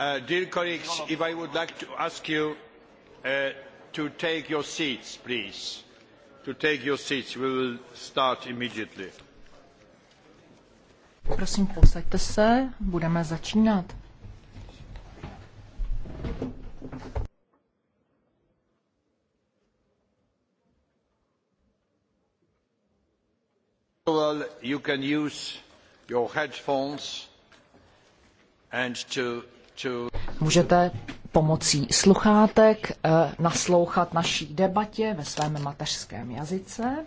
Uh, dear colleagues, if I would like to ask you uh, to take your seats, please. To take your seats, we will start immediately. Prosím, posaďte se, budeme začínat. Well, you can use your headphones and to Můžete pomocí sluchátek eh, naslouchat naší debatě ve svém mateřském jazyce.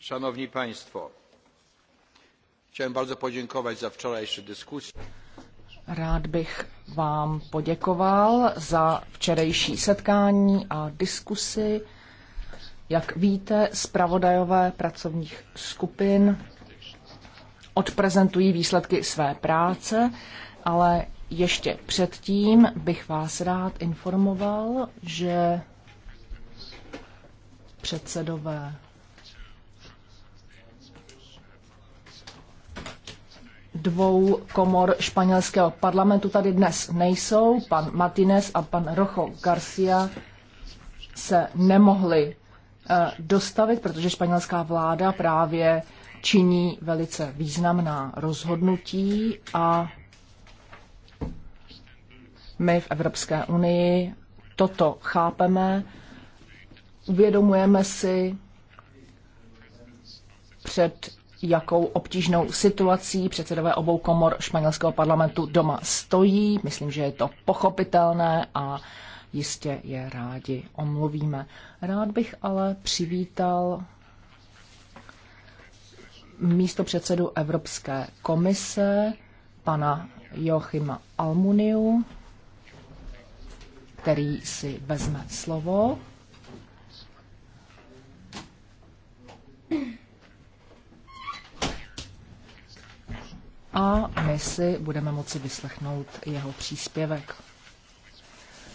Szanowni Państwo, chciałem bardzo podziękować za wczorajszy dyskusję. Rád bych vám poděkoval za včerejší setkání a diskusi. Jak víte, zpravodajové pracovních skupin odprezentují výsledky své práce, ale ještě předtím bych vás rád informoval, že předsedové dvou komor španělského parlamentu tady dnes nejsou. Pan Martinez a pan Rojo Garcia se nemohli Eh, dostavit, protože španělská vláda právě činí velice významná rozhodnutí a my v Evropské unii toto chápeme, uvědomujeme si, před jakou obtížnou situací předsedové obou komor španělského parlamentu doma stojí. Myslím, že je to pochopitelné a jistě je rádi omluvíme. Rád bych ale přivítal místo předsedu Evropské komise, pana Joachima Almuniu, který si vezme slovo. A my si budeme moci vyslechnout jeho příspěvek.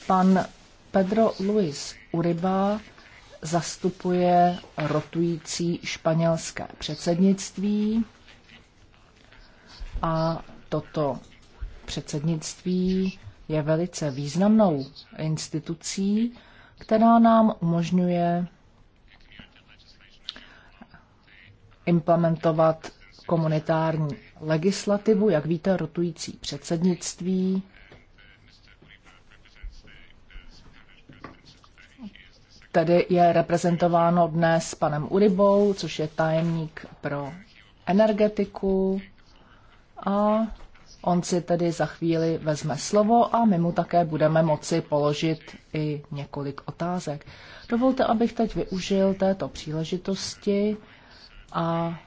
Pan Pedro Luis Uriba zastupuje rotující španělské předsednictví a toto předsednictví je velice významnou institucí, která nám umožňuje implementovat komunitární legislativu. Jak víte, rotující předsednictví Tady je reprezentováno dnes panem Uribou, což je tajemník pro energetiku. A on si tedy za chvíli vezme slovo a my mu také budeme moci položit i několik otázek. Dovolte, abych teď využil této příležitosti a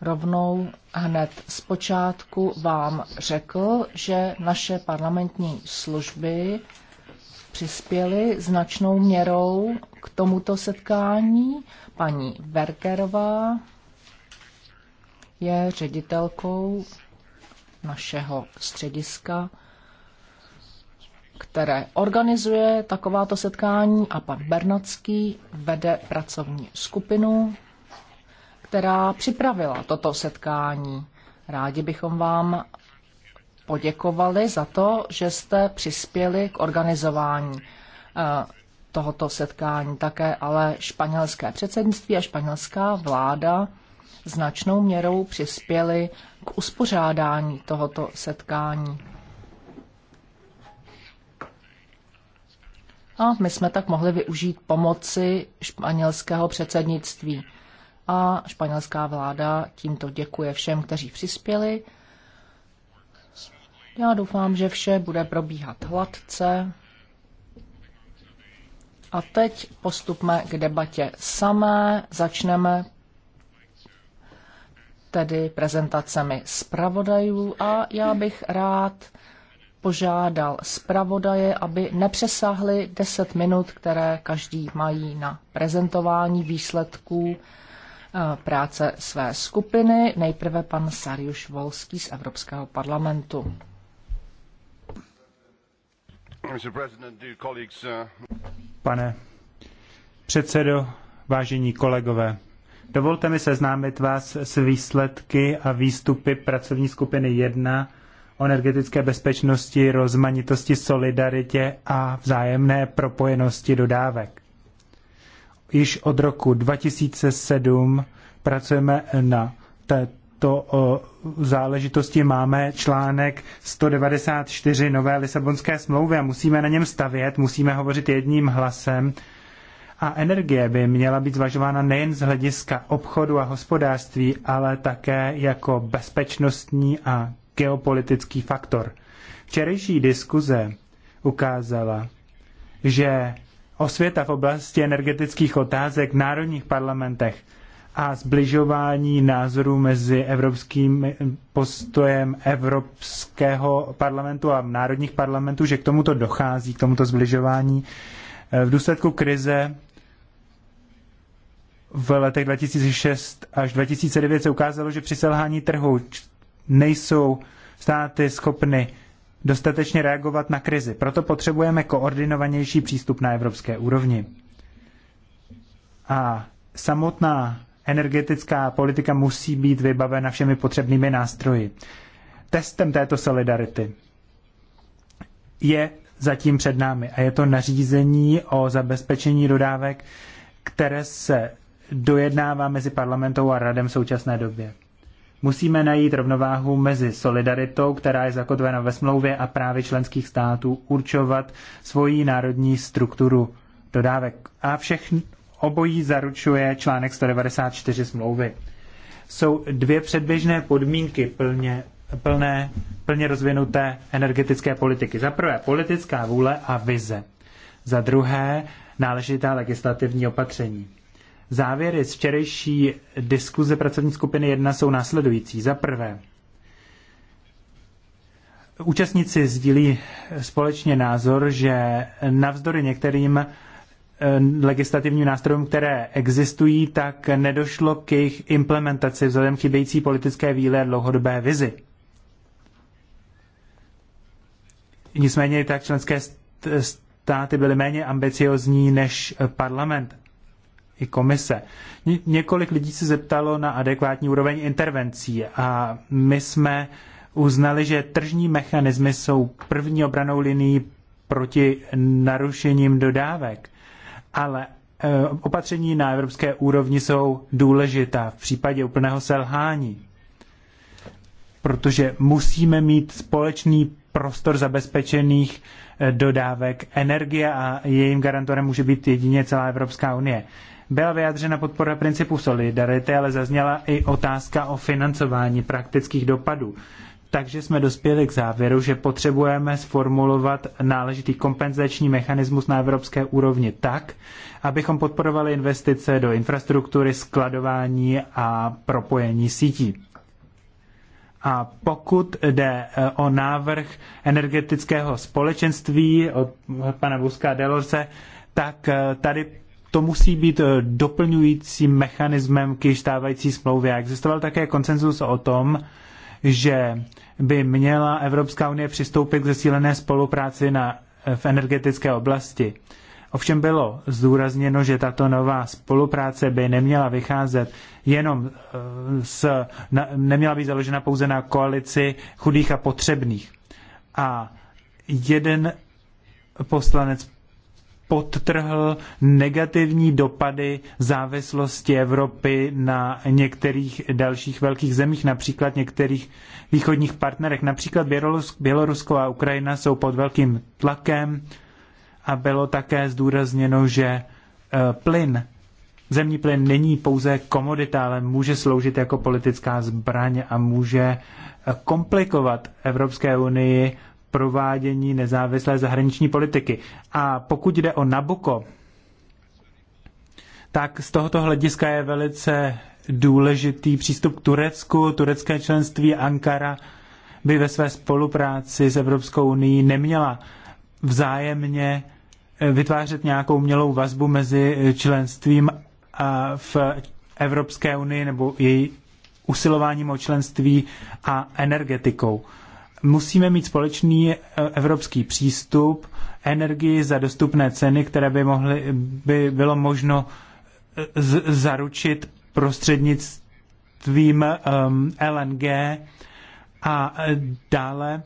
rovnou hned z počátku vám řekl, že naše parlamentní služby přispěli značnou měrou k tomuto setkání. Paní Berkerová je ředitelkou našeho střediska, které organizuje takováto setkání a pan Bernacký vede pracovní skupinu, která připravila toto setkání. Rádi bychom vám poděkovali za to, že jste přispěli k organizování eh, tohoto setkání. Také ale španělské předsednictví a španělská vláda značnou měrou přispěli k uspořádání tohoto setkání. A my jsme tak mohli využít pomoci španělského předsednictví. A španělská vláda tímto děkuje všem, kteří přispěli já doufám, že vše bude probíhat hladce. A teď postupme k debatě samé. Začneme tedy prezentacemi zpravodajů a já bych rád požádal zpravodaje, aby nepřesáhli 10 minut, které každý mají na prezentování výsledků eh, práce své skupiny. Nejprve pan Sariuš Volský z Evropského parlamentu. Uh, Pane předsedo, vážení kolegové, dovolte mi seznámit vás s výsledky a výstupy pracovní skupiny 1 o energetické bezpečnosti, rozmanitosti, solidaritě a vzájemné propojenosti dodávek. Již od roku 2007 pracujeme na této této záležitosti máme článek 194 nové Lisabonské smlouvy a musíme na něm stavět, musíme hovořit jedním hlasem. A energie by měla být zvažována nejen z hlediska obchodu a hospodářství, ale také jako bezpečnostní a geopolitický faktor. Včerejší diskuze ukázala, že osvěta v oblasti energetických otázek v národních parlamentech a zbližování názorů mezi evropským postojem Evropského parlamentu a národních parlamentů, že k tomuto dochází, k tomuto zbližování. E, v důsledku krize v letech 2006 až 2009 se ukázalo, že při selhání trhu nejsou státy schopny dostatečně reagovat na krizi. Proto potřebujeme koordinovanější přístup na evropské úrovni. A samotná energetická politika musí být vybavena všemi potřebnými nástroji. Testem této solidarity je zatím před námi a je to nařízení o zabezpečení dodávek, které se dojednává mezi parlamentou a radem v současné době. Musíme najít rovnováhu mezi solidaritou, která je zakotvena ve smlouvě a právě členských států určovat svoji národní strukturu dodávek. A všechny, Obojí zaručuje článek 194 smlouvy. Jsou dvě předběžné podmínky plně, plné, plně rozvinuté energetické politiky. Za prvé politická vůle a vize. Za druhé náležitá legislativní opatření. Závěry z včerejší diskuze pracovní skupiny 1 jsou následující. Za prvé, účastníci sdílí společně názor, že navzdory některým Eh, legislativním nástrojům, které existují, tak nedošlo k jejich implementaci vzhledem k chybějící politické víle dlouhodobé vizi. Nicméně tak členské státy byly méně ambiciozní než parlament i komise. několik lidí se zeptalo na adekvátní úroveň intervencí a my jsme uznali, že tržní mechanismy jsou první obranou linií proti narušením dodávek ale eh, opatření na evropské úrovni jsou důležitá v případě úplného selhání, protože musíme mít společný prostor zabezpečených eh, dodávek energie a jejím garantorem může být jedině celá Evropská unie. Byla vyjádřena podpora principu solidarity, ale zazněla i otázka o financování praktických dopadů takže jsme dospěli k závěru, že potřebujeme sformulovat náležitý kompenzační mechanismus na evropské úrovni tak, abychom podporovali investice do infrastruktury, skladování a propojení sítí. A pokud jde eh, o návrh energetického společenství od pana Buska Delorce, tak eh, tady to musí být eh, doplňujícím mechanismem k již stávající smlouvě. Existoval také konsenzus o tom, že by měla Evropská unie přistoupit k zesílené spolupráci na, v energetické oblasti. Ovšem bylo zdůrazněno, že tato nová spolupráce by neměla vycházet jenom s, eh, na, neměla být založena pouze na koalici chudých a potřebných. A jeden poslanec podtrhl negativní dopady závislosti Evropy na některých dalších velkých zemích, například některých východních partnerech. Například Bělorusko a Ukrajina jsou pod velkým tlakem a bylo také zdůrazněno, že e, plyn, zemní plyn není pouze komodita, ale může sloužit jako politická zbraň a může e, komplikovat Evropské unii provádění nezávislé zahraniční politiky. A pokud jde o Nabuko, tak z tohoto hlediska je velice důležitý přístup k Turecku, turecké členství Ankara by ve své spolupráci s Evropskou unii neměla vzájemně eh, vytvářet nějakou mělou vazbu mezi eh, členstvím a eh, v Evropské unii nebo její usilováním o členství a energetikou musíme mít společný eh, evropský přístup, energii za dostupné ceny, které by, mohly, by bylo možno eh, z, zaručit prostřednictvím um, ehm, LNG a eh, dále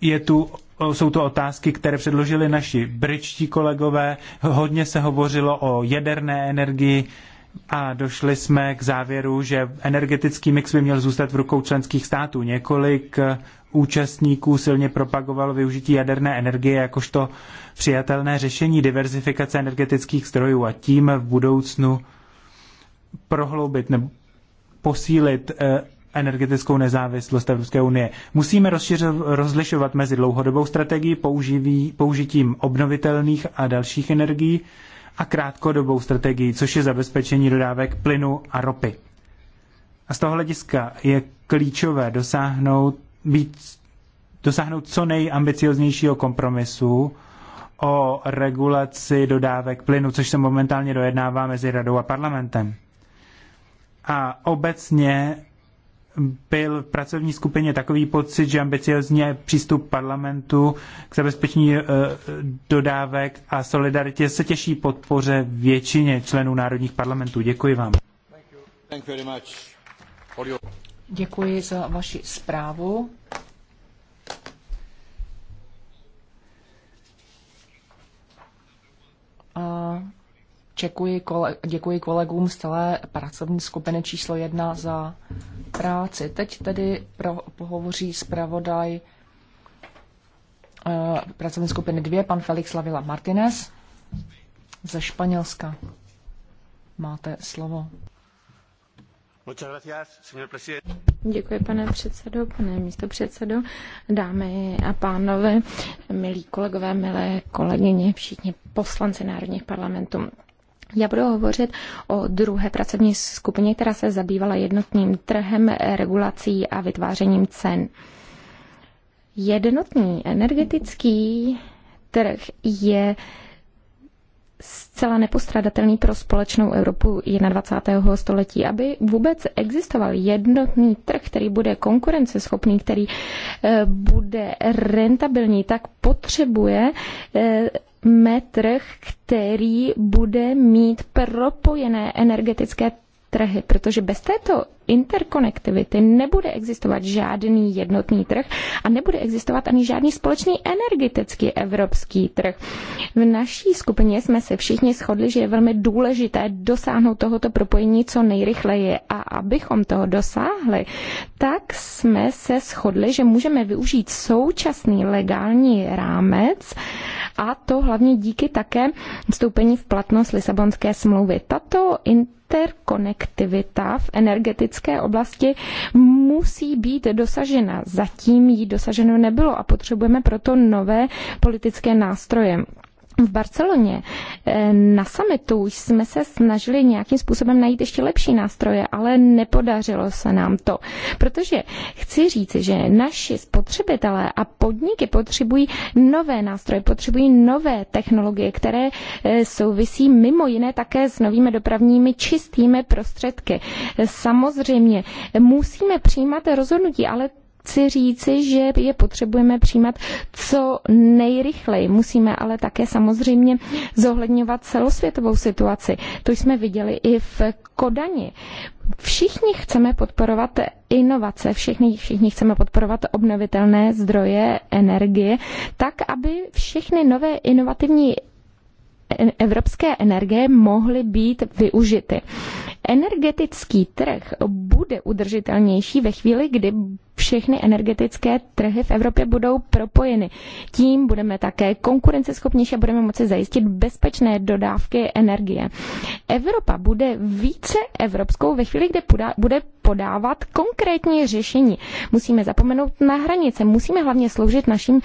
je tu, jsou to otázky, které předložili naši britští kolegové. Hodně se hovořilo o jaderné energii, a došli jsme k závěru, že energetický mix by měl zůstat v rukou členských států. Několik eh, účastníků silně propagovalo využití jaderné energie jakožto přijatelné řešení diverzifikace energetických zdrojů a tím v budoucnu prohloubit nebo posílit eh, energetickou nezávislost Evropské unie. Musíme rozlišovat mezi dlouhodobou strategií použitím obnovitelných a dalších energií a krátkodobou strategií, což je zabezpečení dodávek plynu a ropy. A z toho hlediska je klíčové dosáhnout, být, dosáhnout co nejambicioznějšího kompromisu o regulaci dodávek plynu, což se momentálně dojednává mezi radou a parlamentem. A obecně byl v pracovní skupině takový pocit, že ambiciozně přístup parlamentu k zabezpečení e, dodávek a solidaritě se těší podpoře většině členů národních parlamentů. Děkuji vám. Děkuji za vaši zprávu. A Čekuji kole, děkuji kolegům z celé pracovní skupiny číslo jedna za práci. Teď tedy pro, pohovoří zpravodaj uh, pracovní skupiny dvě, pan Felix Lavila Martinez ze Španělska. Máte slovo. Děkuji, pane předsedo, pane místo předsedo, dámy a pánové, milí kolegové, milé kolegyně, všichni poslanci národních parlamentů. Já budu hovořit o druhé pracovní skupině, která se zabývala jednotným trhem, regulací a vytvářením cen. Jednotný energetický trh je zcela nepostradatelný pro společnou Evropu 21. století. Aby vůbec existoval jednotný trh, který bude konkurenceschopný, který eh, bude rentabilní, tak potřebuje eh, metrech, který bude mít propojené energetické trhy, protože bez této interkonektivity nebude existovat žádný jednotný trh a nebude existovat ani žádný společný energetický evropský trh. V naší skupině jsme se všichni shodli, že je velmi důležité dosáhnout tohoto propojení co nejrychleji a abychom toho dosáhli, tak jsme se shodli, že můžeme využít současný legální rámec a to hlavně díky také vstoupení v platnost Lisabonské smlouvy. Tato interkonektivita v energetice vědecké oblasti musí být dosažena. Zatím jí dosaženo nebylo a potřebujeme proto nové politické nástroje v Barceloně eh, na summitu jsme se snažili nějakým způsobem najít ještě lepší nástroje, ale nepodařilo se nám to. Protože chci říci, že naši spotřebitelé a podniky potřebují nové nástroje, potřebují nové technologie, které eh, souvisí mimo jiné také s novými dopravními čistými prostředky. Samozřejmě musíme přijímat rozhodnutí, ale chci říci, že je potřebujeme přijímat co nejrychleji. Musíme ale také samozřejmě zohledňovat celosvětovou situaci. To jsme viděli i v Kodani. Všichni chceme podporovat inovace, všichni, všichni chceme podporovat obnovitelné zdroje energie, tak aby všechny nové inovativní evropské energie mohly být využity. Energetický trh bude udržitelnější ve chvíli, kdy všechny energetické trhy v Evropě budou propojeny. Tím budeme také konkurenceschopnější a budeme moci zajistit bezpečné dodávky energie. Evropa bude více evropskou ve chvíli, kdy bude podávat konkrétní řešení. Musíme zapomenout na hranice, musíme hlavně sloužit našim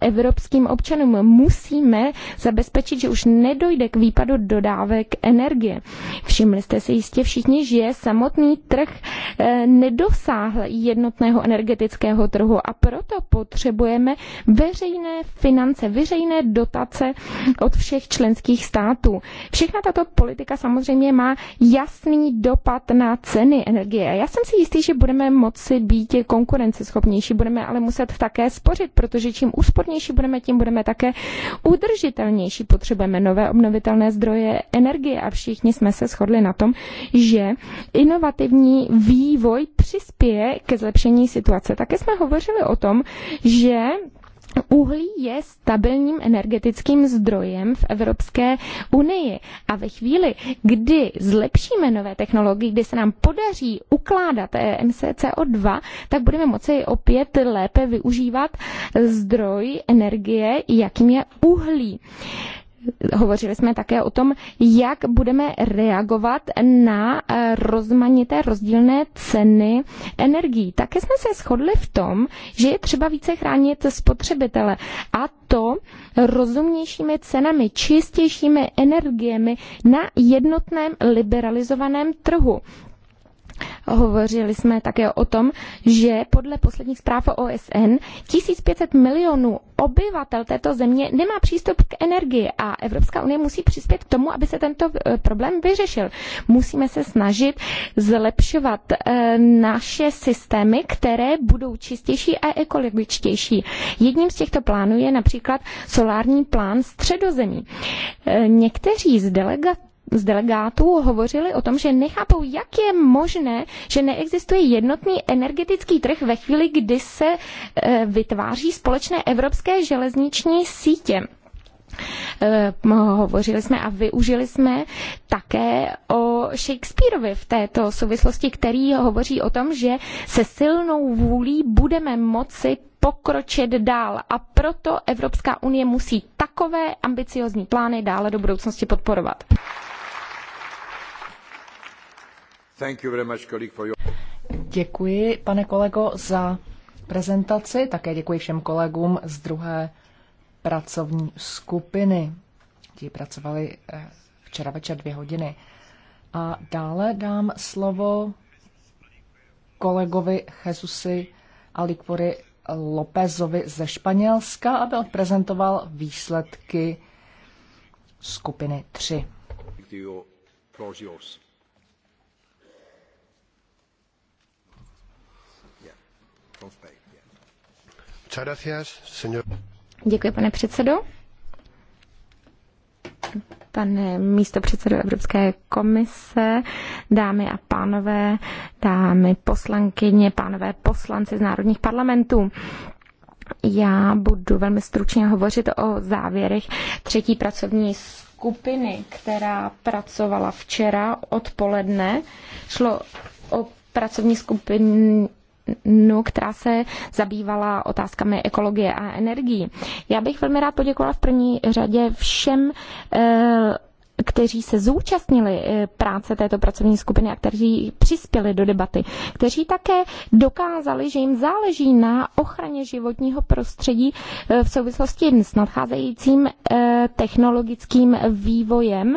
evropským občanům, musíme zabezpečit, že už nedojde k výpadu dodávek energie. Všimli jste si jistě všichni, že samotný trh eh, nedosáhl jednotného energetického energetického trhu a proto potřebujeme veřejné finance, veřejné dotace od všech členských států. Všechna tato politika samozřejmě má jasný dopad na ceny energie. Já jsem si jistý, že budeme moci být konkurenceschopnější, budeme ale muset také spořit, protože čím úspornější budeme, tím budeme také udržitelnější. Potřebujeme nové obnovitelné zdroje energie a všichni jsme se shodli na tom, že inovativní vývoj přispěje ke zlepšení situace. Také jsme hovořili o tom, že Uhlí je stabilním energetickým zdrojem v Evropské unii a ve chvíli, kdy zlepšíme nové technologie, kdy se nám podaří ukládat eh, MCCO2, tak budeme moci opět lépe využívat zdroj energie, jakým je uhlí. Hovořili jsme také o tom, jak budeme reagovat na eh, rozmanité rozdílné ceny energií. Také jsme se shodli v tom, že je třeba více chránit spotřebitele a to rozumnějšími cenami, čistějšími energiemi na jednotném liberalizovaném trhu. Hovořili jsme také o tom, že podle posledních zpráv OSN 1500 milionů obyvatel této země nemá přístup k energii a Evropská unie musí přispět k tomu, aby se tento eh, problém vyřešil. Musíme se snažit zlepšovat eh, naše systémy, které budou čistější a ekologičtější. Jedním z těchto plánů je například solární plán středozemí. Eh, někteří z delegatů z delegátů hovořili o tom, že nechápou, jak je možné, že neexistuje jednotný energetický trh ve chvíli, kdy se e, vytváří společné evropské železniční sítě. E, hovořili jsme a využili jsme také o Shakespeareovi v této souvislosti, který hovoří o tom, že se silnou vůlí budeme moci pokročit dál a proto Evropská unie musí takové ambiciozní plány dále do budoucnosti podporovat. Děkuji, pane kolego, za prezentaci. Také děkuji všem kolegům z druhé pracovní skupiny. Ti pracovali eh, včera večer dvě hodiny. A dále dám slovo kolegovi Jesusi Alikvory Lópezovi ze Španělska, aby odprezentoval výsledky skupiny 3. Děkuji, pane předsedo. Pane místo předsedo Evropské komise, dámy a pánové, dámy poslankyně, pánové poslanci z národních parlamentů. Já budu velmi stručně hovořit o závěrech třetí pracovní skupiny, která pracovala včera odpoledne. Šlo o pracovní skupinu no, která se zabývala otázkami ekologie a energií. Já bych velmi rád poděkovala v první řadě všem eh, kteří se zúčastnili eh, práce této pracovní skupiny a kteří přispěli do debaty, kteří také dokázali, že jim záleží na ochraně životního prostředí eh, v souvislosti s nadcházejícím eh, technologickým vývojem.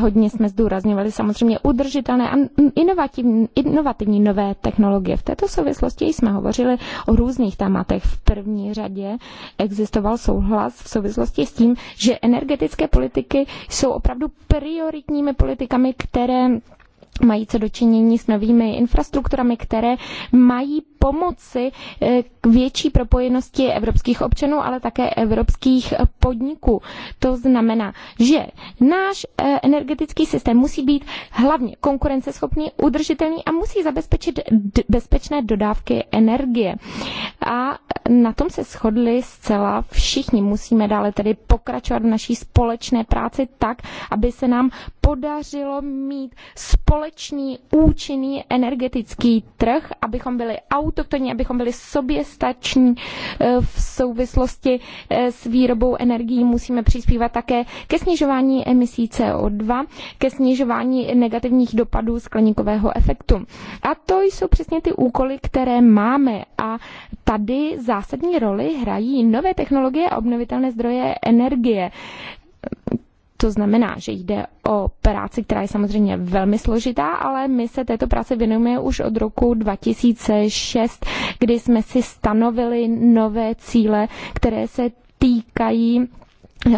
Hodně jsme zdůrazňovali samozřejmě udržitelné a inovativní, inovativní nové technologie. V této souvislosti jsme hovořili o různých tématech. V první řadě existoval souhlas v souvislosti s tím, že energetické politiky jsou opravdu opravdu prioritními politikami, které mají co dočinění s novými infrastrukturami, které mají pomoci eh, k větší propojenosti evropských občanů, ale také evropských podniků. To znamená, že náš eh, energetický systém musí být hlavně konkurenceschopný, udržitelný a musí zabezpečit bezpečné dodávky energie. A na tom se shodli zcela všichni. Musíme dále tedy pokračovat v naší společné práci tak, aby se nám podařilo mít společný účinný energetický trh, abychom byli autoktoní, abychom byli soběstační eh, v souvislosti eh, s výrobou energií. Musíme přispívat také ke snižování emisí CO2, ke snižování negativních dopadů skleníkového efektu. A to jsou přesně ty úkoly, které máme. A tady za zásadní roli hrají nové technologie a obnovitelné zdroje energie. To znamená, že jde o práci, která je samozřejmě velmi složitá, ale my se této práci věnujeme už od roku 2006, kdy jsme si stanovili nové cíle, které se týkají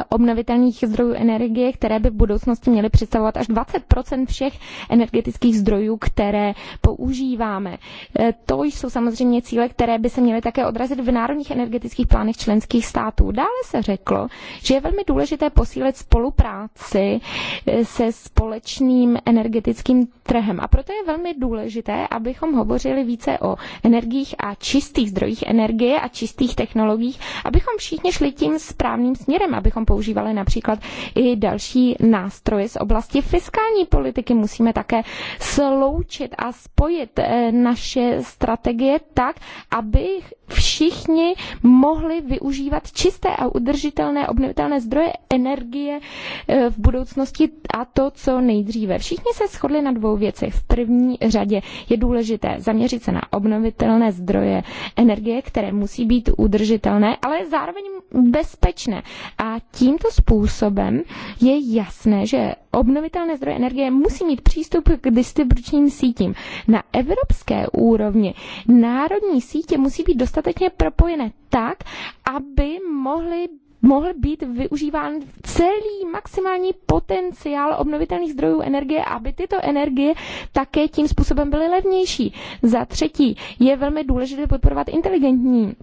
obnovitelných zdrojů energie, které by v budoucnosti měly představovat až 20 všech energetických zdrojů, které používáme. E, to jsou samozřejmě cíle, které by se měly také odrazit v národních energetických plánech členských států. Dále se řeklo, že je velmi důležité posílit spolupráci e, se společným energetickým trhem. A proto je velmi důležité, abychom hovořili více o energiích a čistých zdrojích energie a čistých technologiích, abychom všichni šli tím správným směrem, aby abychom používali například i další nástroje z oblasti fiskální politiky. Musíme také sloučit a spojit eh, naše strategie tak, aby všichni mohli využívat čisté a udržitelné obnovitelné zdroje energie eh, v budoucnosti a to, co nejdříve. Všichni se shodli na dvou věcech. V první řadě je důležité zaměřit se na obnovitelné zdroje energie, které musí být udržitelné, ale zároveň bezpečné. A tímto způsobem je jasné, že obnovitelné zdroje energie musí mít přístup k distribučním sítím. Na evropské úrovni národní sítě musí být dostatečně propojené tak, aby mohly mohl být využíván celý maximální potenciál obnovitelných zdrojů energie, aby tyto energie také tím způsobem byly levnější. Za třetí, je velmi důležité podporovat inteligentní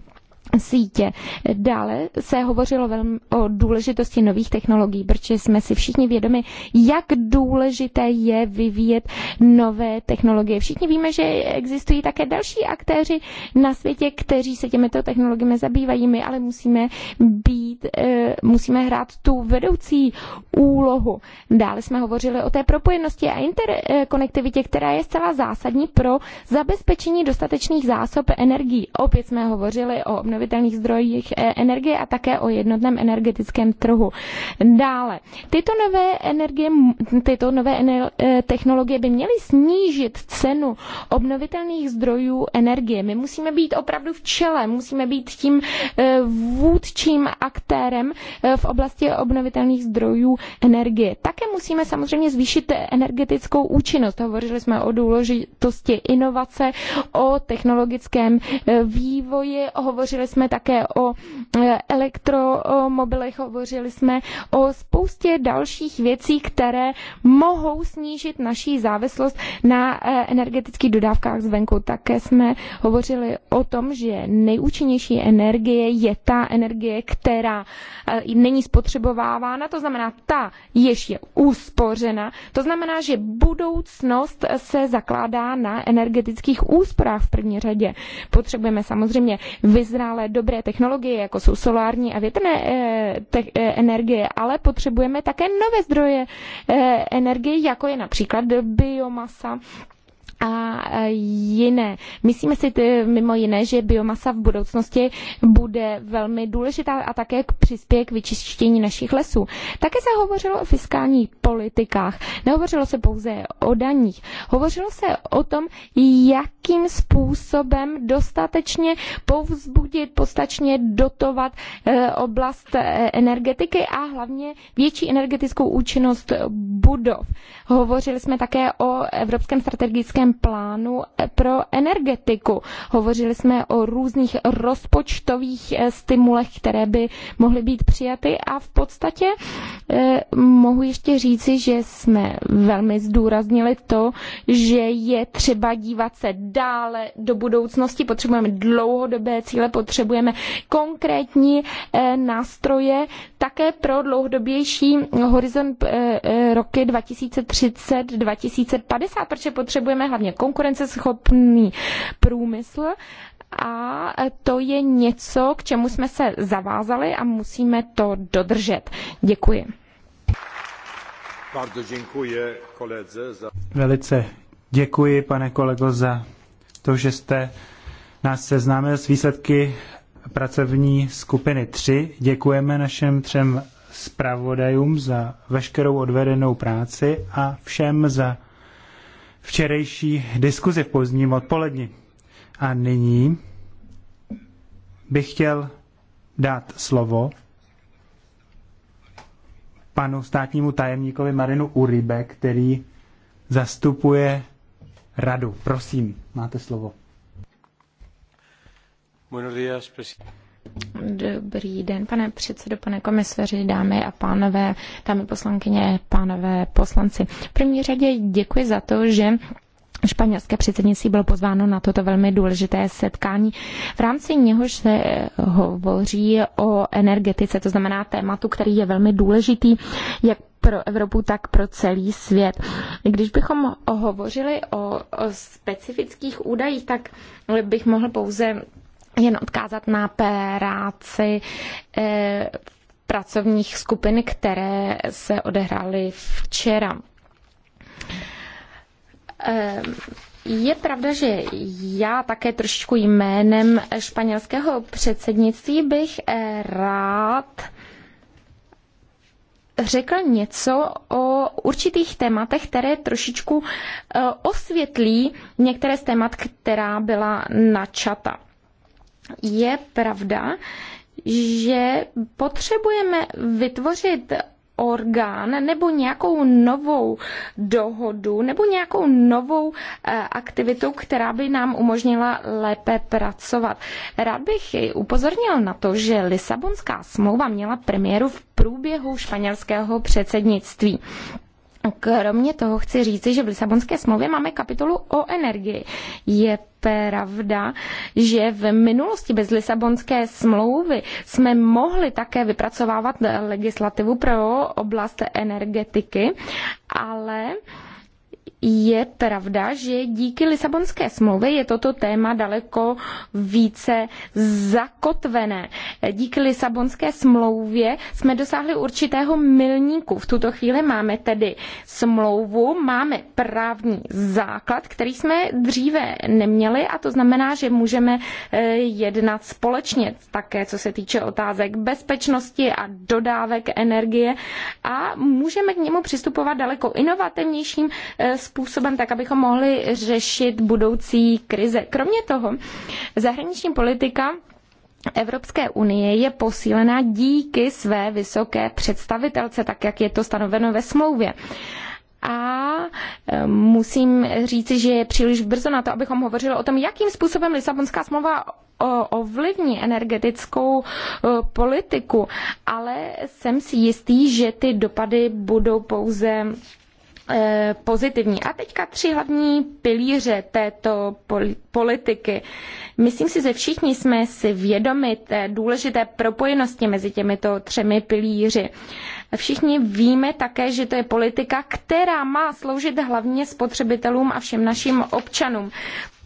sítě. Dále se hovořilo velmi o důležitosti nových technologií, protože jsme si všichni vědomi, jak důležité je vyvíjet nové technologie. Všichni víme, že existují také další aktéři na světě, kteří se těmito technologiemi zabývají. My ale musíme být, eh, musíme hrát tu vedoucí úlohu. Dále jsme hovořili o té propojenosti a interkonektivitě, která je zcela zásadní pro zabezpečení dostatečných zásob energií. Opět jsme hovořili o obnově obnovitelných zdrojích eh, energie a také o jednotném energetickém trhu. Dále, tyto nové, energie, tyto nové eh, technologie by měly snížit cenu obnovitelných zdrojů energie. My musíme být opravdu v čele, musíme být tím eh, vůdčím aktérem v oblasti obnovitelných zdrojů energie. Také musíme samozřejmě zvýšit energetickou účinnost. Hovořili jsme o důležitosti inovace, o technologickém vývoji, hovořili jsme také o e, elektromobilech, hovořili jsme o spoustě dalších věcí, které mohou snížit naší závislost na e, energetických dodávkách zvenku. Také jsme hovořili o tom, že nejúčinnější energie je ta energie, která e, není spotřebovávána, to znamená ta, jež je úspořena. To znamená, že budoucnost se zakládá na energetických úsporách v první řadě. Potřebujeme samozřejmě vyzrálé ale dobré technologie, jako jsou solární a větrné eh, eh, energie, ale potřebujeme také nové zdroje eh, energie, jako je například biomasa a e, jiné. Myslíme si ty, mimo jiné, že biomasa v budoucnosti bude velmi důležitá a také přispěje k vyčištění našich lesů. Také se hovořilo o fiskálních politikách. Nehovořilo se pouze o daních. Hovořilo se o tom, jakým způsobem dostatečně povzbudit, postačně dotovat e, oblast e, energetiky a hlavně větší energetickou účinnost budov. Hovořili jsme také o Evropském strategickém akčním plánu eh, pro energetiku. Hovořili jsme o různých rozpočtových eh, stimulech, které by mohly být přijaty a v podstatě eh, mohu ještě říci, že jsme velmi zdůraznili to, že je třeba dívat se dále do budoucnosti, potřebujeme dlouhodobé cíle, potřebujeme konkrétní nástroje také pro dlouhodobější horizont roky 2030-2050, protože potřebujeme hlavně konkurenceschopný průmysl a to je něco, k čemu jsme se zavázali a musíme to dodržet. Děkuji. Velice děkuji, pane kolego, za to, že jste nás seznámil s výsledky pracovní skupiny 3. Děkujeme našem třem zpravodajům za veškerou odvedenou práci a všem za včerejší diskuzi v pozdním odpoledni. A nyní bych chtěl dát slovo panu státnímu tajemníkovi Marinu Uribe, který zastupuje radu. Prosím, máte slovo. Buenos días, presidente. Dobrý den, pane předsedo, pane komisaři, dámy a pánové, dámy poslankyně, pánové poslanci. V první řadě děkuji za to, že španělské předsednictví bylo pozváno na toto velmi důležité setkání. V rámci něhož se hovoří o energetice, to znamená tématu, který je velmi důležitý, jak pro Evropu, tak pro celý svět. Když bychom hovořili o, o specifických údajích, tak bych mohl pouze jen odkázat na práci eh, pracovních skupin, které se odehrály včera. Eh, je pravda, že já také trošičku jménem španělského předsednictví bych eh, rád řekl něco o určitých tématech, které trošičku osvětlí některé z témat, která byla načata. Je pravda, že potřebujeme vytvořit orgán nebo nějakou novou dohodu nebo nějakou novou eh, aktivitu, která by nám umožnila lépe pracovat. Rád bych upozornil na to, že Lisabonská smlouva měla premiéru v průběhu španělského předsednictví. Kromě toho chci říci, že v Lisabonské smlouvě máme kapitolu o energii. Je pravda, že v minulosti bez Lisabonské smlouvy jsme mohli také vypracovávat legislativu pro oblast energetiky, ale uh, je pravda, že díky Lisabonské smlouvě je toto téma daleko více zakotvené. Díky Lisabonské smlouvě jsme dosáhli určitého milníku. V tuto chvíli máme tedy smlouvu, máme právní základ, který jsme dříve neměli a to znamená, že můžeme eh, jednat společně také, co se týče otázek bezpečnosti a dodávek energie a můžeme k němu přistupovat daleko inovativnějším způsobem eh, způsobem, tak abychom mohli řešit budoucí krize. Kromě toho, zahraniční politika Evropské unie je posílena díky své vysoké představitelce, tak jak je to stanoveno ve smlouvě. A e, musím říci, že je příliš brzo na to, abychom hovořili o tom, jakým způsobem Lisabonská smlouva ovlivní energetickou e, politiku, ale jsem si jistý, že ty dopady budou pouze Eh, pozitivní. A teďka tři hlavní pilíře této politiky. Myslím si, že všichni jsme si vědomi té důležité propojenosti mezi těmito třemi pilíři. Všichni víme také, že to je politika, která má sloužit hlavně spotřebitelům a všem našim občanům.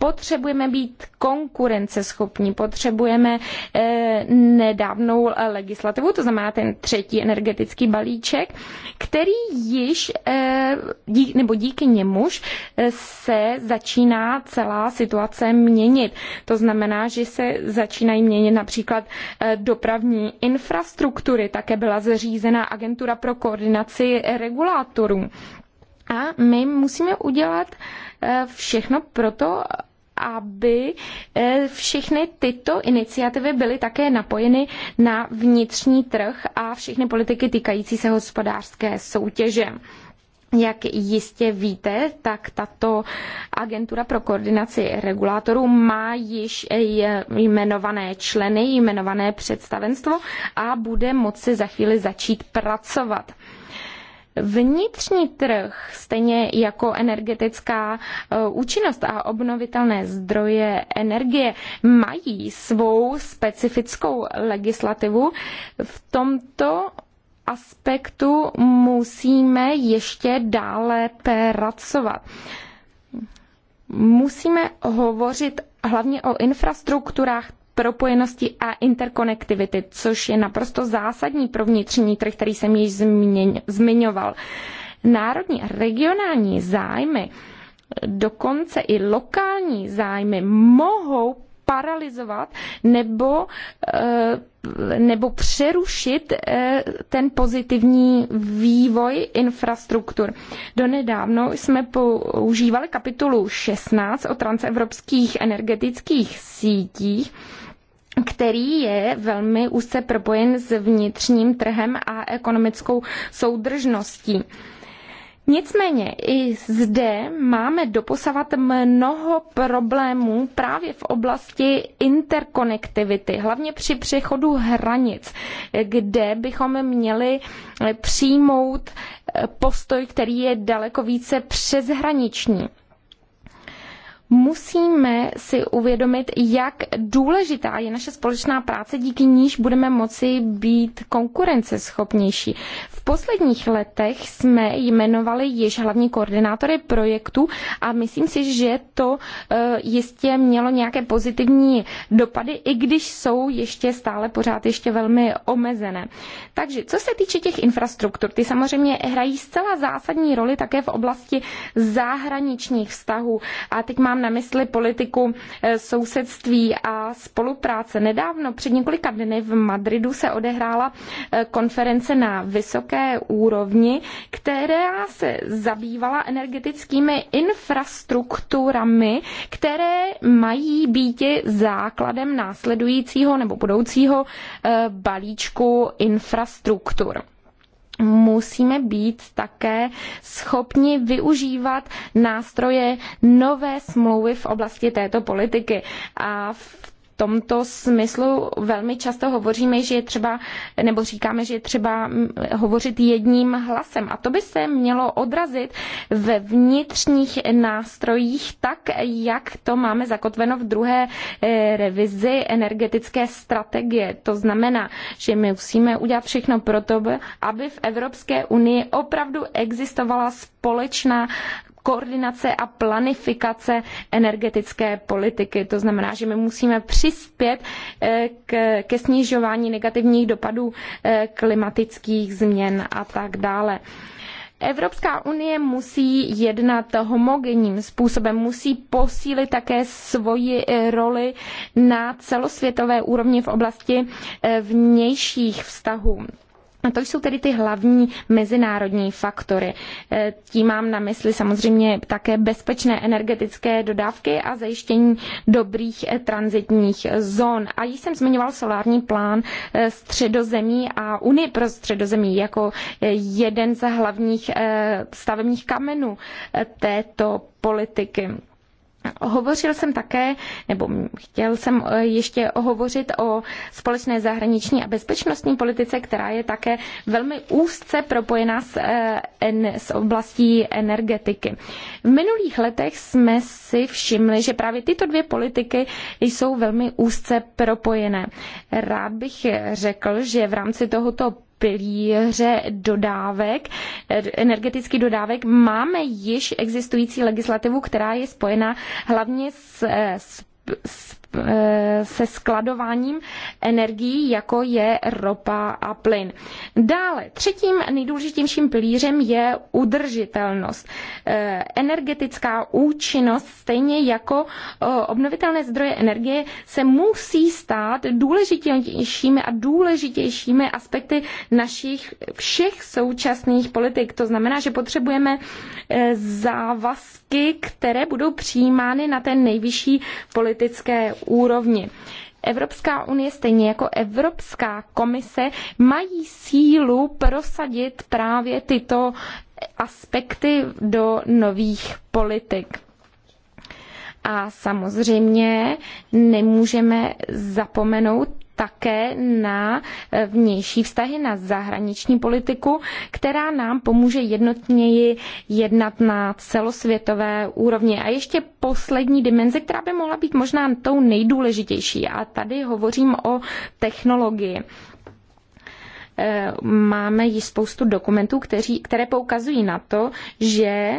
Potřebujeme být konkurenceschopní, potřebujeme eh, nedávnou eh, legislativu, to znamená ten třetí energetický balíček, který již, eh, dík, nebo díky němuž se začíná celá situace měnit. To znamená, že se začínají měnit například dopravní infrastruktury, také byla zřízena agentura pro koordinaci regulátorů. A my musíme udělat všechno pro to, aby eh, všechny tyto iniciativy byly také napojeny na vnitřní trh a všechny politiky týkající se hospodářské soutěže. Jak jistě víte, tak tato agentura pro koordinaci regulátorů má již eh, jmenované členy, jmenované představenstvo a bude moci za chvíli začít pracovat vnitřní trh, stejně jako energetická e, účinnost a obnovitelné zdroje energie, mají svou specifickou legislativu. V tomto aspektu musíme ještě dále pracovat. Musíme hovořit hlavně o infrastrukturách propojenosti a interkonektivity, což je naprosto zásadní pro vnitřní trh, který jsem již zmiňoval. Národní a regionální zájmy, dokonce i lokální zájmy mohou paralizovat nebo, eh, nebo přerušit eh, ten pozitivní vývoj infrastruktur. Donedávno jsme používali kapitolu 16 o transevropských energetických sítích který je velmi úzce propojen s vnitřním trhem a ekonomickou soudržností. Nicméně i zde máme doposavat mnoho problémů právě v oblasti interkonektivity, hlavně při přechodu hranic, kde bychom měli přijmout postoj, který je daleko více přeshraniční musíme si uvědomit, jak důležitá je naše společná práce, díky níž budeme moci být konkurenceschopnější. V posledních letech jsme jmenovali již hlavní koordinátory projektu a myslím si, že to eh, jistě mělo nějaké pozitivní dopady, i když jsou ještě stále pořád ještě velmi omezené. Takže co se týče těch infrastruktur, ty samozřejmě hrají zcela zásadní roli také v oblasti zahraničních vztahů. A teď mám na mysli politiku eh, sousedství a spolupráce. Nedávno, před několika dny v Madridu se odehrála eh, konference na vysoké úrovni, která se zabývala energetickými infrastrukturami, které mají být základem následujícího nebo budoucího eh, balíčku infrastruktur musíme být také schopni využívat nástroje nové smlouvy v oblasti této politiky. A v tomto smyslu velmi často hovoříme, že je třeba, nebo říkáme, že je třeba mm, hovořit jedním hlasem. A to by se mělo odrazit ve vnitřních nástrojích, tak jak to máme zakotveno v druhé eh, revizi energetické strategie. To znamená, že my musíme udělat všechno pro to, aby v Evropské unii opravdu existovala společná koordinace a planifikace energetické politiky. To znamená, že my musíme přispět eh, k, ke snižování negativních dopadů eh, klimatických změn a tak dále. Evropská unie musí jednat homogenním způsobem, musí posílit také svoji eh, roli na celosvětové úrovni v oblasti vnějších vztahů. No to jsou tedy ty hlavní mezinárodní faktory. Eh, tím mám na mysli samozřejmě také bezpečné energetické dodávky a zajištění dobrých eh, transitních zón. A již jsem zmiňoval solární plán eh, středozemí a Unii pro středozemí jako jeden z hlavních stavebních kamenů této politiky. Hovořil jsem také, nebo chtěl jsem eh, ještě hovořit o společné zahraniční a bezpečnostní politice, která je také velmi úzce propojená s, eh, s oblastí energetiky. V minulých letech jsme si všimli, že právě tyto dvě politiky jsou velmi úzce propojené. Rád bych řekl, že v rámci tohoto pilíře dodávek, energetických dodávek, máme již existující legislativu, která je spojena hlavně s, s, s Eh, se skladováním energií, jako je ropa a plyn. Dále, třetím nejdůležitějším pilířem je udržitelnost. Eh, energetická účinnost, stejně jako eh, obnovitelné zdroje energie, se musí stát důležitějšími a důležitějšími aspekty našich všech současných politik. To znamená, že potřebujeme závazky, které budou přijímány na té nejvyšší politické úrovni. Evropská unie, stejně jako Evropská komise, mají sílu prosadit právě tyto aspekty do nových politik. A samozřejmě nemůžeme zapomenout také na eh, vnější vztahy, na zahraniční politiku, která nám pomůže jednotněji jednat na celosvětové úrovni. A ještě poslední dimenze, která by mohla být možná tou nejdůležitější. A tady hovořím o technologii eh, máme již spoustu dokumentů, které poukazují na to, že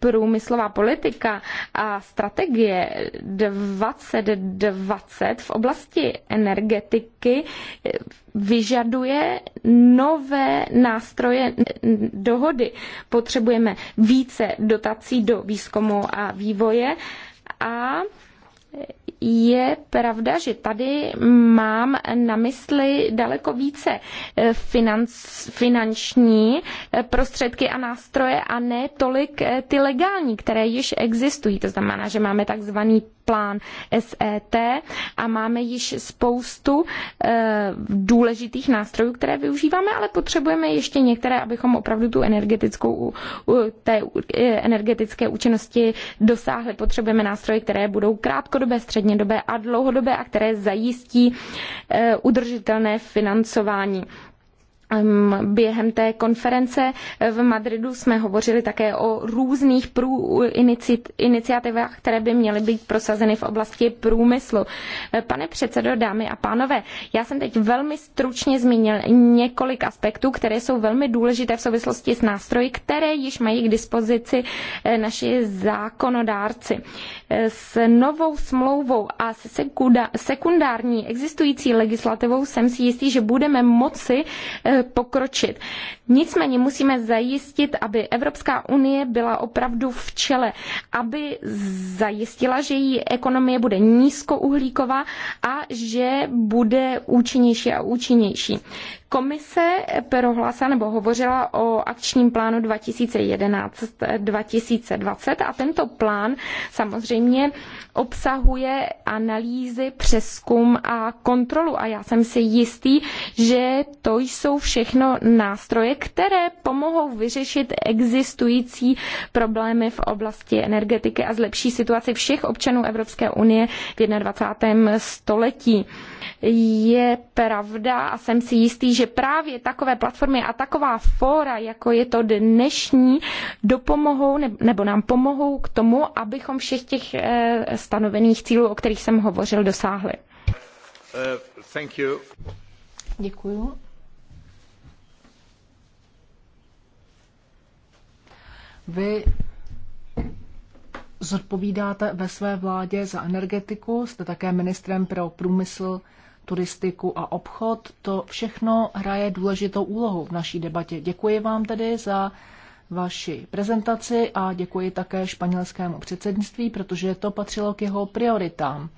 průmyslová politika a strategie 2020 v oblasti energetiky vyžaduje nové nástroje dohody. Potřebujeme více dotací do výzkumu a vývoje a je pravda, že tady mám na mysli daleko více eh, financ, finanční eh, prostředky a nástroje a ne tolik eh, ty legální, které již existují. To znamená, že máme takzvaný plán SET a máme již spoustu důležitých nástrojů, které využíváme, ale potřebujeme ještě některé, abychom opravdu tu energetickou, té energetické účinnosti dosáhli. Potřebujeme nástroje, které budou krátko krátkodobé, střednědobé a dlouhodobé a které zajistí eh, udržitelné financování. Během té konference v Madridu jsme hovořili také o různých prů, inici, iniciativách, které by měly být prosazeny v oblasti průmyslu. Pane předsedo, dámy a pánové, já jsem teď velmi stručně zmínil několik aspektů, které jsou velmi důležité v souvislosti s nástroji, které již mají k dispozici eh, naši zákonodárci. Eh, s novou smlouvou a se sekundární existující legislativou jsem si jistý, že budeme moci eh, pokročit. Nicméně musíme zajistit, aby Evropská unie byla opravdu v čele, aby zajistila, že její ekonomie bude nízkouhlíková a že bude účinnější a účinnější. Komise prohlásila nebo hovořila o akčním plánu 2011-2020 a tento plán samozřejmě obsahuje analýzy, přeskum a kontrolu a já jsem si jistý, že to jsou všechno nástroje, které pomohou vyřešit existující problémy v oblasti energetiky a zlepší situaci všech občanů Evropské unie v 21. století. Je pravda a jsem si jistý, že právě takové platformy a taková fóra, jako je to dnešní, dopomohou nebo nám pomohou k tomu, abychom všech těch eh, stanovených cílů, o kterých jsem hovořil, dosáhli. Uh, Děkuju. Vy zodpovídáte ve své vládě za energetiku, jste také ministrem pro průmysl turistiku a obchod, to všechno hraje důležitou úlohu v naší debatě. Děkuji vám tedy za vaši prezentaci a děkuji také španělskému předsednictví, protože to patřilo k jeho prioritám.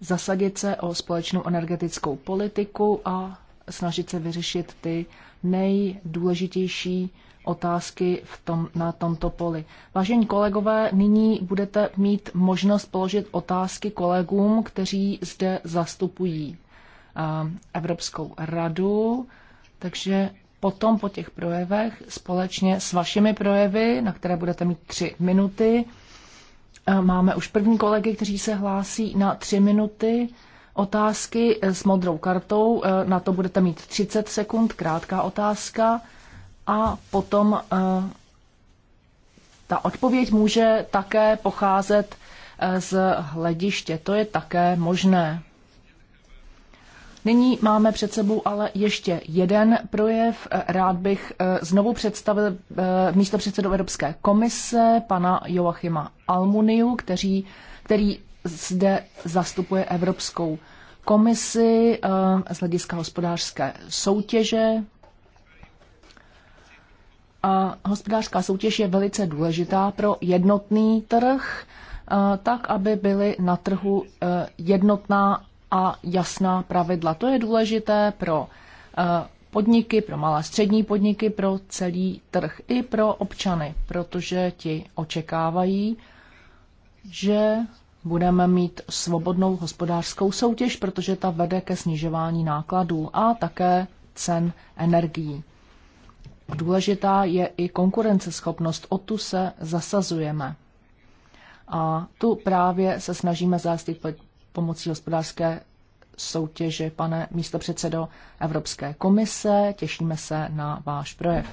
Zasadit se o společnou energetickou politiku a snažit se vyřešit ty nejdůležitější otázky v tom, na tomto poli. Vážení kolegové, nyní budete mít možnost položit otázky kolegům, kteří zde zastupují Evropskou radu, takže potom po těch projevech společně s vašimi projevy, na které budete mít tři minuty, máme už první kolegy, kteří se hlásí na tři minuty. Otázky s modrou kartou, e, na to budete mít 30 sekund, krátká otázka a potom e, ta odpověď může také pocházet e, z hlediště. To je také možné. Nyní máme před sebou ale ještě jeden projev. Rád bych eh, znovu představil eh, místo předsedu Evropské komise, pana Joachima Almuniu, kteří, který zde zastupuje Evropskou komisi eh, z hlediska hospodářské soutěže. A hospodářská soutěž je velice důležitá pro jednotný trh, tak aby byly na trhu jednotná a jasná pravidla. To je důležité pro eh, podniky, pro malé střední podniky, pro celý trh i pro občany, protože ti očekávají, že budeme mít svobodnou hospodářskou soutěž, protože ta vede ke snižování nákladů a také cen energií. Důležitá je i konkurenceschopnost, o tu se zasazujeme. A tu právě se snažíme zajistit pomocí hospodářské soutěže, pane místopředsedo Evropské komise. Těšíme se na váš projev.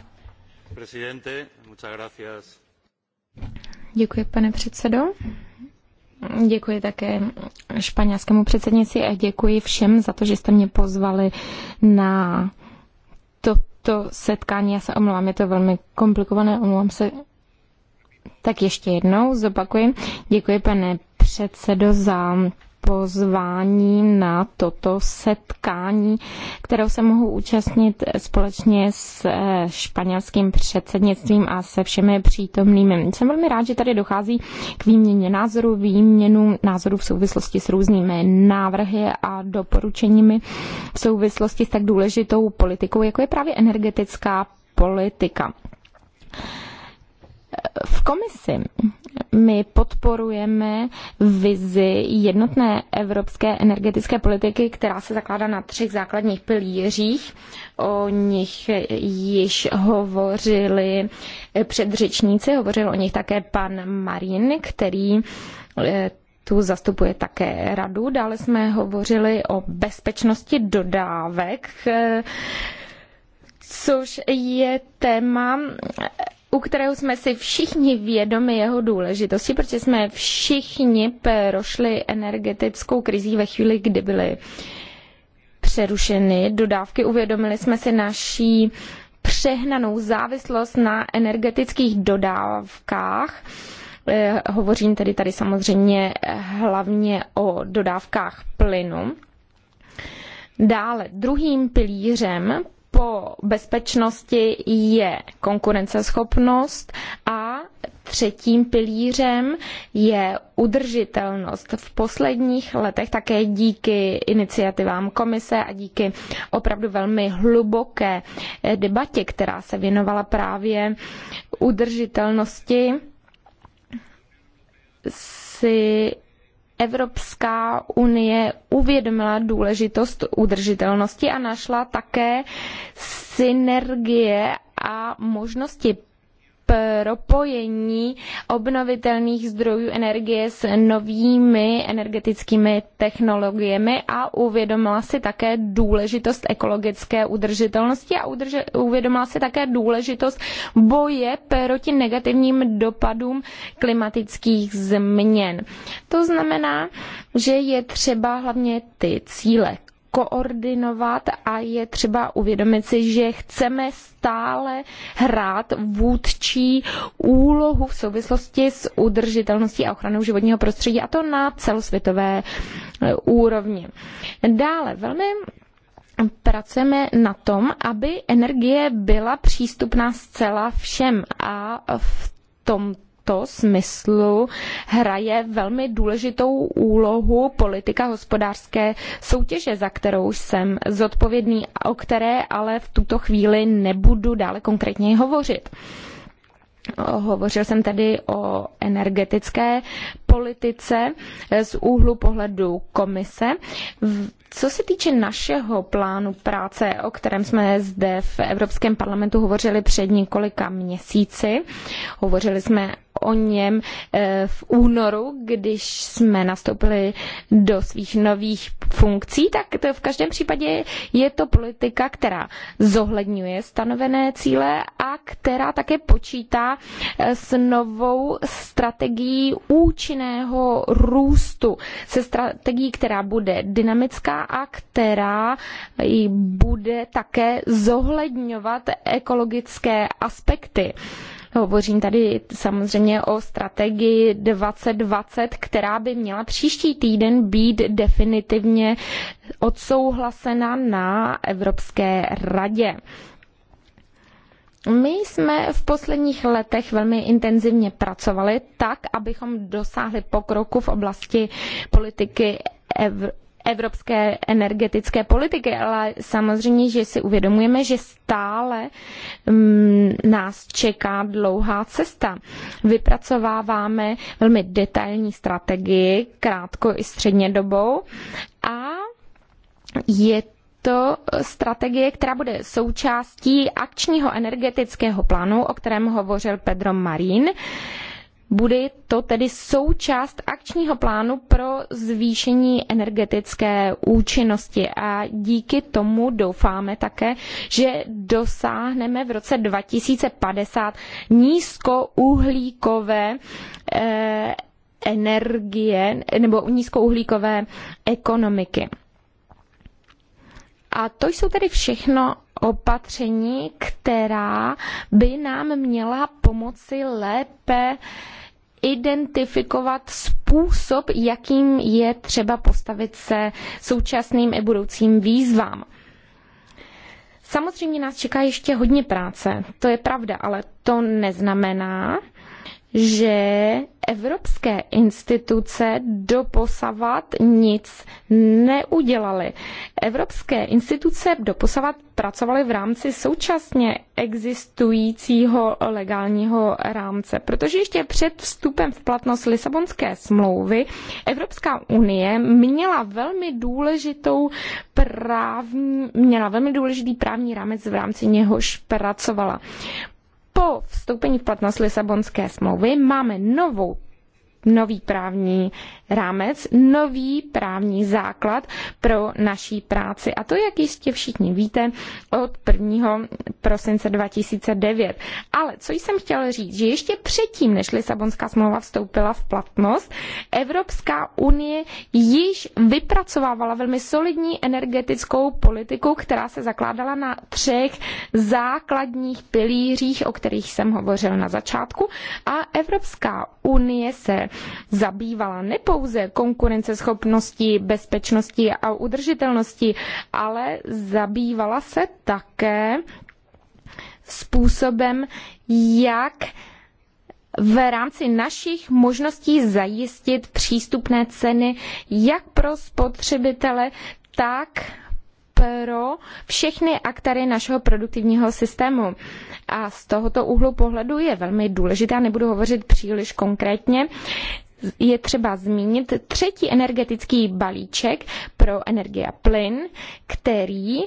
Děkuji, pane předsedo. Děkuji také španělskému předsednici a děkuji všem za to, že jste mě pozvali na toto setkání. Já se omlouvám, je to velmi komplikované, omlouvám se. Tak ještě jednou zopakuji. Děkuji, pane předsedo, za pozvání na toto setkání, kterého se mohu účastnit společně s eh, španělským předsednictvím a se všemi přítomnými. Jsem velmi rád, že tady dochází k výměně názorů, výměnu názorů v souvislosti s různými návrhy a doporučeními v souvislosti s tak důležitou politikou, jako je právě energetická politika. V komisi my podporujeme vizi jednotné evropské energetické politiky, která se zakládá na třech základních pilířích. O nich již hovořili předřečníci, hovořil o nich také pan Marin, který eh, tu zastupuje také radu. Dále jsme hovořili o bezpečnosti dodávek, eh, což je téma, u kterého jsme si všichni vědomi jeho důležitosti, protože jsme všichni prošli energetickou krizí ve chvíli, kdy byly přerušeny dodávky. Uvědomili jsme si naší přehnanou závislost na energetických dodávkách. Eh, hovořím tedy tady samozřejmě hlavně o dodávkách plynu. Dále druhým pilířem po bezpečnosti je konkurenceschopnost a třetím pilířem je udržitelnost. V posledních letech také díky iniciativám komise a díky opravdu velmi hluboké debatě, která se věnovala právě udržitelnosti, si Evropská unie uvědomila důležitost udržitelnosti a našla také synergie a možnosti propojení obnovitelných zdrojů energie s novými energetickými technologiemi a uvědomila si také důležitost ekologické udržitelnosti a udrže, uvědomila si také důležitost boje proti negativním dopadům klimatických změn. To znamená, že je třeba hlavně ty cíle koordinovat a je třeba uvědomit si, že chceme stále hrát vůdčí úlohu v souvislosti s udržitelností a ochranou životního prostředí a to na celosvětové eh, úrovni. Dále velmi pracujeme na tom, aby energie byla přístupná zcela všem a v tom tomto smyslu hraje velmi důležitou úlohu politika hospodářské soutěže, za kterou jsem zodpovědný, o které ale v tuto chvíli nebudu dále konkrétně hovořit. Hovořil jsem tedy o energetické politice z úhlu pohledu komise. Co se týče našeho plánu práce, o kterém jsme zde v Evropském parlamentu hovořili před několika měsíci, hovořili jsme o něm eh, v únoru, když jsme nastoupili do svých nových funkcí, tak to v každém případě je to politika, která zohledňuje stanovené cíle a která také počítá eh, s novou strategií účinného růstu, se strategií, která bude dynamická a která bude také zohledňovat ekologické aspekty. Hovořím tady samozřejmě o strategii 2020, která by měla příští týden být definitivně odsouhlasena na Evropské radě. My jsme v posledních letech velmi intenzivně pracovali tak, abychom dosáhli pokroku v oblasti politiky evropské energetické politiky, ale samozřejmě, že si uvědomujeme, že stále mm, nás čeká dlouhá cesta. Vypracováváme velmi detailní strategii, krátko i středně dobou a je to strategie, která bude součástí akčního energetického plánu, o kterém hovořil Pedro Marín bude to tedy součást akčního plánu pro zvýšení energetické účinnosti a díky tomu doufáme také, že dosáhneme v roce 2050 nízkouhlíkové eh, energie nebo nízkouhlíkové ekonomiky. A to jsou tedy všechno opatření, která by nám měla pomoci lépe identifikovat způsob, jakým je třeba postavit se současným i budoucím výzvám. Samozřejmě nás čeká ještě hodně práce, to je pravda, ale to neznamená, že evropské instituce doposavat nic neudělaly. Evropské instituce doposavat pracovaly v rámci současně existujícího legálního rámce, protože ještě před vstupem v platnost Lisabonské smlouvy Evropská unie měla velmi důležitou právní, měla velmi důležitý právní rámec, v rámci něhož pracovala po vstoupení v platnost Lisabonské smlouvy máme novou nový právní rámec, nový právní základ pro naší práci. A to, jak jistě všichni víte, od 1. prosince 2009. Ale co jsem chtěl říct, že ještě předtím, než Lisabonská smlouva vstoupila v platnost, Evropská unie již vypracovávala velmi solidní energetickou politiku, která se zakládala na třech základních pilířích, o kterých jsem hovořil na začátku. A Evropská unie se zabývala nepou pouze konkurenceschopností, bezpečností a udržitelností, ale zabývala se také způsobem, jak v rámci našich možností zajistit přístupné ceny jak pro spotřebitele, tak pro všechny aktéry našeho produktivního systému. A z tohoto úhlu pohledu je velmi důležité, nebudu hovořit příliš konkrétně, je třeba zmínit třetí energetický balíček pro energie a plyn, který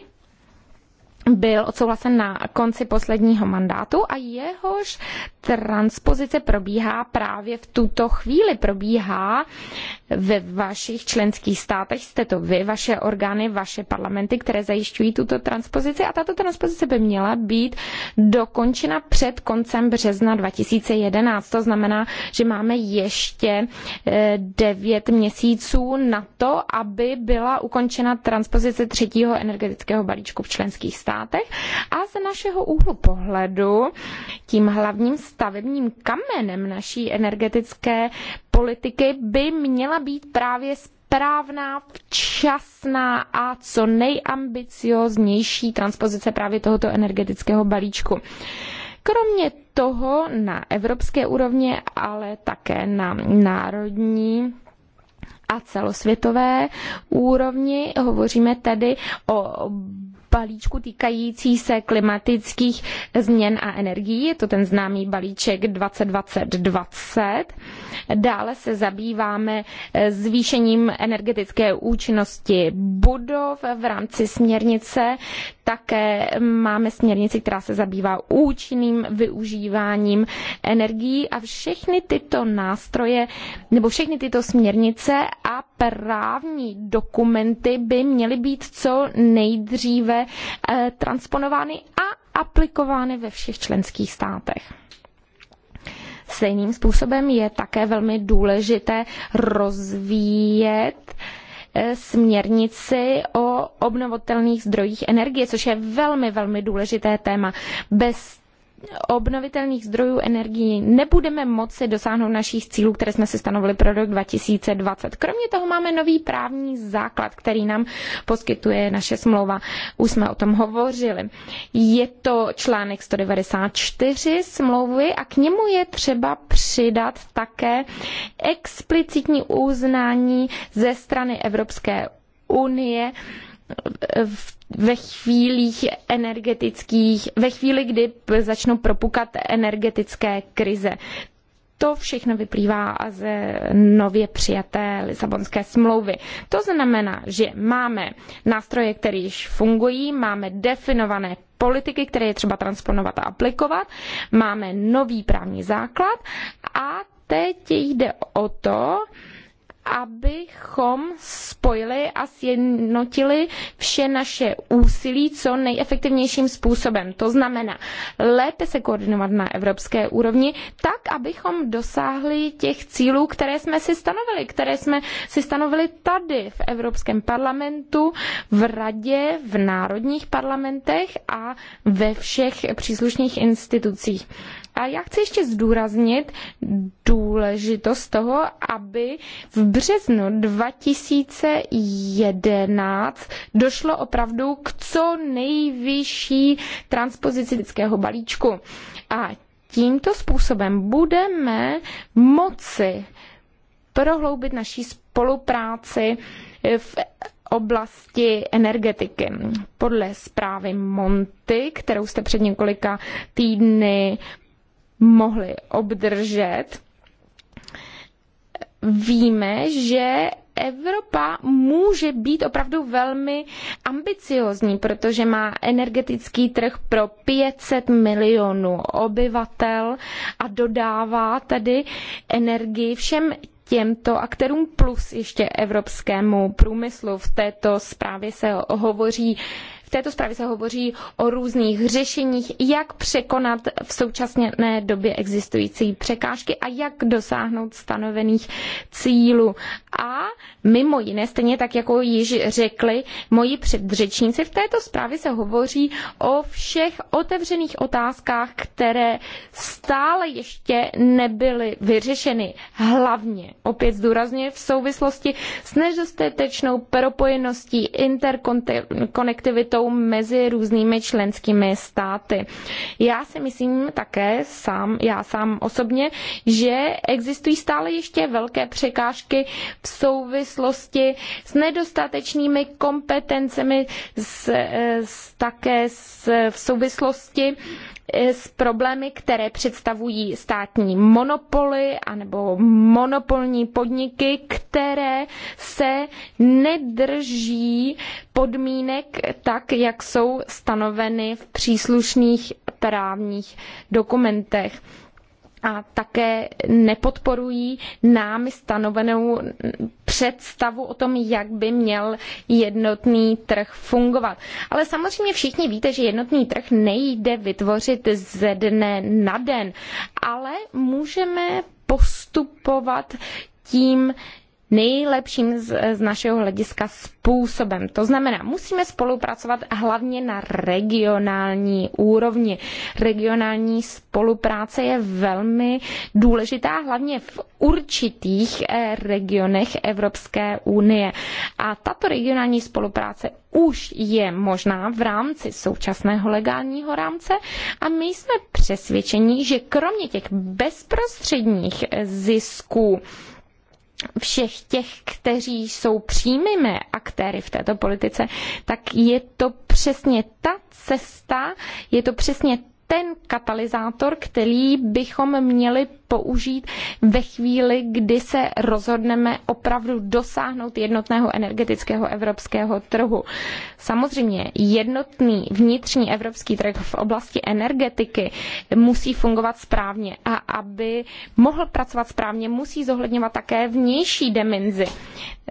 byl odsouhlasen na konci posledního mandátu a jehož transpozice probíhá právě v tuto chvíli. Probíhá ve vašich členských státech. Jste to vy, vaše orgány, vaše parlamenty, které zajišťují tuto transpozici a tato transpozice by měla být dokončena před koncem března 2011. To znamená, že máme ještě eh, devět měsíců na to, aby byla ukončena transpozice třetího energetického balíčku v členských státech státech. A z našeho úhlu pohledu tím hlavním stavebním kamenem naší energetické politiky by měla být právě správná, včasná a co nejambicioznější transpozice právě tohoto energetického balíčku. Kromě toho na evropské úrovně, ale také na národní a celosvětové úrovni hovoříme tedy o balíčku týkající se klimatických změn a energií. Je to ten známý balíček 2020. Dále se zabýváme eh, zvýšením energetické účinnosti budov v rámci směrnice také máme směrnici, která se zabývá účinným využíváním energií a všechny tyto nástroje nebo všechny tyto směrnice a právní dokumenty by měly být co nejdříve eh, transponovány a aplikovány ve všech členských státech. Stejným způsobem je také velmi důležité rozvíjet Eh, směrnici o obnovitelných zdrojích energie, což je velmi, velmi důležité téma. Bez obnovitelných zdrojů energií nebudeme moci dosáhnout našich cílů, které jsme si stanovili pro rok 2020. Kromě toho máme nový právní základ, který nám poskytuje naše smlouva. Už jsme o tom hovořili. Je to článek 194 smlouvy a k němu je třeba přidat také explicitní uznání ze strany Evropské unie ve chvílích energetických, ve chvíli, kdy začnou propukat energetické krize. To všechno vyplývá ze nově přijaté Lisabonské smlouvy. To znamená, že máme nástroje, které již fungují, máme definované politiky, které je třeba transponovat a aplikovat, máme nový právní základ a teď jde o to, abychom spojili a sjednotili vše naše úsilí co nejefektivnějším způsobem. To znamená lépe se koordinovat na evropské úrovni, tak abychom dosáhli těch cílů, které jsme si stanovili, které jsme si stanovili tady v Evropském parlamentu, v radě, v národních parlamentech a ve všech příslušných institucích. A já chci ještě zdůraznit důležitost toho, aby v březnu 2011 došlo opravdu k co nejvyšší transpozici lidského balíčku. A tímto způsobem budeme moci prohloubit naší spolupráci v oblasti energetiky. Podle zprávy Monty, kterou jste před několika týdny mohli obdržet. Víme, že Evropa může být opravdu velmi ambiciozní, protože má energetický trh pro 500 milionů obyvatel a dodává tedy energii všem těmto aktérům plus ještě evropskému průmyslu. V této zprávě se hovoří této zprávě se hovoří o různých řešeních, jak překonat v současné době existující překážky a jak dosáhnout stanovených cílů. A Mimo jiné, stejně tak, jako již řekli moji předřečníci, v této zprávě se hovoří o všech otevřených otázkách, které stále ještě nebyly vyřešeny. Hlavně, opět zdůrazně, v souvislosti s nedostatečnou propojeností, interkonektivitou mezi různými členskými státy. Já si myslím také sám, já sám osobně, že existují stále ještě velké překážky v souvislosti souvislosti s nedostatečnými kompetencemi, s, eh, s také s, v souvislosti eh, s problémy, které představují státní monopoly anebo monopolní podniky, které se nedrží podmínek tak, jak jsou stanoveny v příslušných právních dokumentech a také nepodporují námi stanovenou představu o tom, jak by měl jednotný trh fungovat. Ale samozřejmě všichni víte, že jednotný trh nejde vytvořit ze dne na den, ale můžeme postupovat tím nejlepším z, z našeho hlediska způsobem. To znamená, musíme spolupracovat hlavně na regionální úrovni. Regionální spolupráce je velmi důležitá, hlavně v určitých eh, regionech Evropské unie. A tato regionální spolupráce už je možná v rámci současného legálního rámce a my jsme přesvědčeni, že kromě těch bezprostředních eh, zisků, všech těch, kteří jsou přímými aktéry v této politice, tak je to přesně ta cesta, je to přesně ten katalyzátor, který bychom měli použít ve chvíli, kdy se rozhodneme opravdu dosáhnout jednotného energetického evropského trhu. Samozřejmě jednotný vnitřní evropský trh v oblasti energetiky musí fungovat správně a aby mohl pracovat správně, musí zohledňovat také vnější dimenzi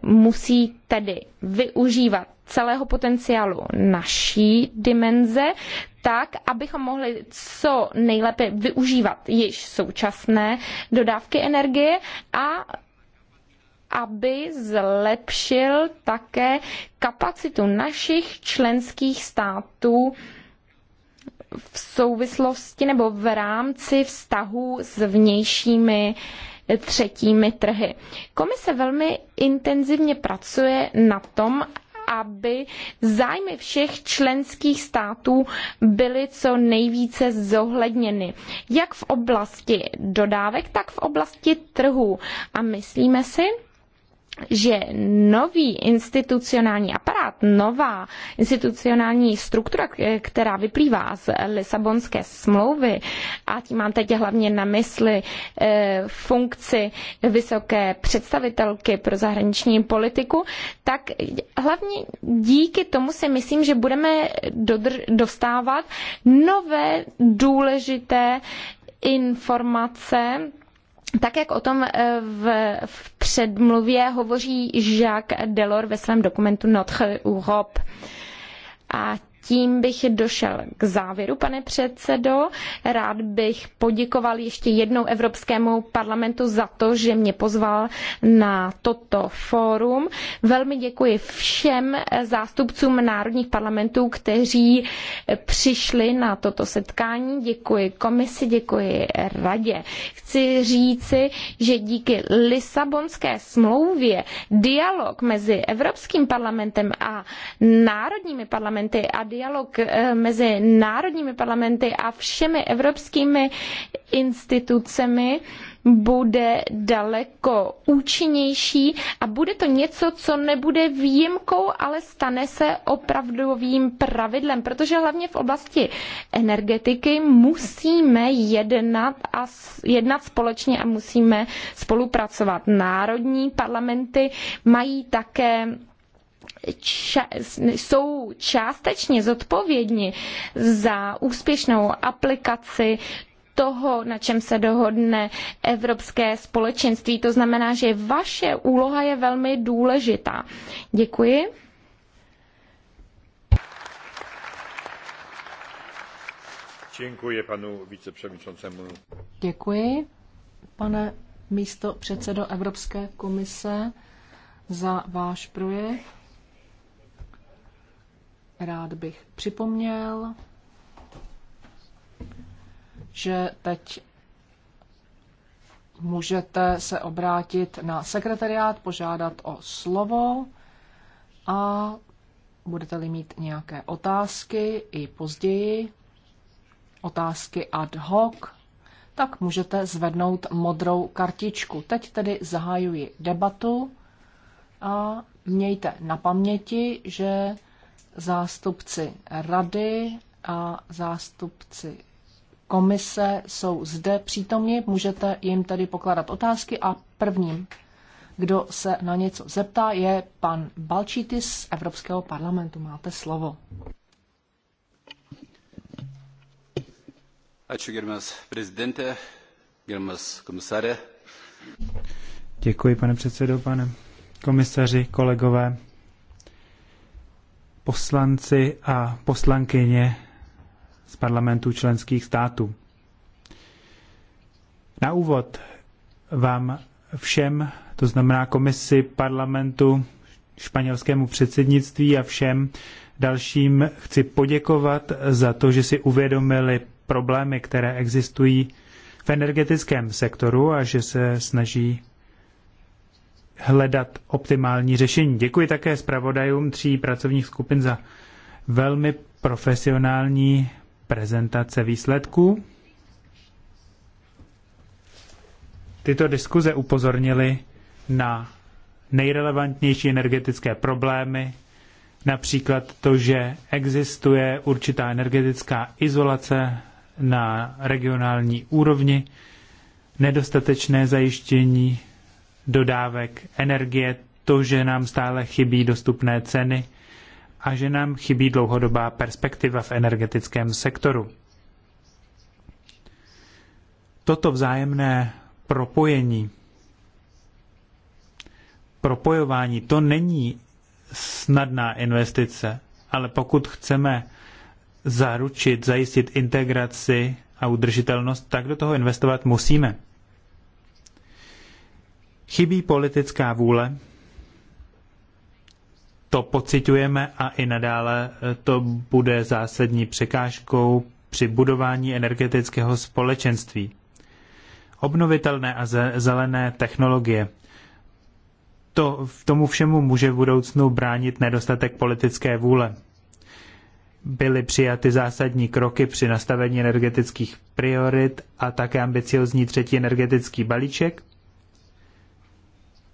musí tedy využívat celého potenciálu naší dimenze, tak, abychom mohli co nejlépe využívat již současné dodávky energie a aby zlepšil také kapacitu našich členských států v souvislosti nebo v rámci vztahů s vnějšími třetími trhy. Komise velmi intenzivně pracuje na tom, aby zájmy všech členských států byly co nejvíce zohledněny, jak v oblasti dodávek, tak v oblasti trhů. A myslíme si, že nový institucionální aparát, nová institucionální struktura, která vyplývá z Lisabonské smlouvy, a tím mám teď hlavně na mysli eh, funkci vysoké představitelky pro zahraniční politiku, tak hlavně díky tomu si myslím, že budeme dostávat nové důležité informace, tak, jak o tom eh, v, v předmluvě hovoří Jacques Delors ve svém dokumentu Notre Europe. A tím bych došel k závěru, pane předsedo. Rád bych poděkoval ještě jednou Evropskému parlamentu za to, že mě pozval na toto fórum. Velmi děkuji všem zástupcům národních parlamentů, kteří přišli na toto setkání. Děkuji komisi, děkuji radě. Chci říci, že díky Lisabonské smlouvě dialog mezi Evropským parlamentem a národními parlamenty a dialog eh, mezi národními parlamenty a všemi evropskými institucemi bude daleko účinnější a bude to něco, co nebude výjimkou, ale stane se opravdovým pravidlem, protože hlavně v oblasti energetiky musíme jednat a jednat společně a musíme spolupracovat. Národní parlamenty mají také ča- jsou částečně zodpovědni za úspěšnou aplikaci toho, na čem se dohodne Evropské společenství. To znamená, že vaše úloha je velmi důležitá. Děkuji. Děkuji panu vicepřemýšlencemu. Děkuji, pane místo předsedo Evropské komise, za váš projekt rád bych připomněl, že teď můžete se obrátit na sekretariát, požádat o slovo a budete-li mít nějaké otázky i později, otázky ad hoc, tak můžete zvednout modrou kartičku. Teď tedy zahajuji debatu a mějte na paměti, že zástupci rady a zástupci komise jsou zde přítomni. Můžete jim tedy pokládat otázky a prvním, kdo se na něco zeptá, je pan Balčitis z Evropského parlamentu. Máte slovo. Ačiū, gerbiamas prezidente, gerbiamas komisare. Děkuji, pane předsedo, pane komisaři, kolegové poslanci a poslankyně z parlamentů členských států. Na úvod vám všem, to znamená komisi parlamentu, španělskému předsednictví a všem dalším chci poděkovat za to, že si uvědomili problémy, které existují v energetickém sektoru a že se snaží hledat optimální řešení. Děkuji také zpravodajům tří pracovních skupin za velmi profesionální prezentace výsledků. Tyto diskuze upozornily na nejrelevantnější energetické problémy, například to, že existuje určitá energetická izolace na regionální úrovni, nedostatečné zajištění dodávek energie, to, že nám stále chybí dostupné ceny a že nám chybí dlouhodobá perspektiva v energetickém sektoru. Toto vzájemné propojení, propojování, to není snadná investice, ale pokud chceme zaručit, zajistit integraci a udržitelnost, tak do toho investovat musíme. Chybí politická vůle, to pocitujeme a i nadále e, to bude zásadní překážkou při budování energetického společenství. Obnovitelné a zelené technologie. To, v tomu všemu může v budoucnu bránit nedostatek politické vůle. Byly přijaty zásadní kroky při nastavení energetických priorit a také ambiciozní třetí energetický balíček –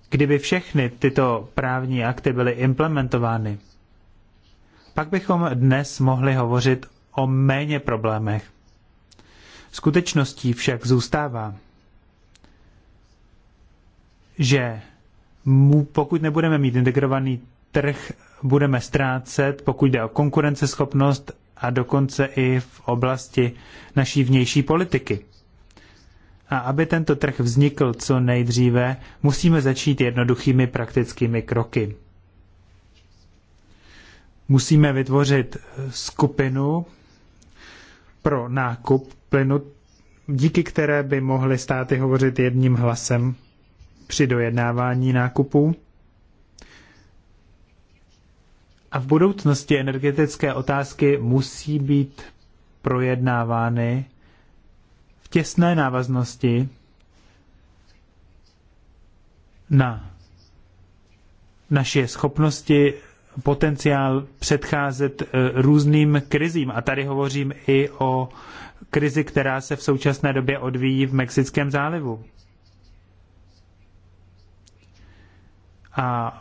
Kdyby všechny tyto právní akty byly implementovány, pak bychom dnes mohli hovořit o méně problémech. Skutečností však zůstává, že mu, pokud nebudeme mít integrovaný trh, budeme ztrácet, pokud jde o konkurenceschopnost a dokonce i v oblasti naší vnější politiky. A aby tento trh vznikl co nejdříve, musíme začít jednoduchými praktickými kroky. Musíme vytvořit skupinu pro nákup plynu, díky které by mohly státy hovořit jedním hlasem při dojednávání nákupů. A v budoucnosti energetické otázky musí být projednávány v těsné návaznosti na naše schopnosti potenciál předcházet eh, různým krizím. A tady hovořím i o krizi, která se v současné době odvíjí v Mexickém zálivu. A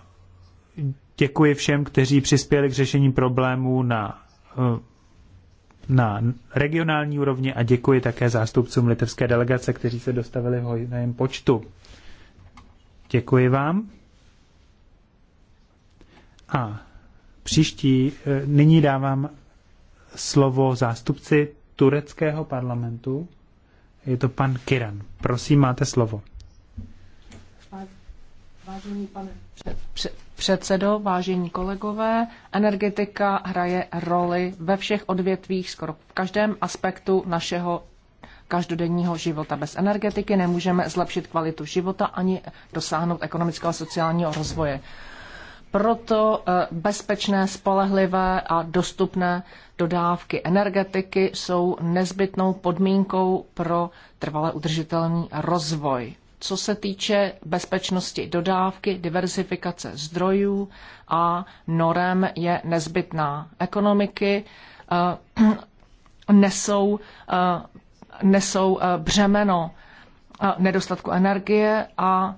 děkuji všem, kteří přispěli k řešení problémů na eh, na regionální úrovni a děkuji také zástupcům litevské delegace, kteří se dostavili v hojném počtu. Děkuji vám. A příští, eh, nyní dávám slovo zástupci tureckého parlamentu. Je to pan Kiran. Prosím, máte slovo. Vážený pane předsedo, vážení kolegové, energetika hraje roli ve všech odvětvích, skoro v každém aspektu našeho každodenního života. Bez energetiky nemůžeme zlepšit kvalitu života ani dosáhnout ekonomického a sociálního rozvoje. Proto eh, bezpečné, spolehlivé a dostupné dodávky energetiky jsou nezbytnou podmínkou pro trvale udržitelný rozvoj co se týče bezpečnosti dodávky, diversifikace zdrojů a norem je nezbytná. Ekonomiky eh, nesou, eh, nesou eh, břemeno nedostatku energie a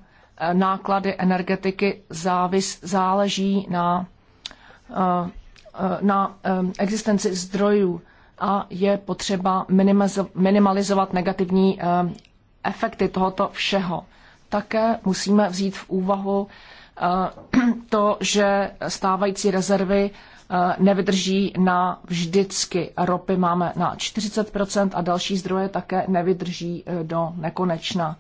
náklady energetiky závis, záleží na, na existenci zdrojů a je potřeba minimalizovat negativní efekty tohoto všeho. Také musíme vzít v úvahu eh, to, že stávající rezervy eh, nevydrží na vždycky. Ropy máme na 40% a další zdroje také nevydrží eh, do nekonečna.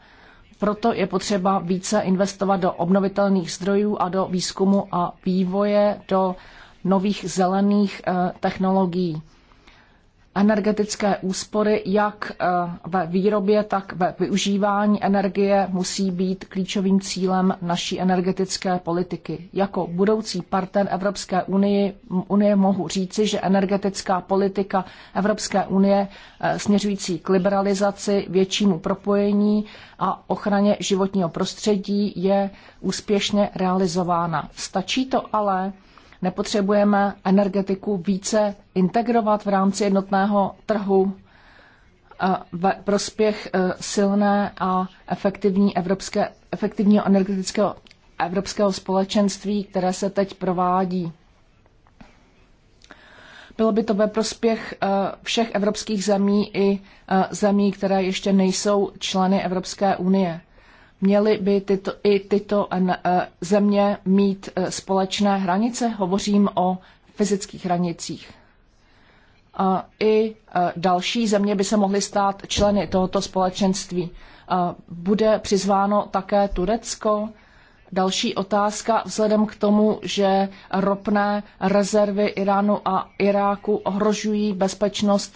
Proto je potřeba více investovat do obnovitelných zdrojů a do výzkumu a vývoje, do nových zelených technologií energetické úspory jak eh, ve výrobě, tak ve využívání energie musí být klíčovým cílem naší energetické politiky. Jako budoucí partner Evropské unie, unie mohu říci, že energetická politika Evropské unie eh, směřující k liberalizaci, většímu propojení a ochraně životního prostředí je úspěšně realizována. Stačí to ale Nepotřebujeme energetiku více integrovat v rámci jednotného trhu eh, ve prospěch eh, silné a efektivní evropské, efektivního energetického evropského společenství, které se teď provádí. Bylo by to ve prospěch eh, všech evropských zemí i zemí, které ještě nejsou členy Evropské unie. Měly by tyto, i tyto eh, země mít eh, společné hranice? Hovořím o fyzických hranicích. I eh, další země by se mohly stát členy tohoto společenství. Bude přizváno také Turecko? Další otázka vzhledem k tomu, že ropné rezervy Iránu a Iráku ohrožují bezpečnost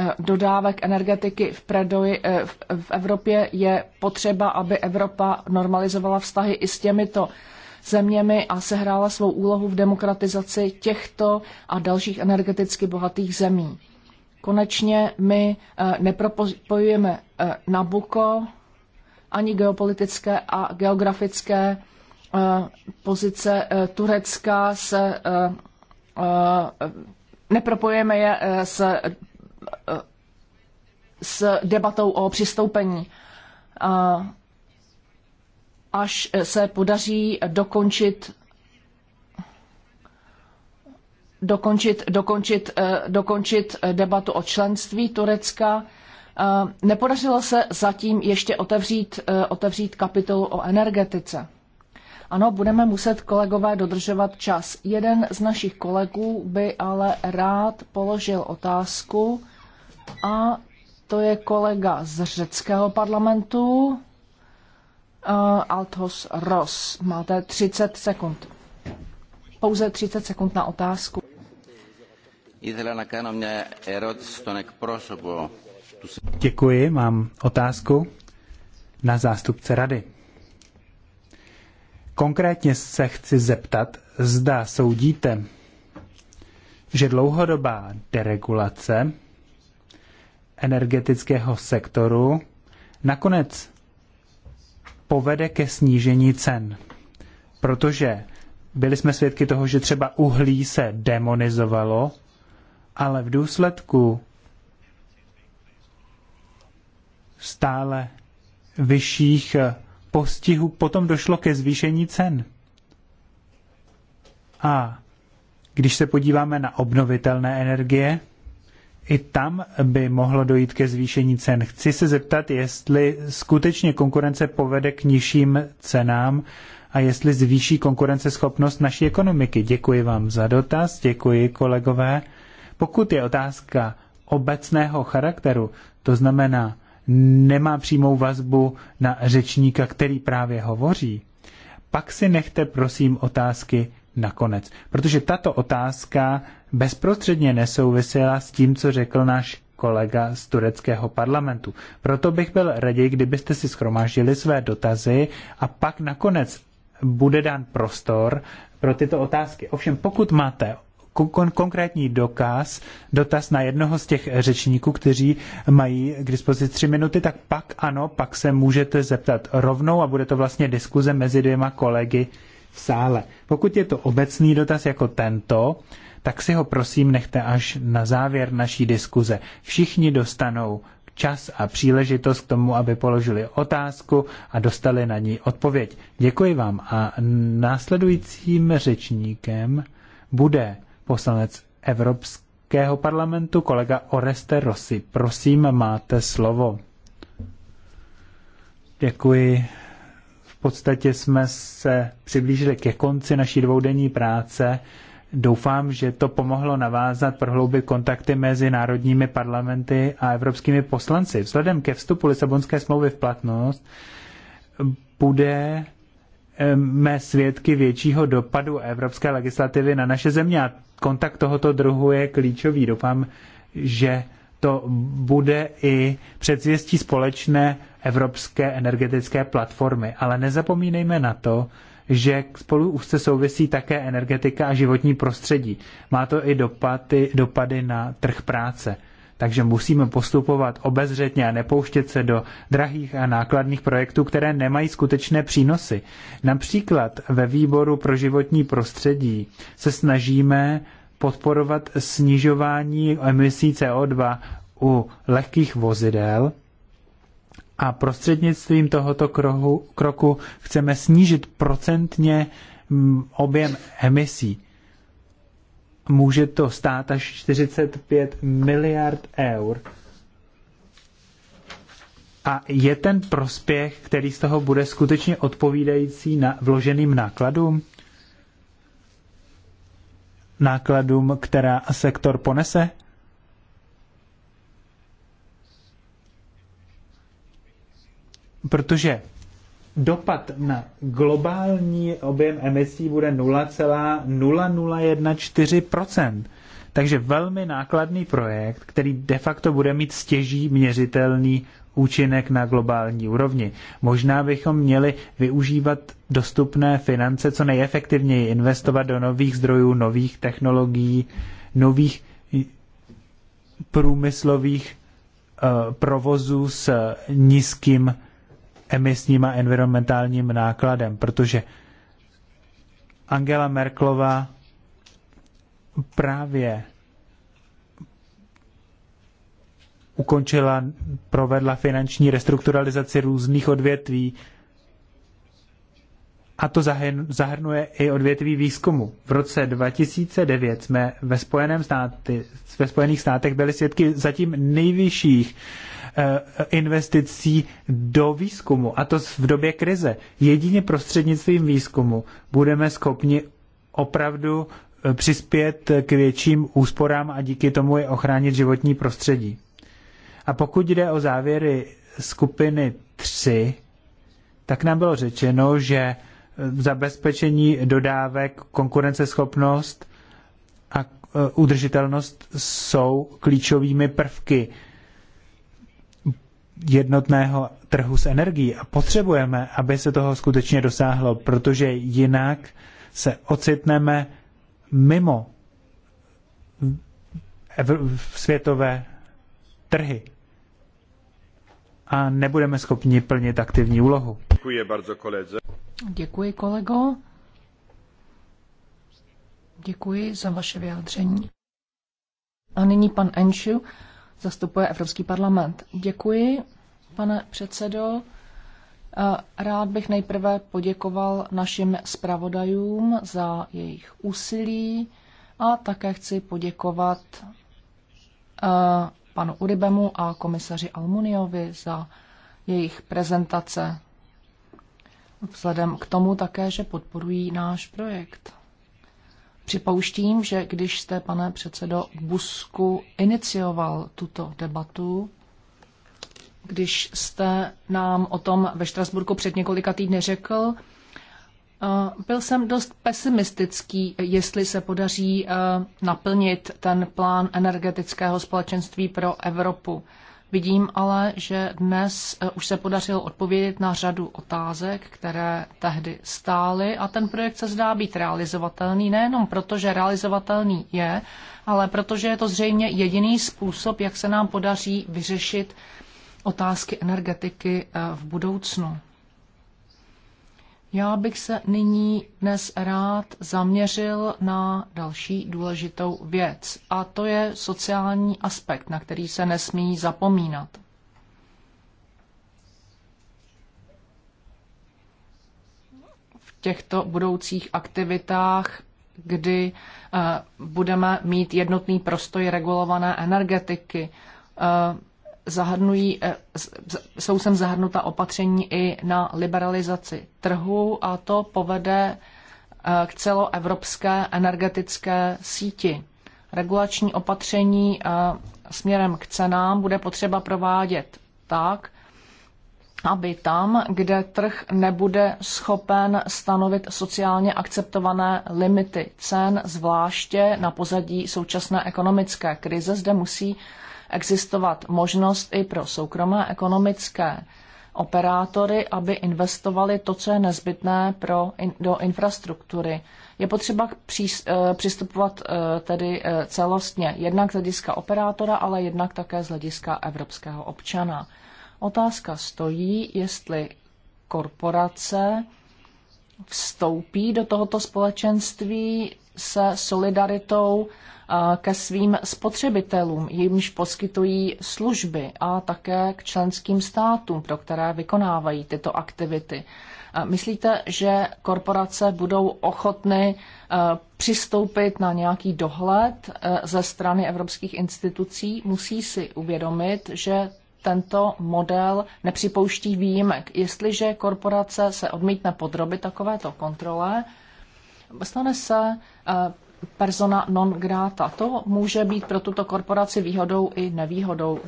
Eh, dodávek energetiky v, predoji, eh, v Evropě je potřeba, aby Evropa normalizovala vztahy i s těmito zeměmi a sehrála svou úlohu v demokratizaci těchto a dalších energeticky bohatých zemí. Konečně my eh, nepropojujeme Nabuko ani geopolitické a geografické pozice Turecka se nepropojujeme je s s debatou o přistoupení. Až se podaří dokončit dokončit, dokončit, eh, dokončit debatu o členství Turecka. Eh, nepodařilo se zatím ještě otevřít, eh, otevřít kapitolu o energetice. Ano, budeme muset kolegové dodržovat čas. Jeden z našich kolegů by ale rád položil otázku a to je kolega z řeckého parlamentu, uh, eh, Altos Ros. Máte 30 sekund. Pouze 30 sekund na otázku. Děkuji, mám otázku na zástupce rady. Konkrétně se chci zeptat, zda soudíte, že dlouhodobá deregulace energetického sektoru nakonec povede ke snížení cen. Protože byli jsme svědky toho, že třeba uhlí se demonizovalo, ale v důsledku stále vyšších postihů potom došlo ke zvýšení cen. A když se podíváme na obnovitelné energie, i tam by mohlo dojít ke zvýšení cen. Chci se zeptat, jestli skutečně konkurence povede k nižším cenám a jestli zvýší konkurenceschopnost naší ekonomiky. Děkuji vám za dotaz, děkuji kolegové. Pokud je otázka obecného charakteru, to znamená, nemá přímou vazbu na řečníka, který právě hovoří, pak si nechte prosím otázky nakonec. Protože tato otázka bezprostředně nesouvisela s tím, co řekl náš kolega z tureckého parlamentu. Proto bych byl raději, kdybyste si schromáždili své dotazy a pak nakonec bude dán prostor pro tyto otázky. Ovšem, pokud máte kon- konkrétní dokaz, dotaz na jednoho z těch řečníků, kteří mají k dispozici tři minuty, tak pak ano, pak se můžete zeptat rovnou a bude to vlastně diskuze mezi dvěma kolegy v sále. Pokud je to obecný dotaz jako tento, tak si ho prosím nechte až na závěr naší diskuze. Všichni dostanou čas a příležitost k tomu, aby položili otázku a dostali na ní odpověď. Děkuji vám a následujícím řečníkem bude poslanec Evropského parlamentu kolega Oreste Rossi. Prosím, máte slovo. Děkuji. V podstatě jsme se přiblížili ke konci naší dvoudenní práce Doufám, že to pomohlo navázat, prohloubit kontakty mezi národními parlamenty a evropskými poslanci. Vzhledem ke vstupu Lisabonské smlouvy v platnost bude mé svědky většího dopadu evropské legislativy na naše země a kontakt tohoto druhu je klíčový. Doufám, že to bude i předzvěstí společné evropské energetické platformy. Ale nezapomínejme na to, že spolu úzce souvisí také energetika a životní prostředí. Má to i dopady, dopady na trh práce. Takže musíme postupovat obezřetně a nepouštět se do drahých a nákladných projektů, které nemají skutečné přínosy. Například ve výboru pro životní prostředí se snažíme podporovat snižování emisí CO2 u lehkých vozidel, a prostřednictvím tohoto krohu, kroku chceme snížit procentně mm, objem emisí. Může to stát až 45 miliard eur. A je ten prospěch, který z toho bude skutečně odpovídající na vloženým nákladům? Nákladům, která sektor ponese? protože dopad na globální objem emisí bude 0,0014%. Takže velmi nákladný projekt, který de facto bude mít stěží měřitelný účinek na globální úrovni. Možná bychom měli využívat dostupné finance co nejefektivněji, investovat do nových zdrojů, nových technologií, nových průmyslových eh, provozů s nízkým emisním a environmentálním nákladem, protože Angela Merklova právě ukončila, provedla finanční restrukturalizaci různých odvětví a to zahrnuje i odvětví výzkumu. V roce 2009 jsme ve, Spojeném státy, ve Spojených státech byli svědky zatím nejvyšších Eh, investicí do výzkumu, a to v době krize. Jedině prostřednictvím výzkumu budeme schopni opravdu eh, přispět k větším úsporám a díky tomu je ochránit životní prostředí. A pokud jde o závěry skupiny 3, tak nám bylo řečeno, že eh, zabezpečení dodávek, konkurenceschopnost a udržitelnost jsou klíčovými prvky jednotného trhu s energií a potřebujeme, aby se toho skutečně dosáhlo, protože jinak se ocitneme mimo světové trhy a nebudeme schopni plnit aktivní úlohu. Děkuji bardzo koledze. Děkuji kolego. Děkuji za vaše vyjádření. A nyní pan Enšu zastupuje Evropský parlament. Děkuji, pane předsedo. Rád bych nejprve poděkoval našim zpravodajům za jejich úsilí a také chci poděkovat panu Uribemu a komisaři Almuniovi za jejich prezentace. Vzhledem k tomu také, že podporují náš projekt. Připouštím, že když jste, pane předsedo Busku, inicioval tuto debatu, když jste nám o tom ve Štrasburku před několika týdny řekl, eh, byl jsem dost pesimistický, jestli se podaří eh, naplnit ten plán energetického společenství pro Evropu. Vidím ale, že dnes eh, už se podařilo odpovědět na řadu otázek, které tehdy stály a ten projekt se zdá být realizovatelný nejenom proto, že realizovatelný je, ale protože je to zřejmě jediný způsob, jak se nám podaří vyřešit otázky energetiky eh, v budoucnu. Já bych se nyní dnes rád zaměřil na další důležitou věc, a to je sociální aspekt, na který se nesmí zapomínat. V těchto budoucích aktivitách, kdy eh, budeme mít jednotný prostoj regulované energetiky, eh, zahrnují, eh, jsou sem zahrnuta opatření i na liberalizaci trhu a to povede eh, k celoevropské energetické síti. Regulační opatření eh, směrem k cenám bude potřeba provádět tak, aby tam, kde trh nebude schopen stanovit sociálně akceptované limity cen, zvláště na pozadí současné ekonomické krize, zde musí existovat možnost i pro soukromé ekonomické operátory, aby investovali to, co je nezbytné pro, in, do infrastruktury. Je potřeba při, eh, přistupovat eh, tedy eh, celostně, jednak z hlediska operátora, ale jednak také z hlediska evropského občana. Otázka stojí, jestli korporace vstoupí do tohoto společenství se solidaritou eh, ke svým spotřebitelům, jimž poskytují služby a také k členským státům, pro které vykonávají tyto aktivity. Eh, myslíte, že korporace budou ochotny eh, přistoupit na nějaký dohled ze strany evropských institucí? Musí si uvědomit, že tento model nepřipouští výjimek. Jestliže korporace se odmítne podrobit takovéto kontrole, stane se eh, persona non grata. To může být pro tuto korporaci výhodou i nevýhodou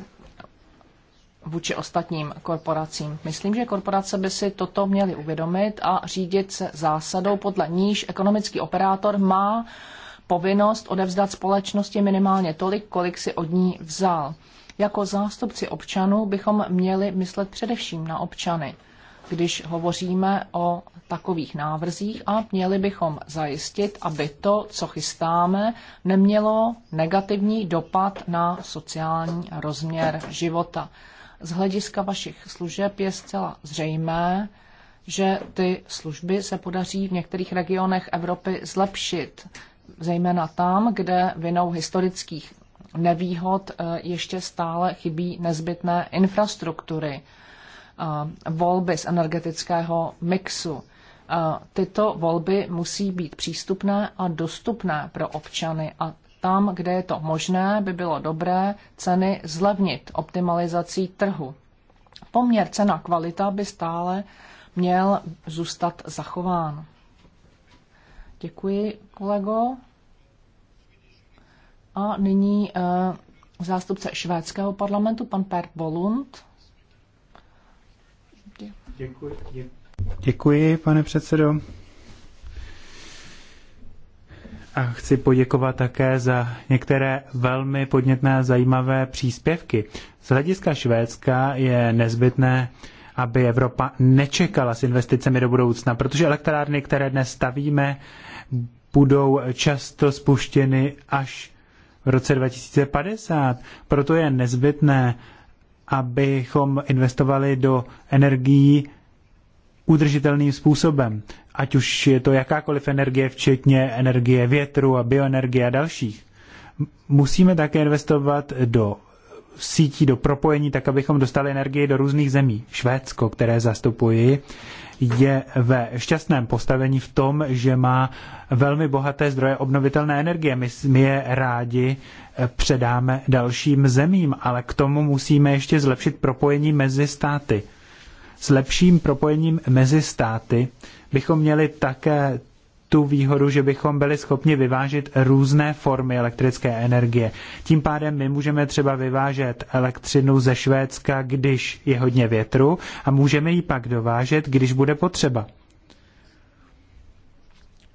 vůči ostatním korporacím. Myslím, že korporace by si toto měly uvědomit a řídit se zásadou, podle níž ekonomický operátor má povinnost odevzdat společnosti minimálně tolik, kolik si od ní vzal. Jako zástupci občanů bychom měli myslet především na občany když hovoříme o takových návrzích a měli bychom zajistit, aby to, co chystáme, nemělo negativní dopad na sociální rozměr života. Z hlediska vašich služeb je zcela zřejmé, že ty služby se podaří v některých regionech Evropy zlepšit, zejména tam, kde vinou historických nevýhod eh, ještě stále chybí nezbytné infrastruktury Eh, volby z energetického mixu. Eh, tyto volby musí být přístupné a dostupné pro občany a tam, kde je to možné, by bylo dobré ceny zlevnit optimalizací trhu. Poměr cena kvalita by stále měl zůstat zachován. Děkuji, kolego. A nyní eh, zástupce švédského parlamentu, pan Per Bolund. Děkuji. Děkuji, Děkuji pane předsedo. A chci poděkovat také za některé velmi podnětné a zajímavé příspěvky. Z hlediska Švédska je nezbytné, aby Evropa nečekala s investicemi do budoucna, protože elektrárny, které dnes stavíme, budou často spuštěny až v roce 2050. Proto je nezbytné, abychom investovali do energií udržitelným způsobem. Ať už je to jakákoliv energie, včetně energie větru a bioenergie a dalších. Musíme také investovat do sítí, do propojení, tak abychom dostali energii do různých zemí. Švédsko, které zastupuji, je ve šťastném postavení v tom, že má velmi bohaté zdroje obnovitelné energie. My, my je rádi eh, předáme dalším zemím, ale k tomu musíme ještě zlepšit propojení mezi státy. S lepším propojením mezi státy bychom měli také tu výhodu, že bychom byli schopni vyvážet různé formy elektrické energie. Tím pádem my můžeme třeba vyvážet elektřinu ze Švédska, když je hodně větru a můžeme ji pak dovážet, když bude potřeba.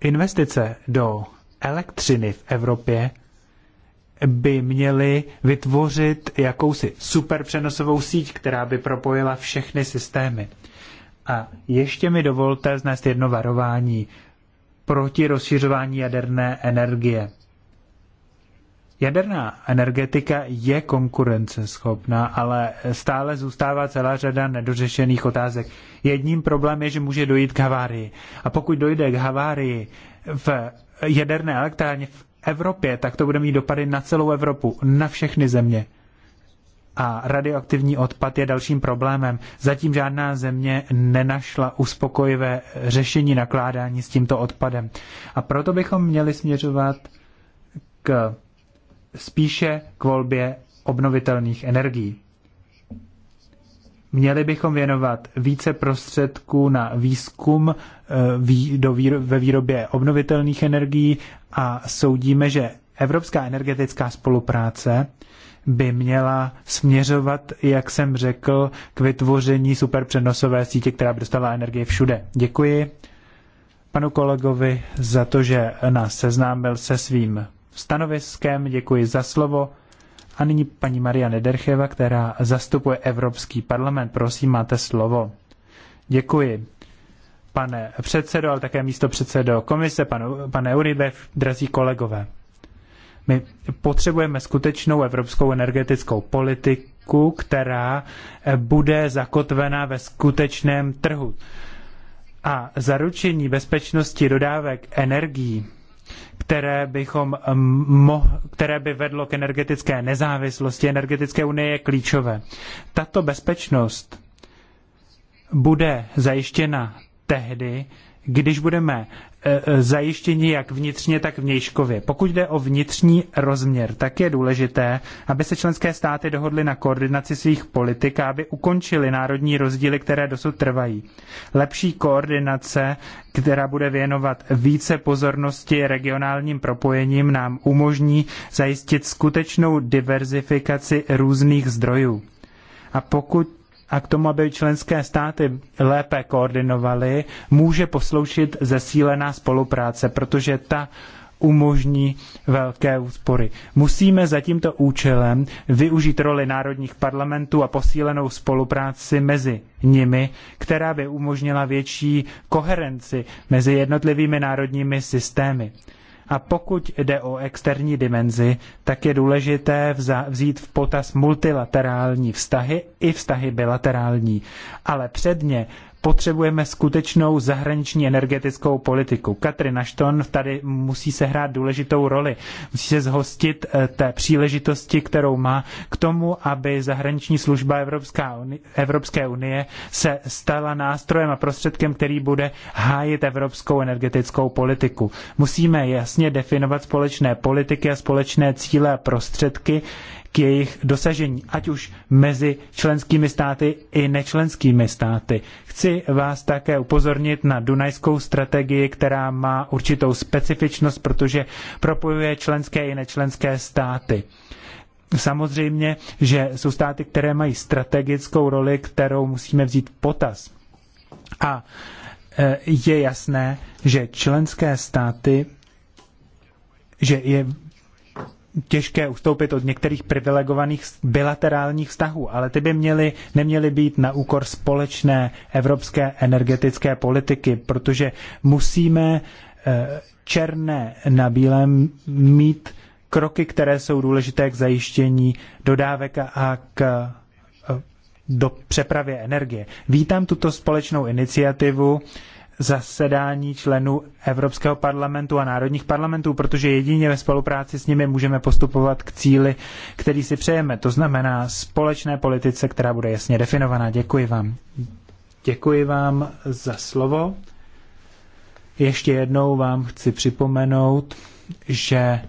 Investice do elektřiny v Evropě by měly vytvořit jakousi superpřenosovou síť, která by propojila všechny systémy. A ještě mi dovolte znést jedno varování proti rozšiřování jaderné energie. Jaderná energetika je konkurenceschopná, ale stále zůstává celá řada nedořešených otázek. Jedním problém je, že může dojít k havárii. A pokud dojde k havárii v jaderné elektrárně v Evropě, tak to bude mít dopady na celou Evropu, na všechny země a radioaktivní odpad je dalším problémem. Zatím žádná země nenašla uspokojivé řešení nakládání s tímto odpadem. A proto bychom měli směřovat k spíše k volbě obnovitelných energií. Měli bychom věnovat více prostředků na výzkum eh, ve výrobě obnovitelných energií a soudíme, že evropská energetická spolupráce by měla směřovat, jak jsem řekl, k vytvoření superpřenosové sítě, která by dostala energii všude. Děkuji panu kolegovi za to, že nás seznámil se svým stanoviskem. Děkuji za slovo. A nyní paní Maria Nedercheva, která zastupuje Evropský parlament. Prosím, máte slovo. Děkuji. Pane předsedo, ale také místo předsedo komise, panu, pane Uribe, drazí kolegové. My potřebujeme skutečnou evropskou energetickou politiku, která eh, bude zakotvená ve skutečném trhu. A zaručení bezpečnosti dodávek energií, které, bychom moh, které by vedlo k energetické nezávislosti, energetické unie je klíčové. Tato bezpečnost bude zajištěna tehdy, když budeme E, e, zajištění jak vnitřně, tak vnějškově. Pokud jde o vnitřní rozměr, tak je důležité, aby se členské státy dohodly na koordinaci svých politik a aby ukončily národní rozdíly, které dosud trvají. Lepší koordinace, která bude věnovat více pozornosti regionálním propojením, nám umožní zajistit skutečnou diverzifikaci různých zdrojů. A pokud a k tomu, aby členské státy lépe koordinovaly, může posloužit zesílená spolupráce, protože ta umožní velké úspory. Musíme za tímto účelem využít roli národních parlamentů a posílenou spolupráci mezi nimi, která by umožnila větší koherenci mezi jednotlivými národními systémy. A pokud jde o externí dimenzi, tak je důležité vzít v potaz multilaterální vztahy i vztahy bilaterální. Ale předně potřebujeme skutečnou zahraniční energetickou politiku. Katrin Ashton tady musí se hrát důležitou roli. Musí se zhostit eh, té příležitosti, kterou má k tomu, aby zahraniční služba Evropská unie, Evropské unie se stala nástrojem a prostředkem, který bude hájit evropskou energetickou politiku. Musíme jasně definovat společné politiky a společné cíle a prostředky, k jejich dosažení, ať už mezi členskými státy i nečlenskými státy. Chci vás také upozornit na Dunajskou strategii, která má určitou specifičnost, protože propojuje členské i nečlenské státy. Samozřejmě, že jsou státy, které mají strategickou roli, kterou musíme vzít v potaz. A e, je jasné, že členské státy že je těžké ustoupit od některých privilegovaných bilaterálních vztahů, ale ty by měly, neměly být na úkor společné evropské energetické politiky, protože musíme eh, černé na bílém mít kroky, které jsou důležité k zajištění dodávek a k eh, do přepravě energie. Vítám tuto společnou iniciativu, zasedání členů Evropského parlamentu a národních parlamentů, protože jedině ve spolupráci s nimi můžeme postupovat k cíli, který si přejeme. To znamená společné politice, která bude jasně definovaná. Děkuji vám. Děkuji vám za slovo. Ještě jednou vám chci připomenout, že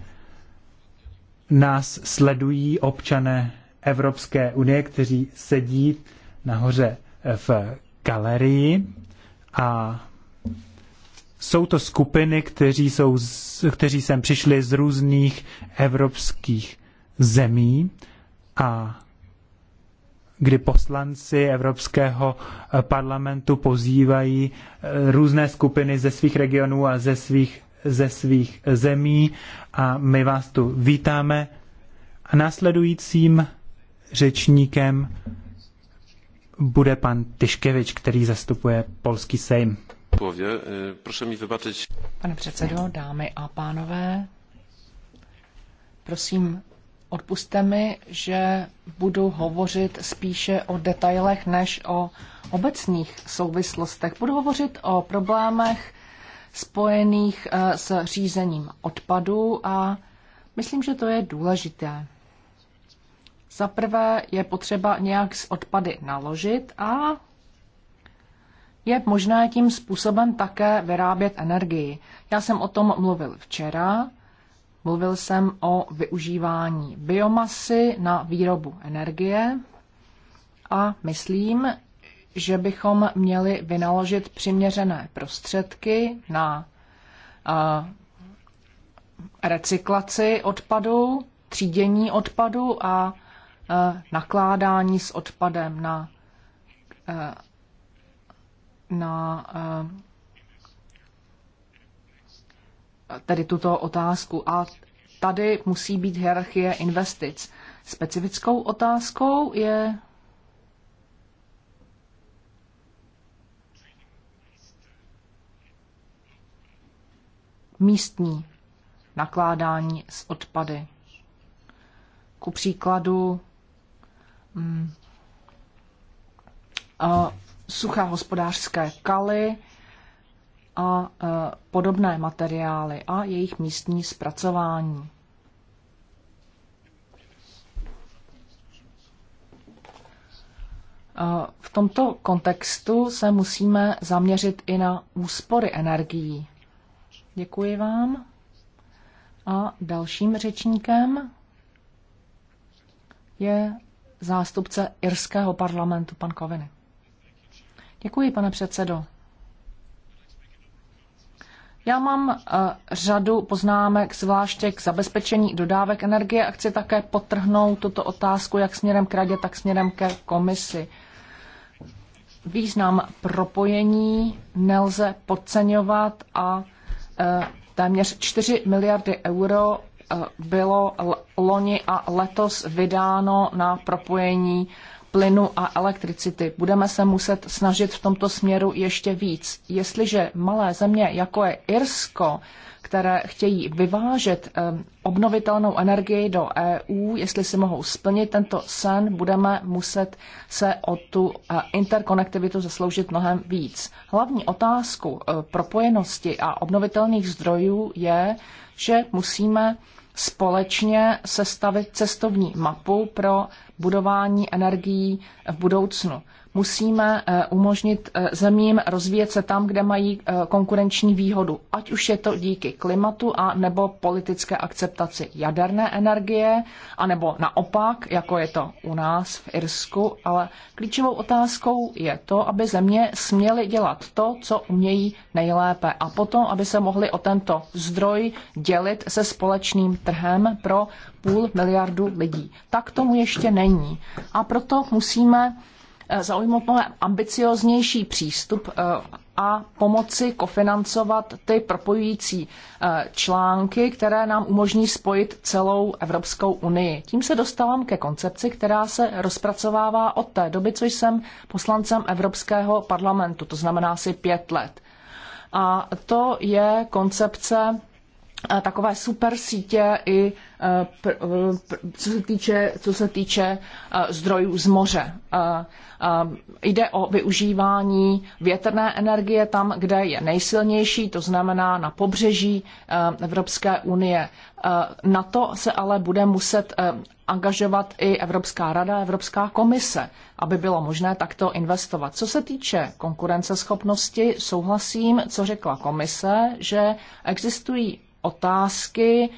nás sledují občané Evropské unie, kteří sedí nahoře v galerii a jsou to skupiny, kteří, jsou, kteří sem přišli z různých evropských zemí a kdy poslanci Evropského eh, parlamentu pozývají eh, různé skupiny ze svých regionů a ze svých, ze svých zemí a my vás tu vítáme. A následujícím řečníkem bude pan Tyškevič, který zastupuje polský sejm. Eh, Pane předsedo, dámy a pánové, prosím, odpuste mi, že budu hovořit spíše o detailech než o obecných souvislostech. Budu hovořit o problémech spojených eh, s řízením odpadu a myslím, že to je důležité. Za prvé je potřeba nějak s odpady naložit a je možné tím způsobem také vyrábět energii. Já jsem o tom mluvil včera. Mluvil jsem o využívání biomasy na výrobu energie a myslím, že bychom měli vynaložit přiměřené prostředky na recyklaci odpadu, třídění odpadu a nakládání s odpadem na na eh, tedy tuto otázku. A tady musí být hierarchie investic. Specifickou otázkou je místní nakládání s odpady. Ku příkladu, mm, suché hospodářské kaly a e, podobné materiály a jejich místní zpracování. E, v tomto kontextu se musíme zaměřit i na úspory energií. Děkuji vám. A dalším řečníkem je zástupce irského parlamentu, pan Koviny. Děkuji, pane předsedo. Já mám uh, řadu poznámek, zvláště k zabezpečení dodávek energie a chci také potrhnout tuto otázku jak směrem k radě, tak směrem ke komisi. Význam propojení nelze podceňovat a uh, téměř 4 miliardy euro uh, bylo loni a letos vydáno na propojení plynu a elektricity. Budeme se muset snažit v tomto směru ještě víc. Jestliže malé země, jako je Irsko, které chtějí vyvážet obnovitelnou energii do EU, jestli si mohou splnit tento sen, budeme muset se o tu e, interkonektivitu zasloužit mnohem víc. Hlavní otázku e, propojenosti a obnovitelných zdrojů je, že musíme společně sestavit cestovní mapu pro budování energií v budoucnu. Musíme eh, umožnit eh, zemím rozvíjet se tam, kde mají eh, konkurenční výhodu, ať už je to díky klimatu a nebo politické akceptaci jaderné energie, anebo naopak, jako je to u nás v Irsku, ale klíčovou otázkou je to, aby země směly dělat to, co umějí nejlépe a potom, aby se mohly o tento zdroj dělit se společným trhem pro půl miliardu lidí. Tak tomu ještě není. A proto musíme Eh, zaujmout mnohem ambicioznější přístup eh, a pomoci kofinancovat ty propojující eh, články, které nám umožní spojit celou Evropskou unii. Tím se dostávám ke koncepci, která se rozpracovává od té doby, co jsem poslancem Evropského parlamentu, to znamená asi pět let. A to je koncepce Eh, takové super sítě i eh, eh, co se týče, co se týče zdrojů z moře. Jde o využívání větrné energie tam, kde je nejsilnější, to znamená na pobřeží Evropské unie. Na to se ale bude muset angažovat i Evropská rada, Evropská komise, aby bylo možné takto investovat. Co se týče konkurenceschopnosti, souhlasím, co řekla komise, že existují otázky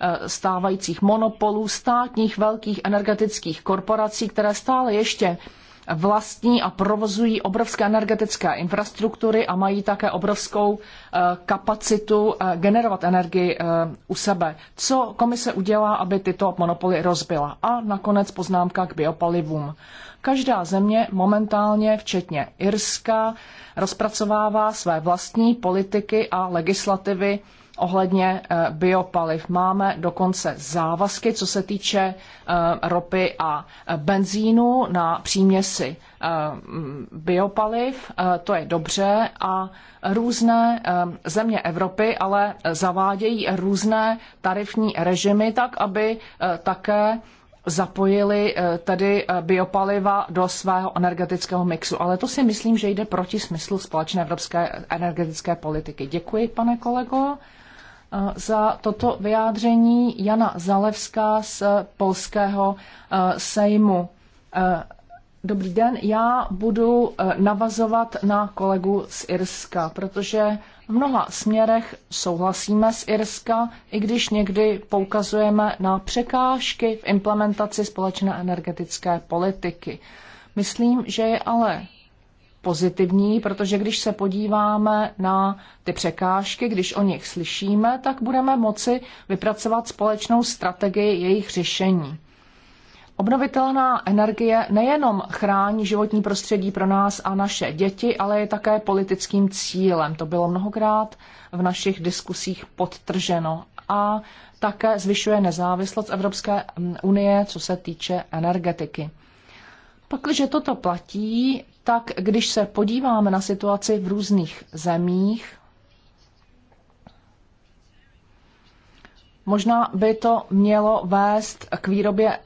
eh, stávajících monopolů státních velkých energetických korporací, které stále ještě vlastní a provozují obrovské energetické infrastruktury a mají také obrovskou eh, kapacitu eh, generovat energii u sebe. Co komise udělá, aby tyto monopoly rozbila? A nakonec poznámka k biopalivům. Každá země momentálně, včetně Irska, rozpracovává své vlastní politiky a legislativy ohledně eh, biopaliv. Máme dokonce závazky, co se týče eh, ropy a eh, benzínu na příměsi biopaliv. To je dobře a různé země Evropy ale zavádějí různé tarifní režimy tak, aby také zapojili tedy biopaliva do svého energetického mixu. Ale to si myslím, že jde proti smyslu společné evropské energetické politiky. Děkuji, pane kolego za toto vyjádření Jana Zalevská z eh, polského eh, sejmu. Eh, dobrý den, já budu navazovat na kolegu z Irska, protože v mnoha směrech souhlasíme s Irska, i když někdy poukazujeme na překážky v implementaci společné energetické politiky. Myslím, že je ale pozitivní, protože když se podíváme na ty překážky, když o nich slyšíme, tak budeme moci vypracovat společnou strategii jejich řešení. Obnovitelná energie nejenom chrání životní prostředí pro nás a naše děti, ale je také politickým cílem. To bylo mnohokrát v našich diskusích podtrženo a také zvyšuje nezávislost Evropské mm, unie, co se týče energetiky. Pakliže toto platí, tak když se podíváme na situaci v různých zemích, možná by to mělo vést k výrobě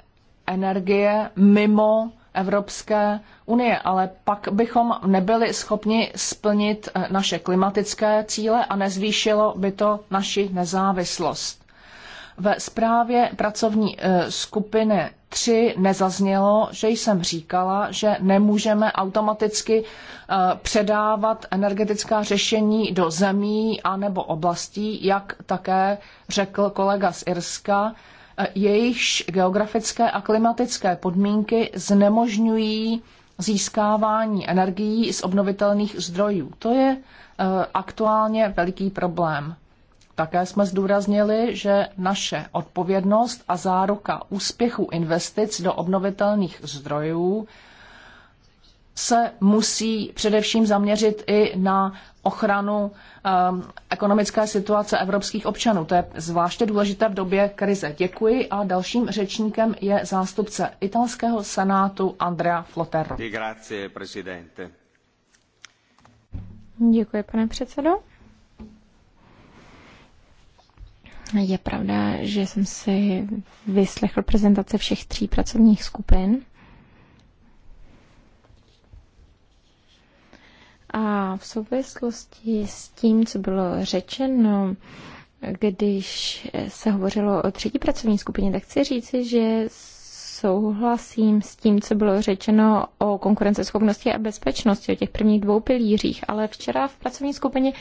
energie mimo Evropské unie, ale pak bychom nebyli schopni splnit eh, naše klimatické cíle a nezvýšilo by to naši nezávislost. Ve zprávě pracovní eh, skupiny 3 nezaznělo, že jsem říkala, že nemůžeme automaticky eh, předávat energetická řešení do zemí anebo oblastí, jak také řekl kolega z Irska, eh, jejichž geografické a klimatické podmínky znemožňují získávání energií z obnovitelných zdrojů. To je eh, aktuálně veliký problém. Také jsme zdůraznili, že naše odpovědnost a záruka úspěchu investic do obnovitelných zdrojů se musí především zaměřit i na ochranu um, ekonomické situace evropských občanů. To je zvláště důležité v době krize. Děkuji a dalším řečníkem je zástupce italského senátu Andrea Flotero. Děkuji, pane předsedo. Je pravda, že jsem si vyslechl prezentace všech tří pracovních skupin. A v souvislosti s tím, co bylo řečeno, když se hovořilo o třetí pracovní skupině, tak chci říci, že souhlasím s tím, co bylo řečeno o konkurenceschopnosti a bezpečnosti, o těch prvních dvou pilířích, ale včera v pracovní skupině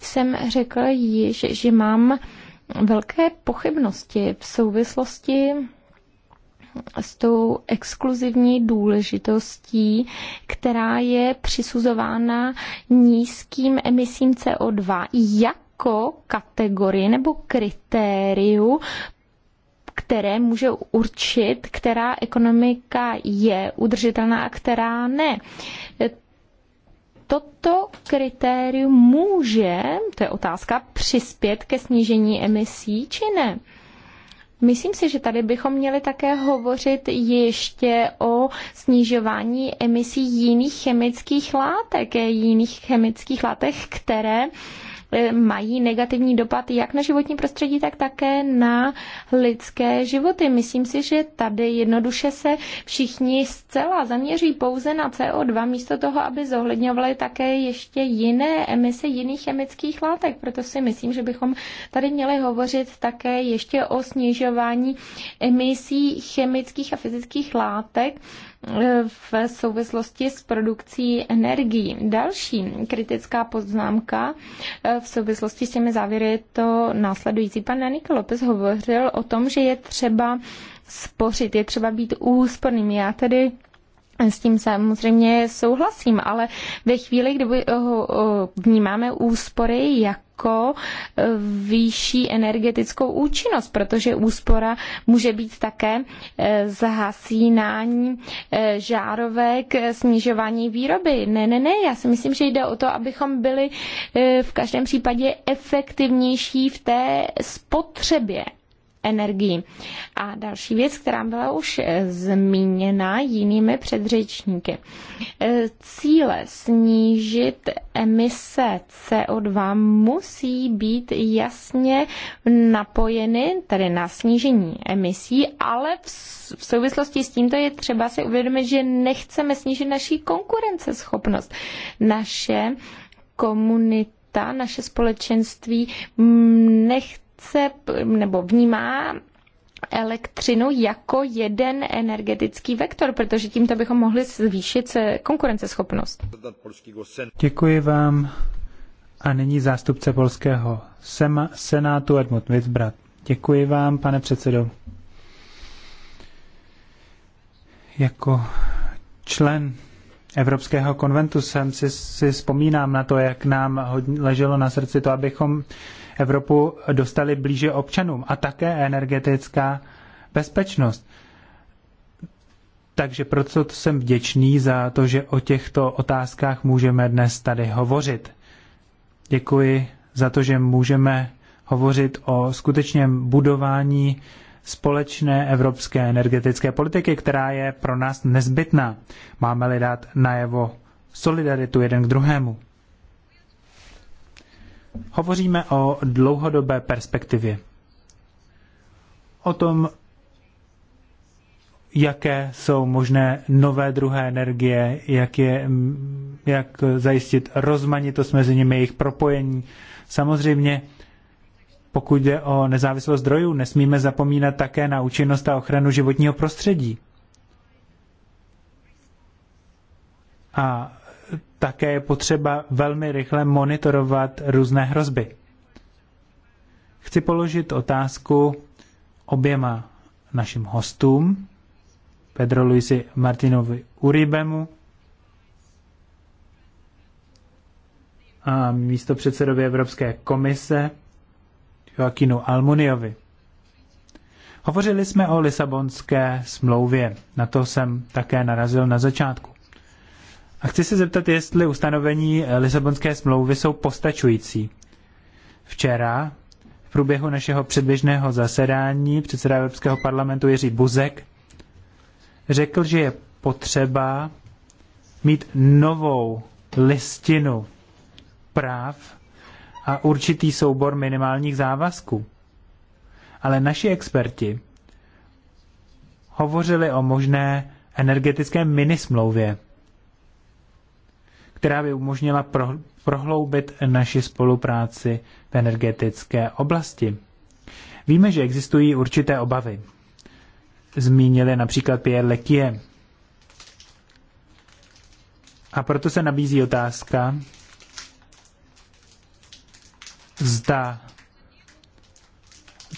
jsem řekla již, že mám velké pochybnosti v souvislosti s tou exkluzivní důležitostí, která je přisuzována nízkým emisím CO2 jako kategorii nebo kritériu které může určit, která ekonomika je udržitelná a která ne toto kritérium může, to je otázka, přispět ke snížení emisí či ne? Myslím si, že tady bychom měli také hovořit ještě o snižování emisí jiných chemických látek, jiných chemických látek, které uh, Eh, mají negativní dopad jak na životní prostředí, tak také na lidské životy. Myslím si, že tady jednoduše se všichni zcela zaměří pouze na CO2, místo toho, aby zohledňovali také ještě jiné emise jiných chemických látek. Proto si myslím, že bychom tady měli hovořit také ještě o snižování emisí chemických a fyzických látek, v souvislosti s produkcí energií. Další kritická poznámka eh, v souvislosti s těmi závěry je to následující. Pan Janik Lopez hovořil o tom, že je třeba spořit, je třeba být úsporným. Já tedy s tím samozřejmě souhlasím, ale ve chvíli, kdy vnímáme úspory jako e, výšší energetickou účinnost, protože úspora může být také e, zhasínání e, žárovek, snižování výroby. Ne, ne, ne, já si myslím, že jde o to, abychom byli v každém případě efektivnější v té spotřebě energií. A další věc, která byla už eh, zmíněna jinými předřečníky. Eh, cíle snížit emise CO2 musí být jasně napojeny tedy na snížení emisí, ale v souvislosti s tímto je třeba si uvědomit, že nechceme snížit naší konkurenceschopnost. Naše komunita, naše společenství nech, více nebo vnímá elektřinu jako jeden energetický vektor, protože tímto bychom mohli zvýšit konkurenceschopnost. Děkuji vám. A nyní zástupce polského sema, senátu Edmund Wittbrat. Děkuji vám, pane předsedo. Jako člen Evropského konventu jsem si, si vzpomínám na to, jak nám leželo na srdci to, abychom Evropu dostali blíže občanům a také energetická bezpečnost. Takže proto jsem vděčný za to, že o těchto otázkách můžeme dnes tady hovořit. Děkuji za to, že můžeme hovořit o skutečném budování společné evropské energetické politiky, která je pro nás nezbytná. Máme-li dát najevo solidaritu jeden k druhému. Hovoříme o dlouhodobé perspektivě. O tom, jaké jsou možné nové druhé energie, jak, je, jak zajistit rozmanitost mezi nimi, jejich propojení. Samozřejmě, pokud jde o nezávislost zdrojů, nesmíme zapomínat také na účinnost a ochranu životního prostředí. A také je potřeba velmi rychle monitorovat různé hrozby. Chci položit otázku oběma našim hostům, Pedro Luisi Martinovi Uribemu a místo předsedovi Evropské komise Joaquinu Almuniovi. Hovořili jsme o Lisabonské smlouvě, na to jsem také narazil na začátku. A chci se zeptat, jestli ustanovení eh, Lisabonské smlouvy jsou postačující. Včera v průběhu našeho předběžného zasedání předseda Evropského parlamentu Jiří Buzek řekl, že je potřeba mít novou listinu práv a určitý soubor minimálních závazků. Ale naši experti hovořili o možné energetické minismlouvě, která by umožnila pro, prohloubit naši spolupráci v energetické oblasti. Víme, že existují určité obavy. Zmínili například Pierre Lekie. A proto se nabízí otázka, zda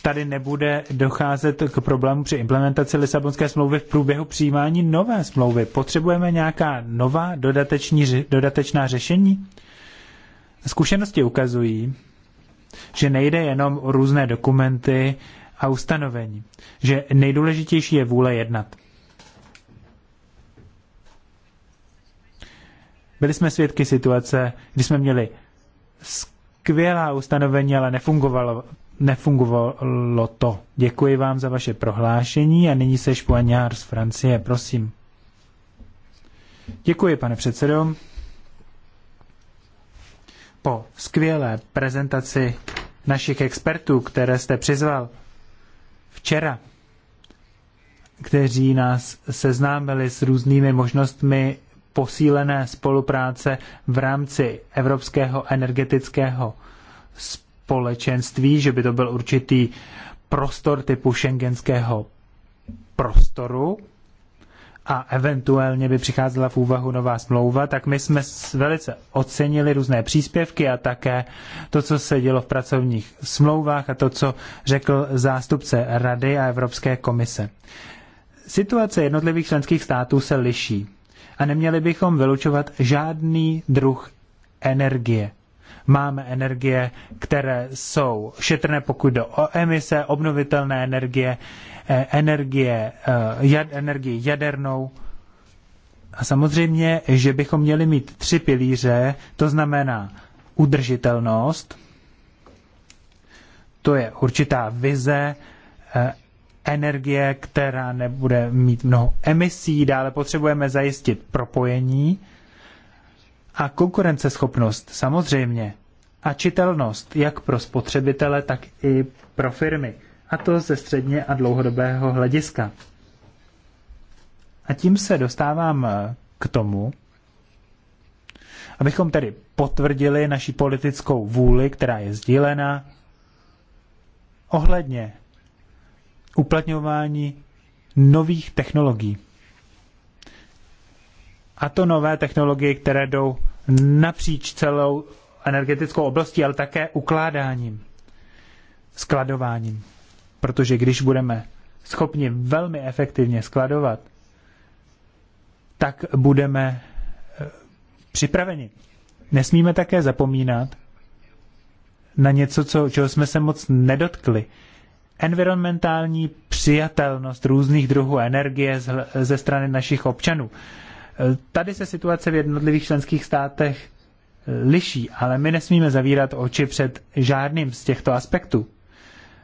tady nebude docházet k problému při implementaci Lisabonské smlouvy v průběhu přijímání nové smlouvy. Potřebujeme nějaká nová dodateční, dodatečná řešení? Zkušenosti ukazují, že nejde jenom o různé dokumenty a ustanovení, že nejdůležitější je vůle jednat. Byli jsme svědky situace, kdy jsme měli skvělá ustanovení, ale nefungovalo nefungovalo to. Děkuji vám za vaše prohlášení a nyní se špoňár z Francie, prosím. Děkuji, pane předsedo. Po skvělé prezentaci našich expertů, které jste přizval včera, kteří nás seznámili s různými možnostmi posílené spolupráce v rámci Evropského energetického společnosti, společenství, že by to byl určitý prostor typu šengenského prostoru a eventuálně by přicházela v úvahu nová smlouva, tak my jsme velice ocenili různé příspěvky a také to, co se dělo v pracovních smlouvách a to, co řekl zástupce Rady a Evropské komise. Situace jednotlivých členských států se liší a neměli bychom vylučovat žádný druh energie máme energie, které jsou šetrné, pokud jde o emise, obnovitelné energie, eh, energie, eh, jad, energii jadernou. A samozřejmě, že bychom měli mít tři pilíře, to znamená udržitelnost, to je určitá vize eh, energie, která nebude mít mnoho emisí. Dále potřebujeme zajistit propojení a konkurenceschopnost samozřejmě a čitelnost jak pro spotřebitele, tak i pro firmy. A to ze středně a dlouhodobého hlediska. A tím se dostávám eh, k tomu, abychom tedy potvrdili naši politickou vůli, která je sdílena, ohledně uplatňování nových technologií. A to nové technologie, které jdou napříč celou energetickou oblastí, ale také ukládáním, skladováním. Protože když budeme schopni velmi efektivně skladovat, tak budeme eh, připraveni. Nesmíme také zapomínat na něco, co, čeho jsme se moc nedotkli. Environmentální přijatelnost různých druhů energie ze strany našich občanů. Tady se situace v jednotlivých členských státech eh, liší, ale my nesmíme zavírat oči před žádným z těchto aspektů.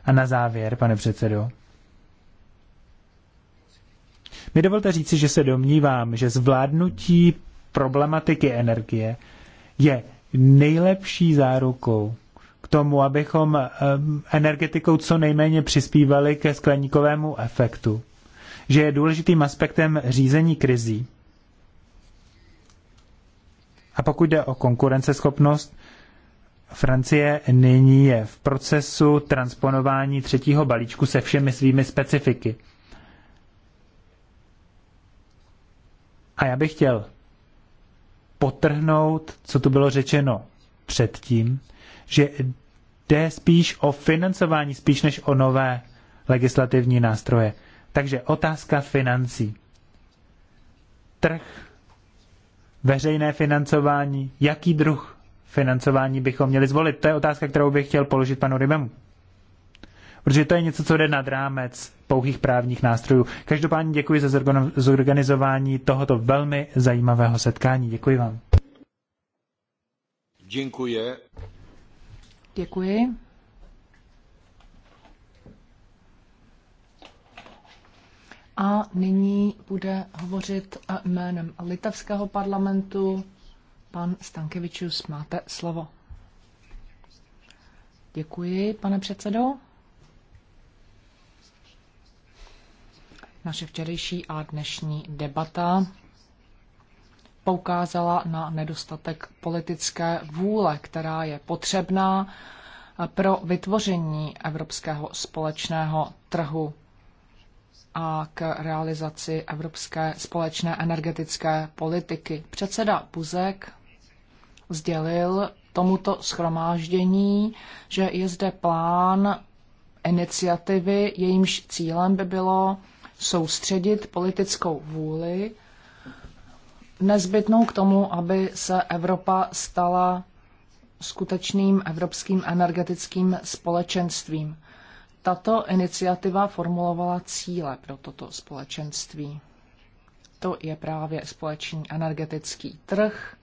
A na závěr, pane předsedo. Mi dovolte říci, že se domnívám, že zvládnutí problematiky energie je nejlepší zárukou k tomu, abychom eh, energetikou co nejméně přispívali ke skleníkovému efektu, že je důležitým aspektem řízení krizí a pokud jde o konkurenceschopnost, Francie nyní je v procesu transponování třetího balíčku se všemi svými specifiky. A já bych chtěl potrhnout, co tu bylo řečeno předtím, že jde spíš o financování, spíš než o nové legislativní nástroje. Takže otázka financí. Trh veřejné financování, jaký druh financování bychom měli zvolit. To je otázka, kterou bych chtěl položit panu Rybemu. Protože to je něco, co jde nad rámec pouhých právních nástrojů. Každopádně děkuji za zorganizování tohoto velmi zajímavého setkání. Děkuji vám. Děkuji. Děkuji. A nyní bude hovořit jménem litevského parlamentu pan Stankevičus. Máte slovo. Děkuji, pane předsedo. Naše včerejší a dnešní debata poukázala na nedostatek politické vůle, která je potřebná pro vytvoření evropského společného trhu a k realizaci evropské společné energetické politiky. Předseda Buzek sdělil tomuto schromáždění, že je zde plán iniciativy, jejímž cílem by bylo soustředit politickou vůli nezbytnou k tomu, aby se Evropa stala skutečným evropským energetickým společenstvím. Tato iniciativa formulovala cíle pro toto společenství. To je právě společný energetický trh,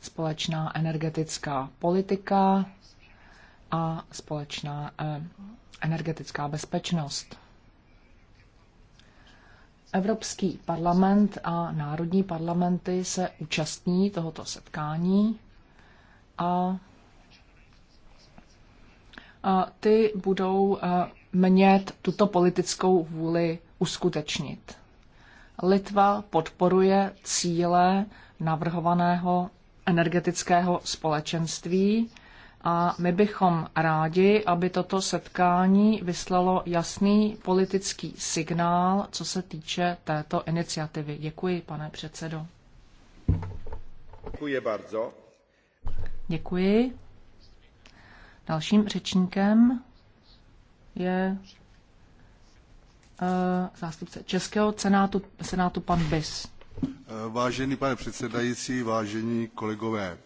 společná energetická politika a společná eh, energetická bezpečnost. Evropský parlament a národní parlamenty se účastní tohoto setkání a, a ty budou eh, mět tuto politickou vůli uskutečnit. Litva podporuje cíle navrhovaného energetického společenství a my bychom rádi, aby toto setkání vyslalo jasný politický signál, co se týče této iniciativy. Děkuji, pane předsedo. Děkuji bardzo. Děkuji. Dalším řečníkem je eh, zástupce Českého senátu, senátu pan Bis. Eh, vážený pane předsedající, vážení kolegové,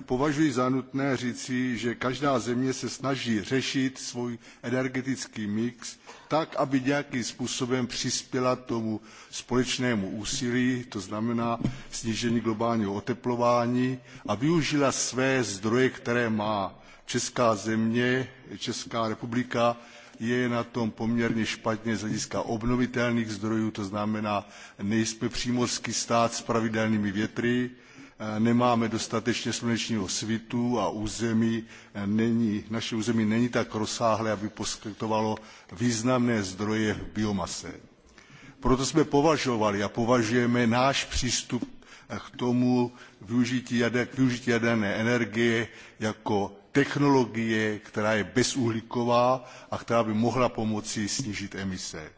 považuji za nutné říci, že každá země se snaží řešit svůj energetický mix tak, aby nějakým způsobem přispěla k tomu společnému úsilí, to znamená snížení globálního oteplování a využila své zdroje, které má. Česká země, Česká republika je na tom poměrně špatně z hlediska obnovitelných zdrojů, to znamená, nejsme přímořský stát s pravidelnými větry, Eh, nemáme dostatečně slunečního svitu a území eh, není, naše území není tak rozsáhlé, aby poskytovalo významné zdroje v biomase. Proto jsme považovali a považujeme náš přístup eh, k tomu využití, jader, k využití jaderné energie jako technologie, která je bezuhlíková a která by mohla pomoci snížit emise.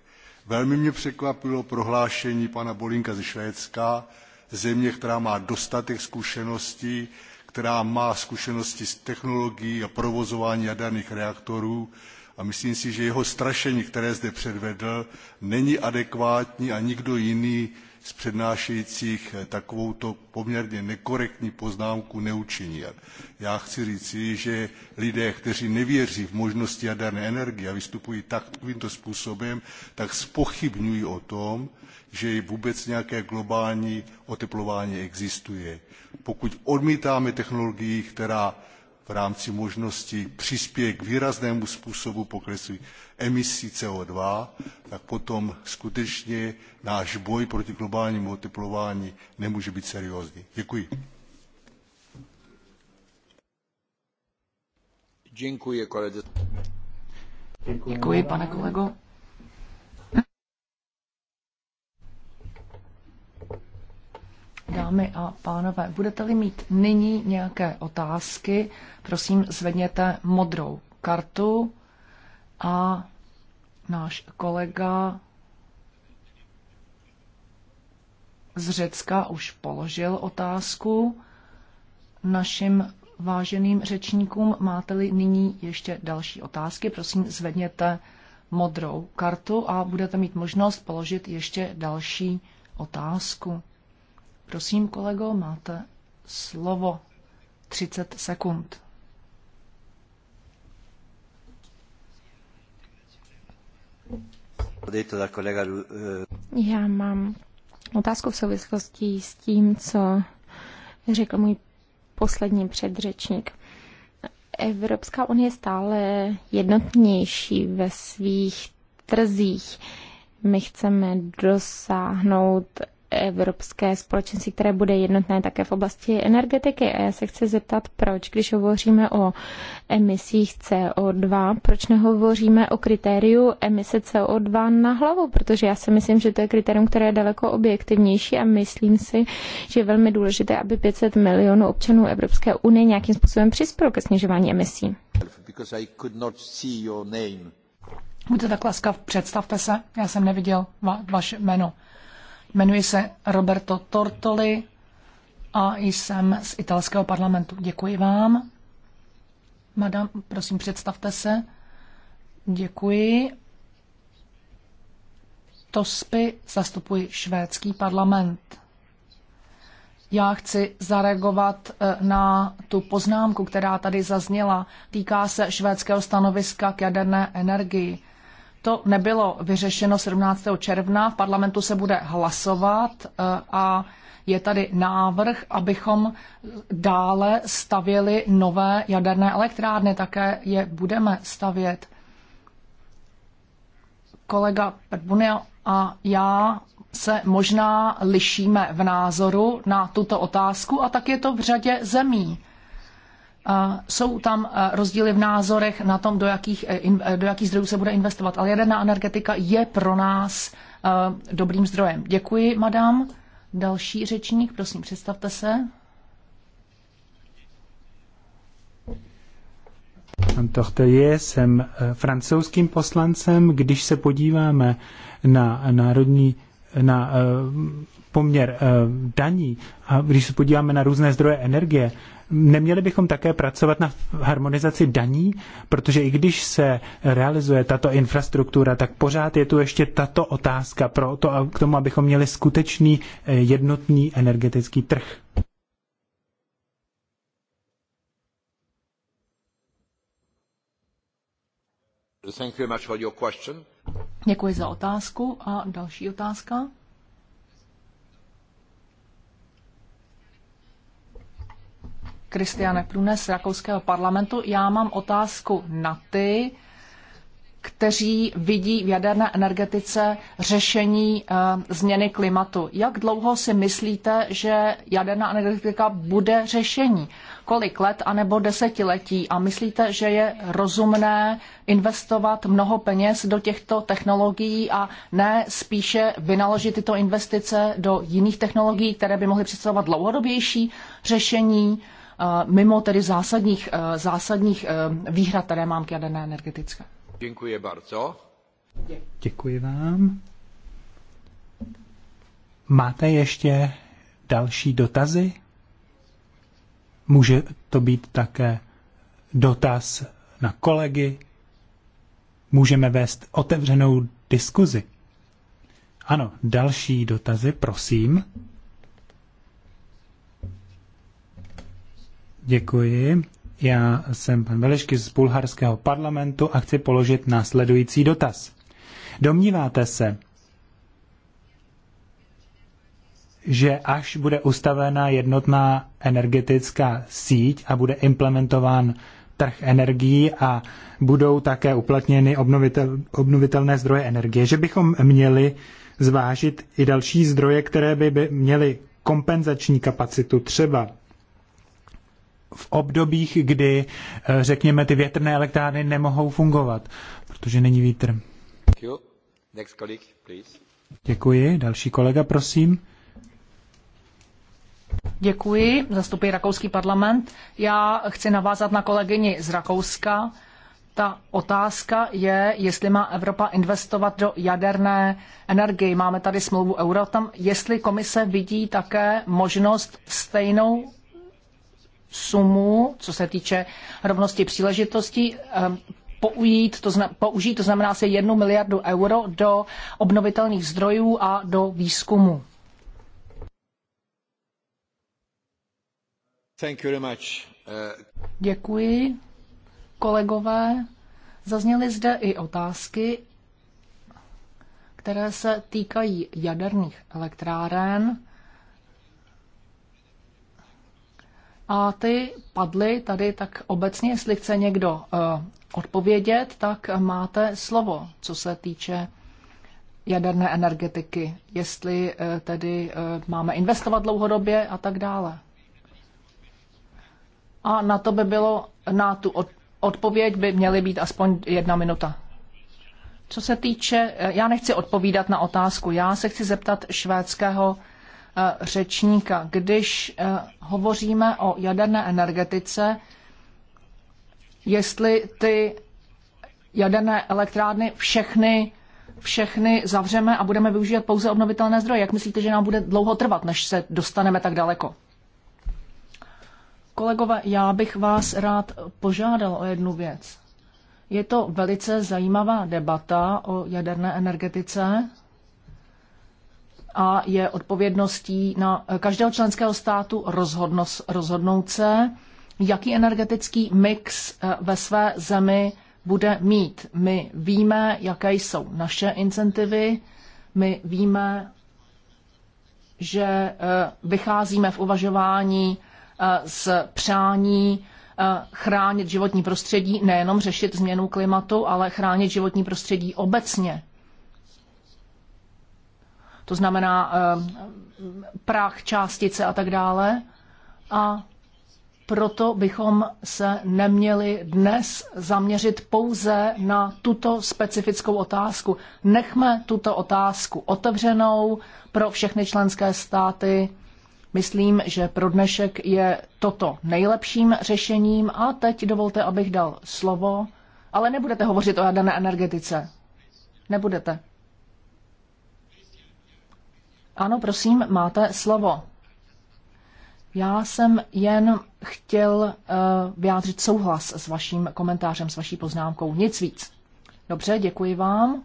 Velmi mě překvapilo prohlášení pana Bolinka ze Švédska, země, která má dostatek zkušeností, která má zkušenosti s technologií a provozování jaderných reaktorů a myslím si, že jeho strašení, které zde předvedl, není adekvátní a nikdo jiný z přednášejících takovouto poměrně nekorektní poznámku neučinil. Já chci říci, že lidé, kteří nevěří v možnosti jaderné energie a vystupují takovýmto způsobem, tak spochybňují o tom, že vůbec nějaké globální oteplování existuje. Pokud odmítáme technologii, která v rámci možnosti přispěje k výraznému způsobu poklesu emisí CO2, tak potom skutečně náš boj proti globálnímu oteplování nemůže být seriózní. Děkuji. Děkuji, Děkuji pane kolego. Dámy a pánové, budete-li mít nyní nějaké otázky, prosím zvedněte modrou kartu a náš kolega z Řecka už položil otázku našim váženým řečníkům. Máte-li nyní ještě další otázky, prosím zvedněte modrou kartu a budete mít možnost položit ještě další otázku. Prosím, kolego, máte slovo. 30 sekund. Já mám otázku v souvislosti s tím, co řekl můj poslední předřečník. Evropská unie je stále jednotnější ve svých trzích. My chceme dosáhnout evropské společenství, které bude jednotné také v oblasti energetiky. A já se chci zeptat, proč, když hovoříme o emisích CO2, proč nehovoříme o kritériu emise CO2 na hlavu, protože já si myslím, že to je kritérium, které je daleko objektivnější a myslím si, že je velmi důležité, aby 500 milionů občanů Evropské unie nějakým způsobem přispělo ke snižování emisí. Buďte tak laskav, představte se, já jsem neviděl va- vaše jméno. Jmenuji se Roberto Tortoli a jsem z italského parlamentu. Děkuji vám. Madam, prosím, představte se. Děkuji. Tospy zastupuji švédský parlament. Já chci zareagovat e, na tu poznámku, která tady zazněla. Týká se švédského stanoviska k jaderné energii to nebylo vyřešeno 17. června. V parlamentu se bude hlasovat eh, a je tady návrh, abychom dále stavěli nové jaderné elektrárny. Také je budeme stavět. Kolega Perbunia a já se možná lišíme v názoru na tuto otázku a tak je to v řadě zemí jsou tam e, rozdíly v názorech na tom, do jakých, e, e, do jakých zdrojů se bude investovat, ale jaderná energetika je pro nás dobrým zdrojem. Děkuji, madam. Další řečník, prosím, představte se. je, jsem francouzským poslancem. Když se podíváme na národní na poměr daní a když se podíváme na různé zdroje energie, Neměli bychom také pracovat na harmonizaci daní, protože i když se realizuje tato infrastruktura, tak pořád je tu ještě tato otázka pro to, k tomu, abychom měli skutečný eh, jednotný energetický trh. Děkuji za otázku a další otázka. Kristiane Prune z Rakouského parlamentu. Já mám otázku na ty, kteří vidí v jaderné energetice řešení uh, změny klimatu. Jak dlouho si myslíte, že jaderná energetika bude řešení? Kolik let anebo desetiletí? A myslíte, že je rozumné investovat mnoho peněz do těchto technologií a ne spíše vynaložit tyto investice do jiných technologií, které by mohly představovat dlouhodobější řešení? Uh, mimo tedy zásadních, eh, zásadních eh, výhrad, které mám k jaderné energetice. Děkuji bardzo. Děkuji vám. Máte ještě další dotazy? Může to být také dotaz na kolegy? Můžeme vést otevřenou diskuzi? Ano, další dotazy, prosím. Děkuji. Já jsem pan Velešky z bulharského parlamentu a chci položit následující dotaz. Domníváte se, že až bude ustavena jednotná energetická síť a bude implementován trh energií a budou také uplatněny obnovitel, obnovitelné zdroje energie, že bychom měli zvážit i další zdroje, které by, by měly kompenzační kapacitu, třeba v obdobích, kdy, eh, řekněme, ty větrné elektrárny nemohou fungovat, protože není vítr. Děkuji. Další kolega, prosím. Děkuji, zastupuji rakouský parlament. Já chci navázat na kolegyni z Rakouska. Ta otázka je, jestli má Evropa investovat do jaderné energie. Máme tady smlouvu Euratom. Jestli komise vidí také možnost stejnou sumu, co se týče rovnosti příležitosti ehm, použít, to znamená, použít, to znamená se jednu miliardu euro do obnovitelných zdrojů a do výzkumu. Thank you very much. Uh... Děkuji, kolegové. Zazněly zde i otázky, které se týkají jaderných elektráren. a ty padly tady tak obecně, jestli chce někdo eh, odpovědět, tak máte slovo, co se týče jaderné energetiky, jestli eh, tedy eh, máme investovat dlouhodobě a tak dále. A na to by bylo, na tu odpověď by měly být aspoň jedna minuta. Co se týče, já nechci odpovídat na otázku, já se chci zeptat švédského Eh, řečníka. Když eh, hovoříme o jaderné energetice, jestli ty jaderné elektrárny všechny, všechny zavřeme a budeme využívat pouze obnovitelné zdroje, jak myslíte, že nám bude dlouho trvat, než se dostaneme tak daleko? Kolegové, já bych vás rád požádal o jednu věc. Je to velice zajímavá debata o jaderné energetice a je odpovědností na každého členského státu rozhodnout se, jaký energetický mix eh, ve své zemi bude mít. My víme, jaké jsou naše incentivy, my víme, že eh, vycházíme v uvažování eh, z přání chránit životní prostředí, nejenom řešit změnu klimatu, ale chránit životní prostředí obecně to znamená eh, prach, částice a tak dále. A proto bychom se neměli dnes zaměřit pouze na tuto specifickou otázku. Nechme tuto otázku otevřenou pro všechny členské státy. Myslím, že pro dnešek je toto nejlepším řešením a teď dovolte, abych dal slovo, ale nebudete hovořit o jaderné energetice. Nebudete. Ano, prosím, máte slovo. Já jsem jen chtěl uh, vyjádřit souhlas s vaším komentářem, s vaší poznámkou. Nic víc. Dobře, děkuji vám.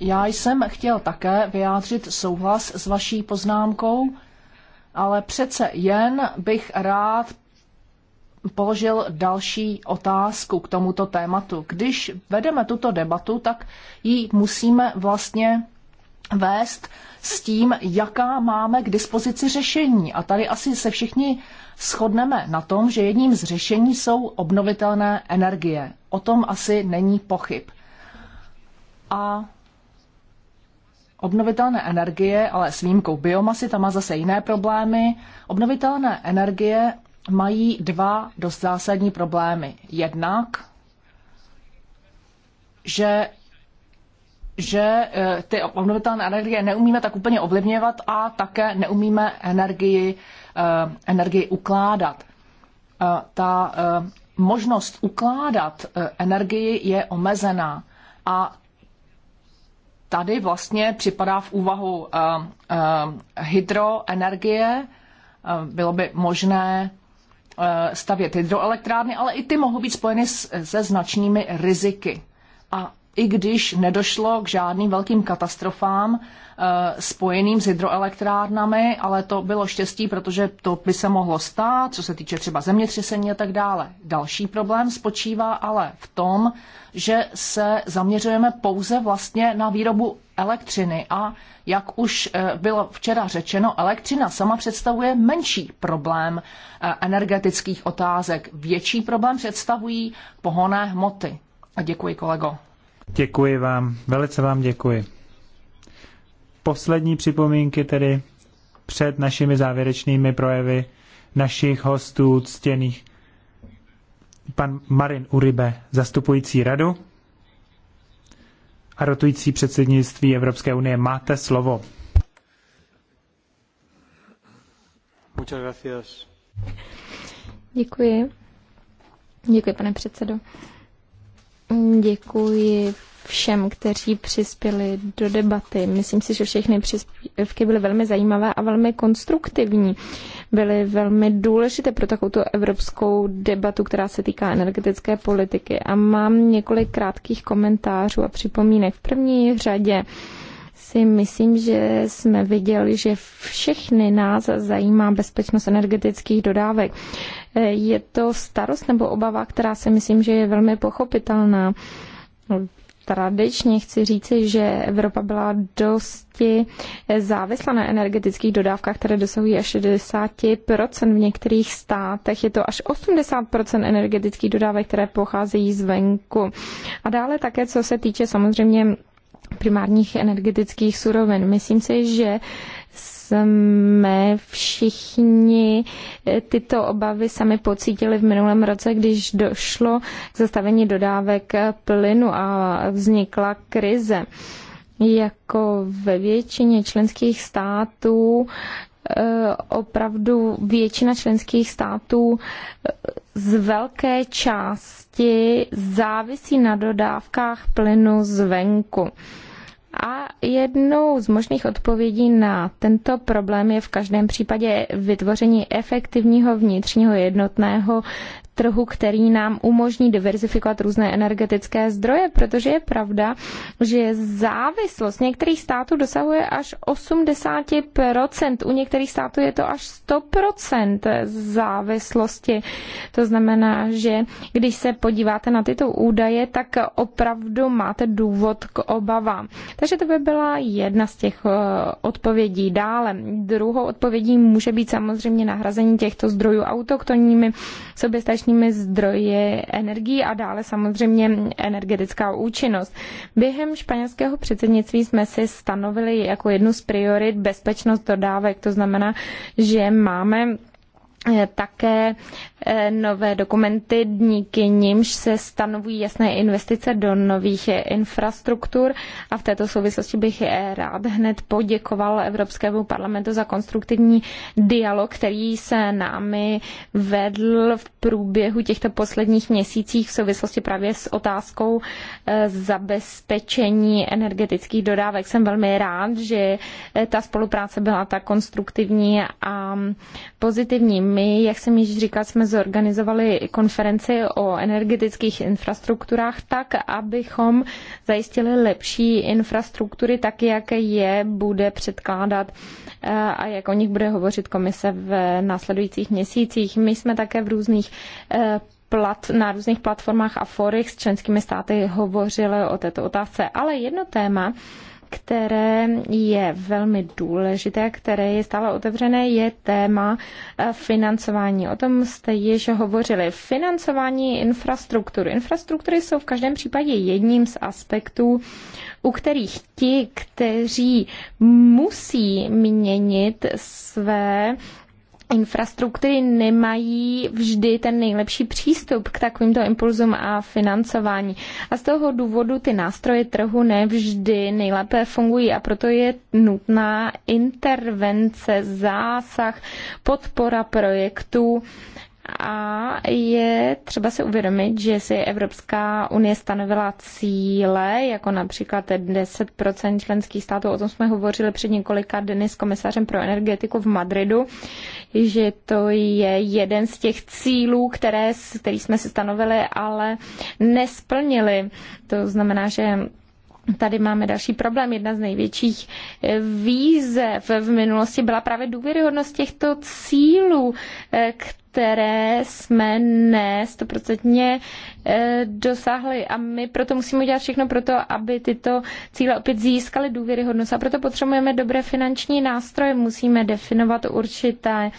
Já jsem chtěl také vyjádřit souhlas s vaší poznámkou, ale přece jen bych rád položil další otázku k tomuto tématu. Když vedeme tuto debatu, tak ji musíme vlastně vést s tím, jaká máme k dispozici řešení. A tady asi se všichni shodneme na tom, že jedním z řešení jsou obnovitelné energie. O tom asi není pochyb. A obnovitelné energie, ale s výjimkou biomasy, tam má zase jiné problémy. Obnovitelné energie mají dva dost zásadní problémy. Jednak, že že eh, ty obnovitelné energie neumíme tak úplně ovlivňovat a také neumíme energii, eh, energii ukládat. Eh, ta možnost ukládat energii je omezená a tady vlastně připadá v úvahu hydroenergie. Bylo by možné Eh, stavět hydroelektrárny, ale i ty mohou být spojeny se značnými riziky. A i když nedošlo k žádným velkým katastrofám eh, spojeným s hydroelektrárnami, ale to bylo štěstí, protože to by se mohlo stát, co se týče třeba zemětřesení a tak dále. Další problém spočívá ale v tom, že se zaměřujeme pouze vlastně na výrobu elektřiny a jak už eh, bylo včera řečeno, elektřina sama představuje menší problém eh, energetických otázek. Větší problém představují pohonné hmoty. A děkuji, kolego. Děkuji vám, velice vám děkuji. Poslední připomínky tedy před našimi závěrečnými projevy našich hostů ctěných. Pan Marin Uribe, zastupující radu a rotující předsednictví Evropské unie. Máte slovo. Děkuji. Děkuji, pane předsedo. Děkuji všem, kteří přispěli do debaty. Myslím si, že všechny příspěvky byly velmi zajímavé a velmi konstruktivní. Uh, byly velmi důležité pro takovou evropskou debatu, která se týká energetické politiky. A mám několik krátkých komentářů a připomínek. V první řadě si myslím, že jsme viděli, že všechny nás zajímá bezpečnost energetických dodávek. Je to starost nebo obava, která si myslím, že je velmi pochopitelná tradičně chci říci, že Evropa byla dosti závislá na energetických dodávkách, které dosahují až 60%. V některých státech je to až 80% energetických dodávek, které pocházejí zvenku. A dále také, co se týče samozřejmě primárních energetických surovin. Myslím si, že jsme všichni eh, tyto obavy sami pocítili v minulém roce, když došlo k zastavení dodávek eh, plynu a vznikla krize. Jako ve většině členských států eh, opravdu většina členských států z velké části závisí na dodávkách plynu zvenku. A jednou z možných odpovědí na tento problém je v každém případě vytvoření efektivního vnitřního jednotného trhu, který nám umožní diverzifikovat různé energetické zdroje, protože je pravda, že závislost některých států dosahuje až 80%, u některých států je to až 100% závislosti. To znamená, že když se podíváte na tyto údaje, tak opravdu máte důvod k obavám. Takže to by byla jedna z těch eh, odpovědí. Dále druhou odpovědí může být samozřejmě nahrazení těchto zdrojů autoktonními soběstačnými vlastními zdroji energii a dále samozřejmě energetická účinnost. Během španělského předsednictví jsme si stanovili jako jednu z priorit bezpečnost dodávek. To znamená, že máme Eh, také eh, nové dokumenty, díky nimž se stanovují jasné investice do nových eh, infrastruktur a v této souvislosti bych rád hned poděkoval Evropskému parlamentu za konstruktivní dialog, který se námi vedl v průběhu těchto posledních měsících v souvislosti právě s otázkou zabezpečení energetických dodávek. Jsem velmi rád, že ta spolupráce byla tak konstruktivní a mm, pozitivní my, jak jsem již říkal, jsme zorganizovali konferenci o energetických infrastrukturách tak, abychom zajistili lepší infrastruktury, tak jak je bude předkládat eh, a jak o nich bude hovořit komise v následujících měsících. My jsme také v různých eh, plat, na různých platformách a forech s členskými státy hovořili o této otázce. Ale jedno téma, které je velmi důležité, které je stále otevřené, je téma eh, financování. O tom jste již hovořili. Financování infrastruktury. Infrastruktury jsou v každém případě jedním z aspektů, u kterých ti, kteří musí měnit své infrastruktury nemají vždy ten nejlepší přístup k takovýmto impulzům a financování. A z toho důvodu ty nástroje trhu nevždy nejlépe fungují a proto je nutná intervence, zásah, podpora projektů, a je třeba se uvědomit, že si Evropská unie stanovila cíle, jako například 10% členských států, o tom jsme hovořili před několika dny s komisařem pro energetiku v Madridu, že to je jeden z těch cílů, které, který jsme si stanovili, ale nesplnili. To znamená, že Tady máme další problém. Jedna z největších výzev v minulosti byla právě důvěryhodnost těchto cílů, které eh, které jsme ne stoprocentně eh, dosáhli. A my proto musíme dělat všechno pro to, aby tyto cíle opět získaly důvěryhodnost. A proto potřebujeme dobré finanční nástroje, musíme definovat určité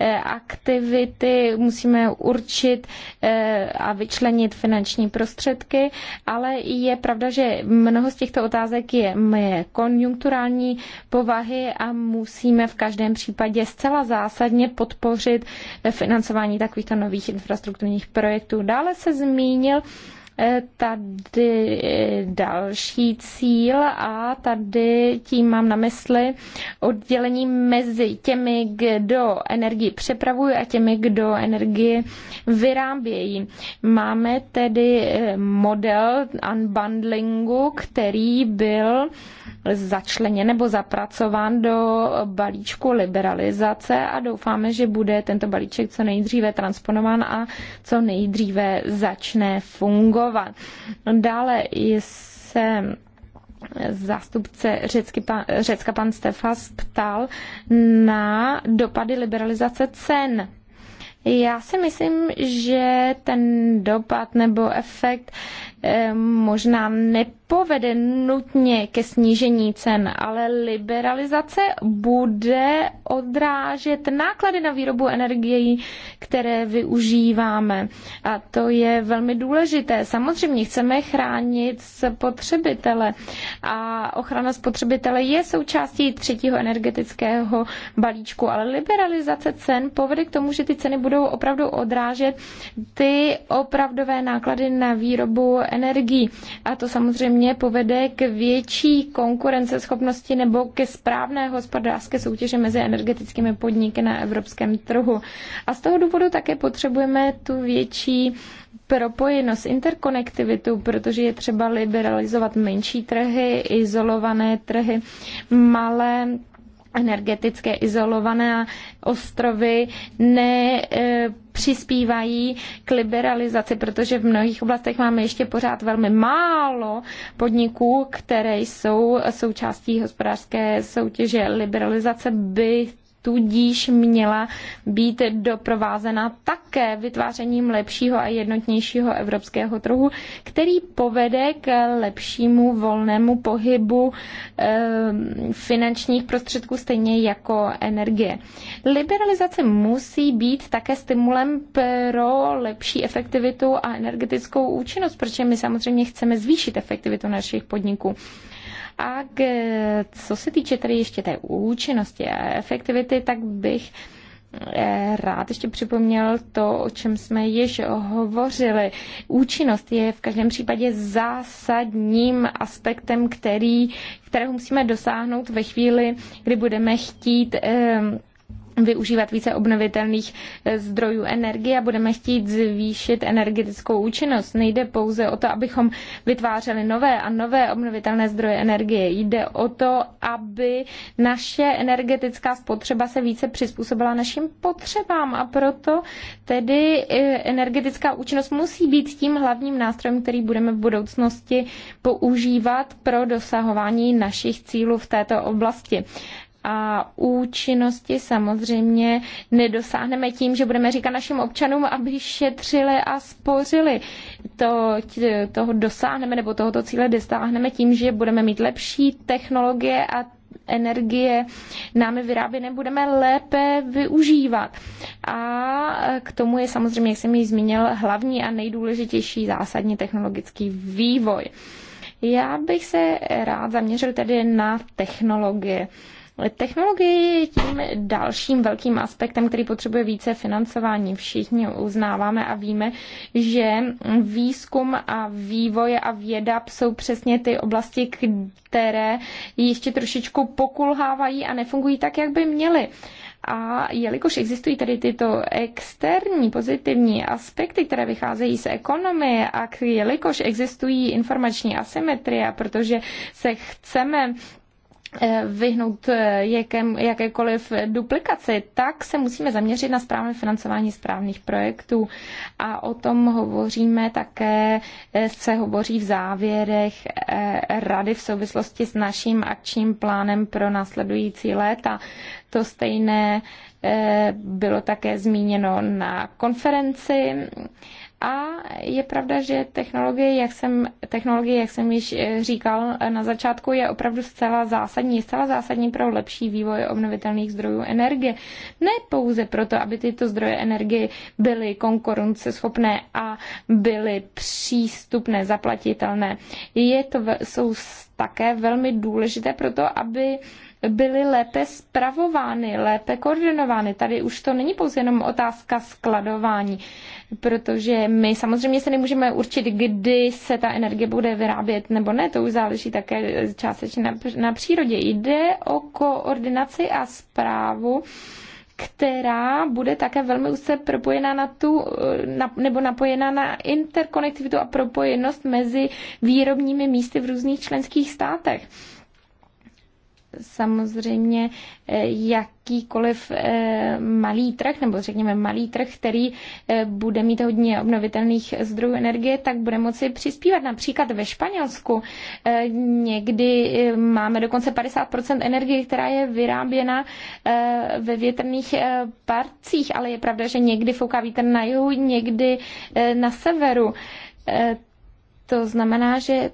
eh, aktivity, musíme určit eh, a vyčlenit finanční prostředky, ale je pravda, že mnoho z těchto otázek je, moje konjunkturální povahy a musíme v každém případě zcela zásadně podpořit finanční financování takovýchto nových infrastrukturních projektů. Dále se zmínil tady další cíl a tady tím mám na mysli oddělení mezi těmi, kdo energii přepravují a těmi, kdo energii vyrábějí. Máme tedy eh, model unbundlingu, který byl začleněn nebo zapracován do balíčku liberalizace a doufáme, že bude tento balíček co nejdříve transponován a co nejdříve začne fungovat No Dále jsem zástupce řecky pan, Řecka pan Stefas ptal na dopady liberalizace cen. Já si myslím, že ten dopad nebo efekt Ehm, možná nepovede nutně ke snížení cen, ale liberalizace bude odrážet náklady na výrobu energií, které využíváme. A to je velmi důležité. Samozřejmě chceme chránit spotřebitele a ochrana spotřebitele je součástí třetího energetického balíčku, ale liberalizace cen povede k tomu, že ty ceny budou opravdu odrážet ty opravdové náklady na výrobu energií. A to samozřejmě povede k větší konkurenceschopnosti nebo ke správné hospodářské soutěže mezi energetickými podniky na evropském trhu. A z toho důvodu také potřebujeme tu větší propojenost, interkonektivitu, protože je třeba liberalizovat menší trhy, izolované trhy, malé energetické izolované ostrovy ne e, přispívají k liberalizaci, protože v mnohých oblastech máme ještě pořád velmi málo podniků, které jsou součástí hospodářské soutěže. Liberalizace by tudíž měla být doprovázena také vytvářením lepšího a jednotnějšího evropského trhu, který povede k lepšímu volnému pohybu ehm, finančních prostředků stejně jako energie. Liberalizace musí být také stimulem pro lepší efektivitu a energetickou účinnost, protože my samozřejmě chceme zvýšit efektivitu našich podniků. A k, co se týče tady ještě té účinnosti a efektivity, tak bych eh, rád ještě připomněl to, o čem jsme již hovořili. Účinnost je v každém případě zásadním aspektem, který, kterého musíme dosáhnout ve chvíli, kdy budeme chtít eh, využívat více obnovitelných eh, zdrojů energie a budeme chtít zvýšit energetickou účinnost. Nejde pouze o to, abychom vytvářeli nové a nové obnovitelné zdroje energie. Jde o to, aby naše energetická spotřeba se více přizpůsobila našim potřebám a proto tedy eh, energetická účinnost musí být tím hlavním nástrojem, který budeme v budoucnosti používat pro dosahování našich cílů v této oblasti a účinnosti samozřejmě nedosáhneme tím, že budeme říkat našim občanům, aby šetřili a spořili. To, toho dosáhneme nebo tohoto cíle dosáhneme tím, že budeme mít lepší technologie a energie námi vyráběné budeme lépe využívat. A k tomu je samozřejmě, jak jsem ji zmínil, hlavní a nejdůležitější zásadní technologický vývoj. Já bych se rád zaměřil tedy na technologie. Technologie je tím dalším velkým aspektem, který potřebuje více financování. Všichni uznáváme a víme, že výzkum a vývoj a věda jsou přesně ty oblasti, které ještě trošičku pokulhávají a nefungují tak, jak by měly. A jelikož existují tady tyto externí pozitivní aspekty, které vycházejí z ekonomie a jelikož existují informační asymetrie, protože se chceme Eh, vyhnout eh, jakém, jakékoliv duplikaci, tak se musíme zaměřit na správné financování správných projektů. A o tom hovoříme také, eh, se hovoří v závěrech rady v souvislosti s naším akčním plánem pro následující léta. To stejné bylo také zmíněno na konferenci a je pravda, že technologie, jak jsem, technologie, jak jsem již eh, říkal eh, na začátku, je opravdu zcela zásadní. Je zcela zásadní pro lepší vývoj obnovitelných zdrojů energie. Ne pouze proto, aby tyto zdroje energie byly konkurenceschopné a byly přístupné, zaplatitelné. Je to, jsou také velmi důležité proto, aby byly lépe spravovány, lépe koordinovány. Tady už to není pouze jenom otázka skladování, protože my samozřejmě se nemůžeme určit, kdy se ta energie bude vyrábět nebo ne, to už záleží také částečně na, na přírodě. Jde o koordinaci a správu která bude také velmi úzce propojená na tu, na, nebo napojená na interkonektivitu a propojenost mezi výrobními místy v různých členských státech samozřejmě eh, jakýkoliv eh, malý trh, nebo řekněme malý trh, který eh, bude mít hodně obnovitelných zdrojů energie, tak bude moci přispívat. Například ve Španělsku někdy máme dokonce 50% energie, která je vyráběna ve větrných parcích, ale je pravda, že někdy fouká vítr na jihu, někdy na severu. To znamená, že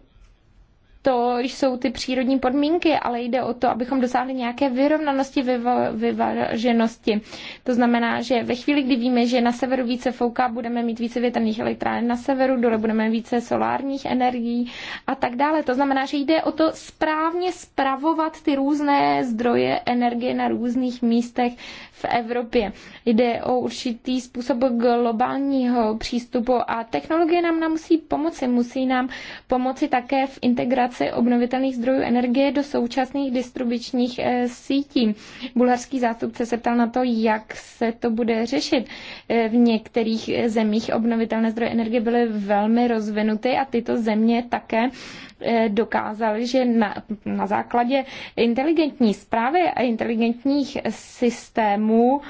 to jsou ty přírodní podmínky, ale jde o to, abychom dosáhli nějaké vyrovnanosti, vyváženosti. To znamená, že ve chvíli, kdy víme, že na severu více fouká, budeme mít více větrných elektráren na severu, dole budeme mít více solárních energií a tak dále. To znamená, že jde o to správně spravovat ty různé zdroje energie na různých místech v Evropě. Jde o určitý způsob globálního přístupu a technologie nám, nám musí pomoci. Musí nám pomoci také v integraci obnovitelných zdrojů energie do současných distribučních eh, sítí. Bulharský zástupce se ptal na to, jak se to bude řešit. Eh, v některých eh, zemích obnovitelné zdroje energie byly velmi rozvinuty a tyto země také dokázali, že na, na základě inteligentní zprávy a inteligentních systémů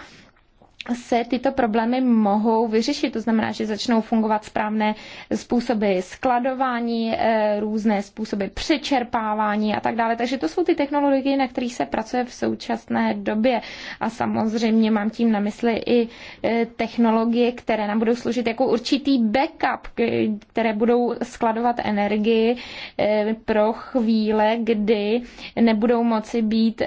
se tyto problémy mohou vyřešit. To znamená, že začnou fungovat správné způsoby skladování, eh, různé způsoby přečerpávání a tak dále. Takže to jsou ty technologie, na kterých se pracuje v současné době. A samozřejmě mám tím na mysli i eh, technologie, které nám budou sloužit jako určitý backup, které budou skladovat energii eh, pro chvíle, kdy nebudou moci být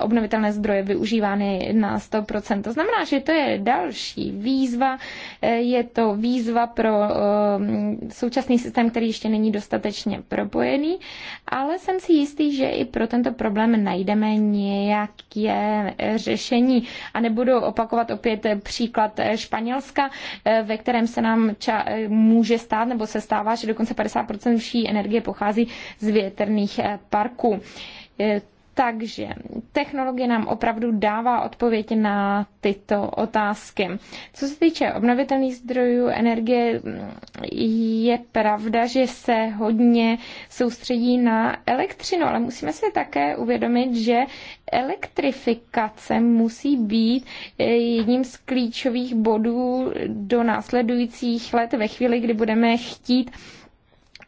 obnovitelné zdroje využívány na 100%. To znamená, že takže to je další výzva. E, je to výzva pro e, současný systém, který ještě není dostatečně propojený, ale jsem si jistý, že i pro tento problém najdeme nějaké řešení. A nebudu opakovat opět příklad Španělska, e, ve kterém se nám ča- může stát nebo se stává, že dokonce 50% vší energie pochází z větrných parků takže technologie nám opravdu dává odpověď na tyto otázky. Co se týče obnovitelných zdrojů energie, je pravda, že se hodně soustředí na elektřinu, ale musíme si také uvědomit, že elektrifikace musí být eh, jedním z klíčových bodů do následujících let ve chvíli, kdy budeme chtít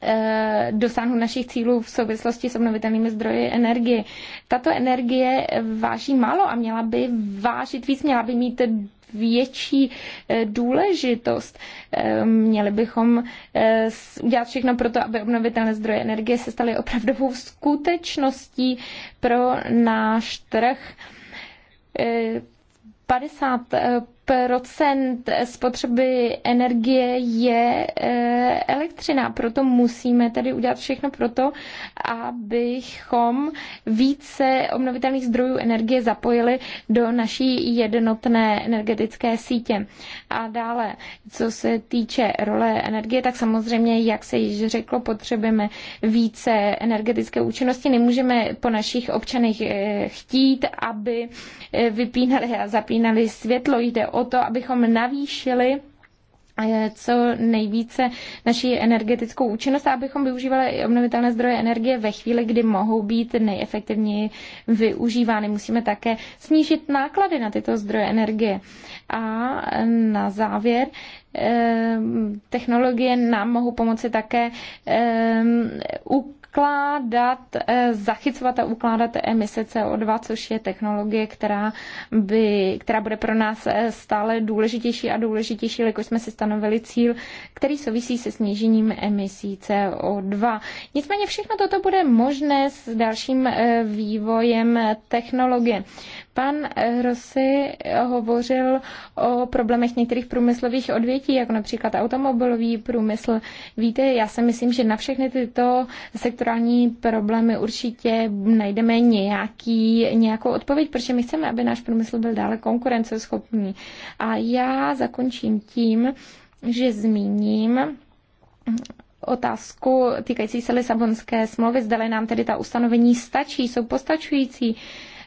Eh, dosáhnout našich cílů v souvislosti s obnovitelnými zdroji energie. Tato energie váží málo a měla by vážit víc, měla by mít větší eh, důležitost. Eh, měli bychom udělat všechno pro to, aby obnovitelné zdroje energie se staly opravdovou skutečností pro náš trh. 50 spotřeby energie je eh, elektřina, proto musíme tady udělat všechno proto, abychom více obnovitelných zdrojů energie zapojili do naší jednotné energetické sítě. A dále, co se týče role energie, tak samozřejmě, jak se již řeklo, potřebujeme více energetické účinnosti. Nemůžeme po našich občanech eh, chtít, aby eh, vypínali a zapínali světlo. Jde o o to, abychom navýšili eh, co nejvíce naší energetickou účinnost a abychom využívali i obnovitelné zdroje energie ve chvíli, kdy mohou být nejefektivněji využívány. Musíme také snížit náklady na tyto zdroje energie. A na závěr eh, technologie nám mohou pomoci také eh, u ukládat, eh, zachycovat a ukládat emise CO2, což je technologie, která, by, která bude pro nás eh, stále důležitější a důležitější, jelikož jsme si stanovili cíl, který souvisí se snížením emisí CO2. Nicméně všechno toto bude možné s dalším eh, vývojem technologie. Pan Rossi hovořil o problémech některých průmyslových odvětí, jako například automobilový průmysl. Víte, já si myslím, že na všechny tyto sektorální problémy určitě najdeme nějaký, nějakou odpověď, protože my chceme, aby náš průmysl byl dále konkurenceschopný. A já zakončím tím, že zmíním otázku týkající se Lisabonské smlouvy. Zdali nám tedy ta ustanovení stačí, jsou postačující. Uh,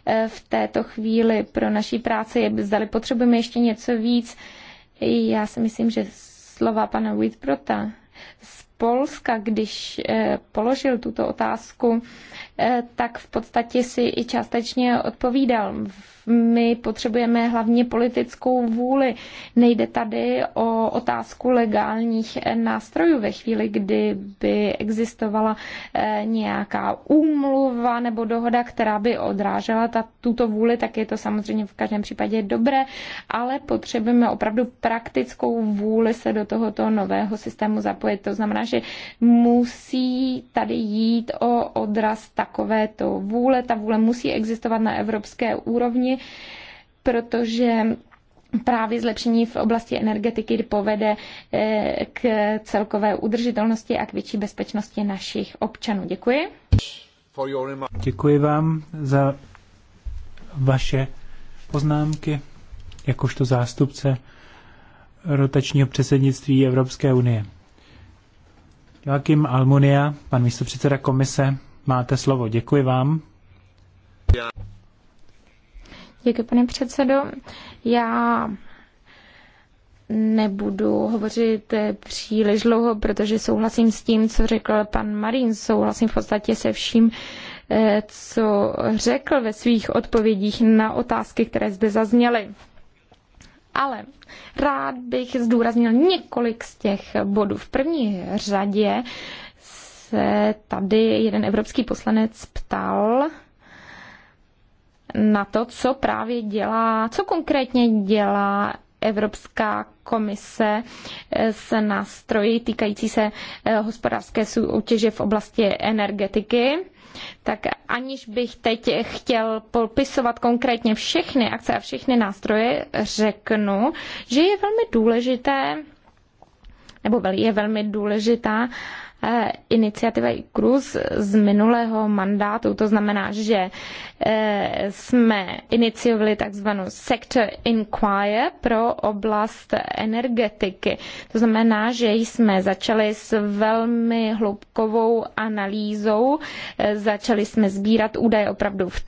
Eh, v této chvíli pro naší práci, zdali potřebujeme ještě něco víc. Já si myslím, že slova pana Whitprota z Polska, když eh, položil tuto otázku Eh, tak v podstatě si i částečně odpovídal. My potřebujeme hlavně politickou vůli. Nejde tady o otázku legálních eh, nástrojů ve chvíli, kdy by existovala eh, nějaká úmluva nebo dohoda, která by odrážela ta, tuto vůli, tak je to samozřejmě v každém případě dobré, ale potřebujeme opravdu praktickou vůli se do tohoto nového systému zapojit. To znamená, že musí tady jít o odrast takovéto vůle. Ta vůle musí existovat na evropské úrovni, protože právě zlepšení v oblasti energetiky povede eh, k celkové udržitelnosti a k větší bezpečnosti našich občanů. Děkuji. Děkuji vám za vaše poznámky jakožto zástupce rotačního předsednictví Evropské unie. Joachim Almunia, pan místopředseda komise, máte slovo. Děkuji vám. Děkuji, pane předsedo. Já nebudu hovořit příliš dlouho, protože souhlasím s tím, co řekl pan Marín. Souhlasím v podstatě se vším, eh, co řekl ve svých odpovědích na otázky, které zde zazněly. Ale rád bych zdůraznil několik z těch bodů. V první řadě se tady jeden evropský poslanec ptal na to, co právě dělá, co konkrétně dělá Evropská komise eh, s nástroji týkající se eh, hospodářské soutěže v oblasti energetiky. Tak aniž bych teď chtěl popisovat konkrétně všechny akce a všechny nástroje, řeknu, že je velmi důležité, nebo je velmi důležitá Eh, iniciativa Cruz z minulého mandátu. To znamená, že eh, jsme iniciovali takzvanou sector inquire pro oblast energetiky. To znamená, že jsme začali s velmi hloubkovou analýzou, eh, začali jsme sbírat údaje opravdu v,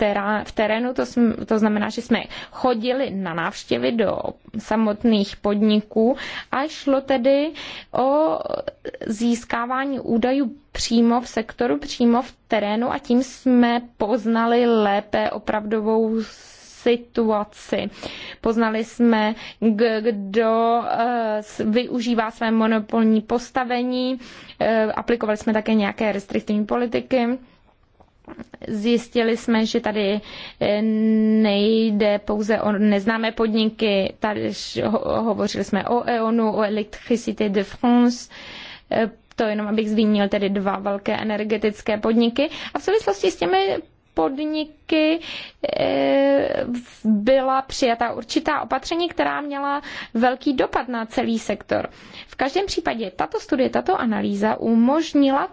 terénu, to, to znamená, že jsme chodili na návštěvy do samotných podniků a šlo tedy o získávání údajů přímo v sektoru, přímo v terénu a tím jsme poznali lépe opravdovou situaci. Poznali jsme, kdo eh, využívá své monopolní postavení, eh, aplikovali jsme také nějaké restriktivní politiky. Zjistili jsme, že tady eh, nejde pouze o neznámé podniky, tady hovořili jsme o EONu, o Electricité de France, to jenom abych zmínil tedy dva velké energetické podniky. A v souvislosti s těmi podniky eh, byla přijata určitá opatření, která měla velký dopad na celý sektor. V každém případě tato studie, tato analýza umožnila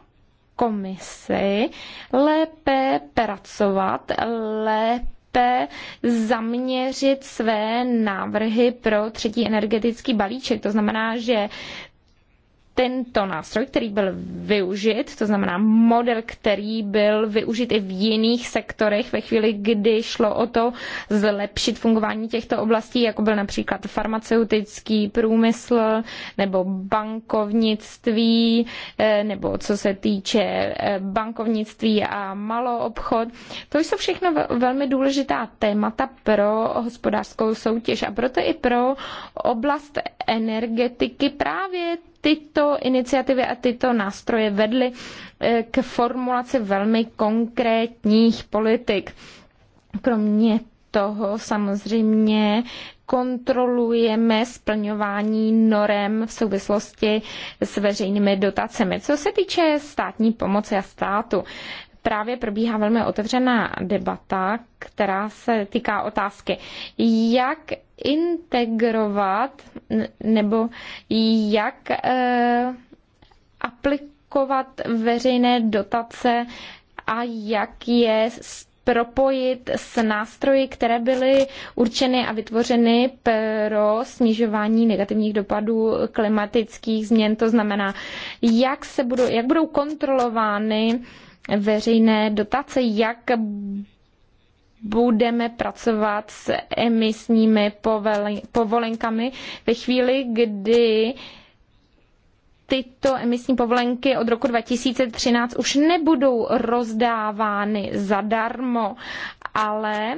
komisi lépe pracovat, lépe zaměřit své návrhy pro třetí energetický balíček. To znamená, že tento nástroj, který byl využit, to znamená model, který byl využit i v jiných sektorech ve chvíli, kdy šlo o to zlepšit fungování těchto oblastí, jako byl například farmaceutický průmysl nebo bankovnictví, eh, nebo co se týče eh, bankovnictví a maloobchod. To jsou všechno velmi důležitá témata pro hospodářskou soutěž a proto i pro oblast energetiky právě tyto iniciativy a tyto nástroje vedly eh, k formulaci velmi konkrétních politik. Kromě toho samozřejmě kontrolujeme splňování norem v souvislosti s veřejnými dotacemi. Co se týče státní pomoci a státu, právě probíhá velmi otevřená debata, která se týká otázky, jak integrovat nebo jak eh, aplikovat veřejné dotace a jak je propojit s nástroji, které byly určeny a vytvořeny pro snižování negativních dopadů klimatických změn. To znamená, jak, se budou, jak budou kontrolovány veřejné dotace, jak budeme pracovat s emisními povolenkami ve chvíli, kdy tyto emisní povolenky od roku 2013 už nebudou rozdávány zadarmo, ale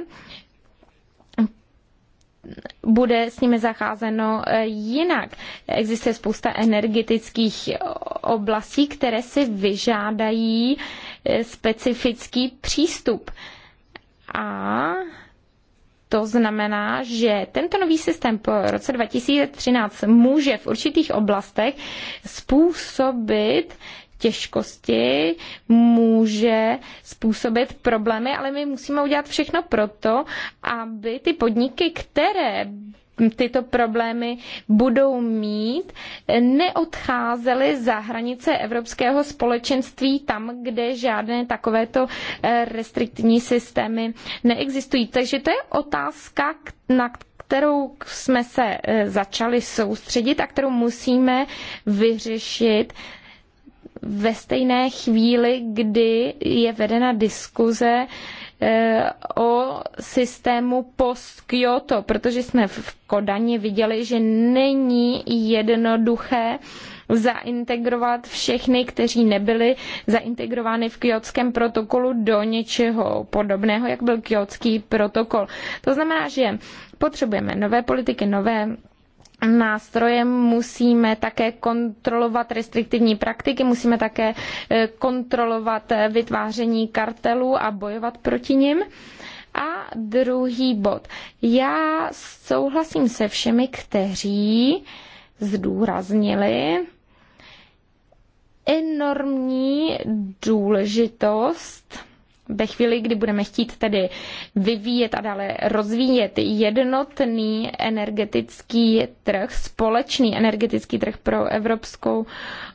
bude s nimi zacházeno e, jinak. Existuje spousta energetických oblastí, které si vyžádají e, specifický přístup. A to znamená, že tento nový systém po roce 2013 může v určitých oblastech způsobit, těžkosti, může způsobit problémy, ale my musíme udělat všechno proto, aby ty podniky, které tyto problémy budou mít, neodcházely za hranice Evropského společenství tam, kde žádné takovéto eh, restriktivní systémy neexistují. Takže to je otázka, na kterou jsme se eh, začali soustředit a kterou musíme vyřešit ve stejné chvíli, kdy je vedena diskuze eh, o systému post-Kyoto, protože jsme v Kodani viděli, že není jednoduché zaintegrovat všechny, kteří nebyli zaintegrovány v kyotském protokolu do něčeho podobného, jak byl kyotský protokol. To znamená, že potřebujeme nové politiky, nové nástrojem musíme také kontrolovat restriktivní praktiky, musíme také eh, kontrolovat eh, vytváření kartelů a bojovat proti nim. A druhý bod. Já souhlasím se všemi, kteří zdůraznili enormní důležitost ve chvíli, kdy budeme chtít tedy vyvíjet a dále rozvíjet jednotný energetický trh, společný energetický trh pro Evropskou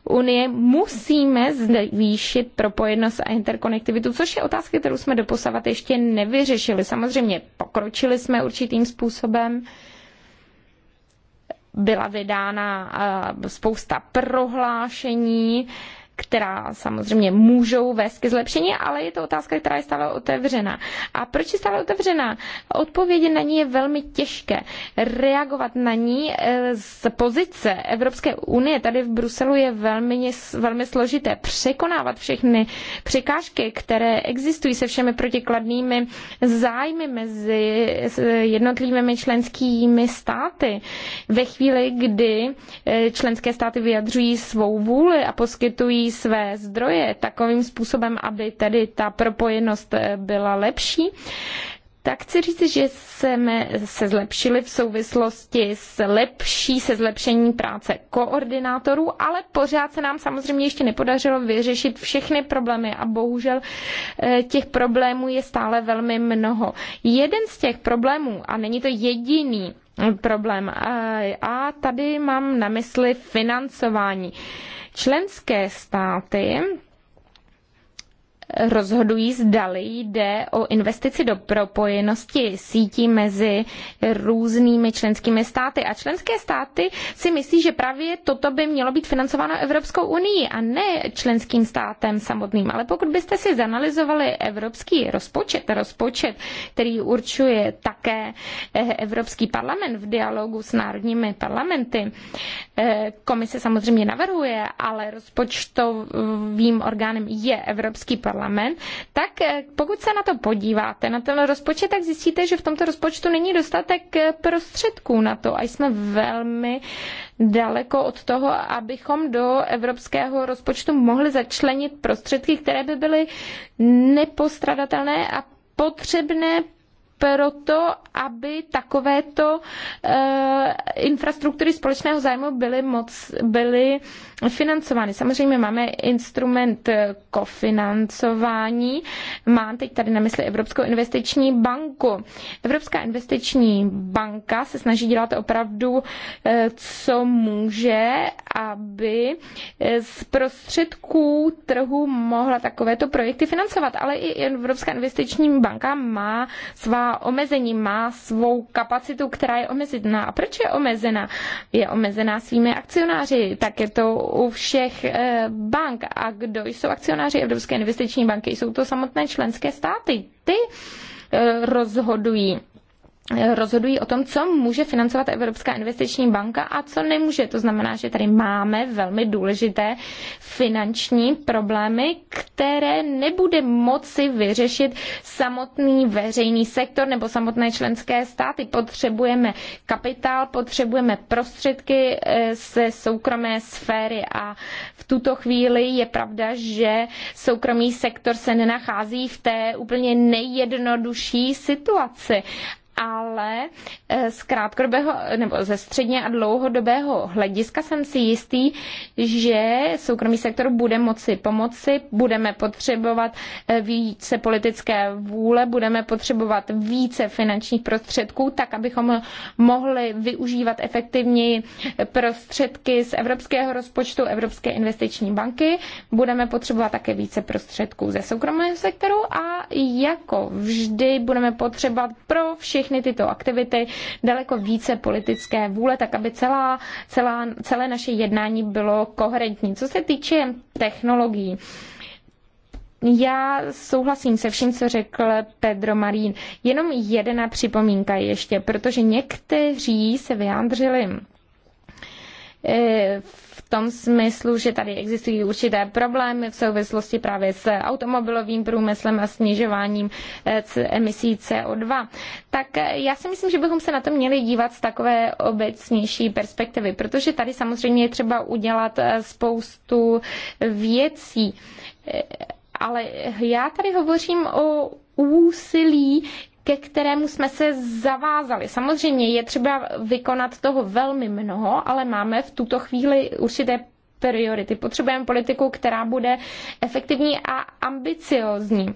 unii, musíme zvýšit propojenost a interkonektivitu, což je otázka, kterou jsme doposavat ještě nevyřešili. Samozřejmě pokročili jsme určitým způsobem, byla vydána eh, spousta prohlášení, která samozřejmě můžou vést ke zlepšení, ale je to otázka, která je stále otevřená. A proč je stále otevřená? Odpovědi na ní je velmi těžké. Reagovat na ní eh, z pozice Evropské unie tady v Bruselu je velmi, velmi složité. Překonávat všechny překážky, které existují se všemi protikladnými zájmy mezi jednotlivými členskými státy. Ve chvíli, kdy eh, členské státy vyjadřují svou vůli a poskytují své zdroje takovým způsobem, aby tedy ta propojenost eh, byla lepší, tak chci říct, že jsme se zlepšili v souvislosti s lepší, se zlepšení práce koordinátorů, ale pořád se nám samozřejmě ještě nepodařilo vyřešit všechny problémy a bohužel eh, těch problémů je stále velmi mnoho. Jeden z těch problémů, a není to jediný eh, problém, a tady mám na mysli financování. Členské státy rozhodují, zdali jde o investici do propojenosti sítí mezi různými členskými státy. A členské státy si myslí, že právě toto by mělo být financováno Evropskou unii a ne členským státem samotným. Ale pokud byste si zanalizovali evropský rozpočet, rozpočet, který určuje také eh, Evropský parlament v dialogu s národními parlamenty, eh, komise samozřejmě navrhuje, ale rozpočtovým orgánem je Evropský parlament, parlament, tak eh, pokud se na to podíváte, na ten rozpočet, tak zjistíte, že v tomto rozpočtu není dostatek eh, prostředků na to a jsme velmi daleko od toho, abychom do evropského rozpočtu mohli začlenit prostředky, které by byly nepostradatelné a potřebné proto, aby takovéto e, infrastruktury společného zájmu byly, moc, byly financovány. Samozřejmě máme instrument eh, kofinancování. Mám teď tady na mysli Evropskou investiční banku. Evropská investiční banka se snaží dělat opravdu, e, co může, aby z prostředků trhu mohla takovéto projekty financovat. Ale i Evropská investiční banka má svá omezení, má svou kapacitu, která je omezená. A proč je omezená? Je omezená svými akcionáři, tak je to u všech eh, bank. A kdo jsou akcionáři Evropské investiční banky? Jsou to samotné členské státy. Ty eh, rozhodují rozhodují o tom, co může financovat Evropská investiční banka a co nemůže. To znamená, že tady máme velmi důležité finanční problémy, které nebude moci vyřešit samotný veřejný sektor nebo samotné členské státy. Potřebujeme kapitál, potřebujeme prostředky eh, ze soukromé sféry a v tuto chvíli je pravda, že soukromý sektor se nenachází v té úplně nejjednodušší situaci ale eh, z krátkodobého nebo ze středně a dlouhodobého hlediska jsem si jistý, že soukromý sektor bude moci pomoci, budeme potřebovat eh, více politické vůle, budeme potřebovat více finančních prostředků, tak abychom mohli využívat efektivněji eh, prostředky z evropského rozpočtu Evropské investiční banky, budeme potřebovat také více prostředků ze soukromého sektoru a jako vždy budeme potřebovat pro všechny všechny tyto aktivity daleko více politické vůle, tak aby celá, celá, celé naše jednání bylo koherentní. Co se týče technologií, já souhlasím se vším, co řekl Pedro Marín. Jenom jedna připomínka ještě, protože někteří se vyjádřili v eh, tom smyslu, že tady existují určité problémy v souvislosti právě s automobilovým průmyslem a snižováním eh, emisí CO2. Tak eh, já si myslím, že bychom se na to měli dívat z takové obecnější perspektivy, protože tady samozřejmě je třeba udělat eh, spoustu věcí. Ale já tady hovořím o úsilí, ke kterému jsme se zavázali. Samozřejmě je třeba vykonat toho velmi mnoho, ale máme v tuto chvíli určité priority. Potřebujeme politiku, která bude efektivní a ambiciozní.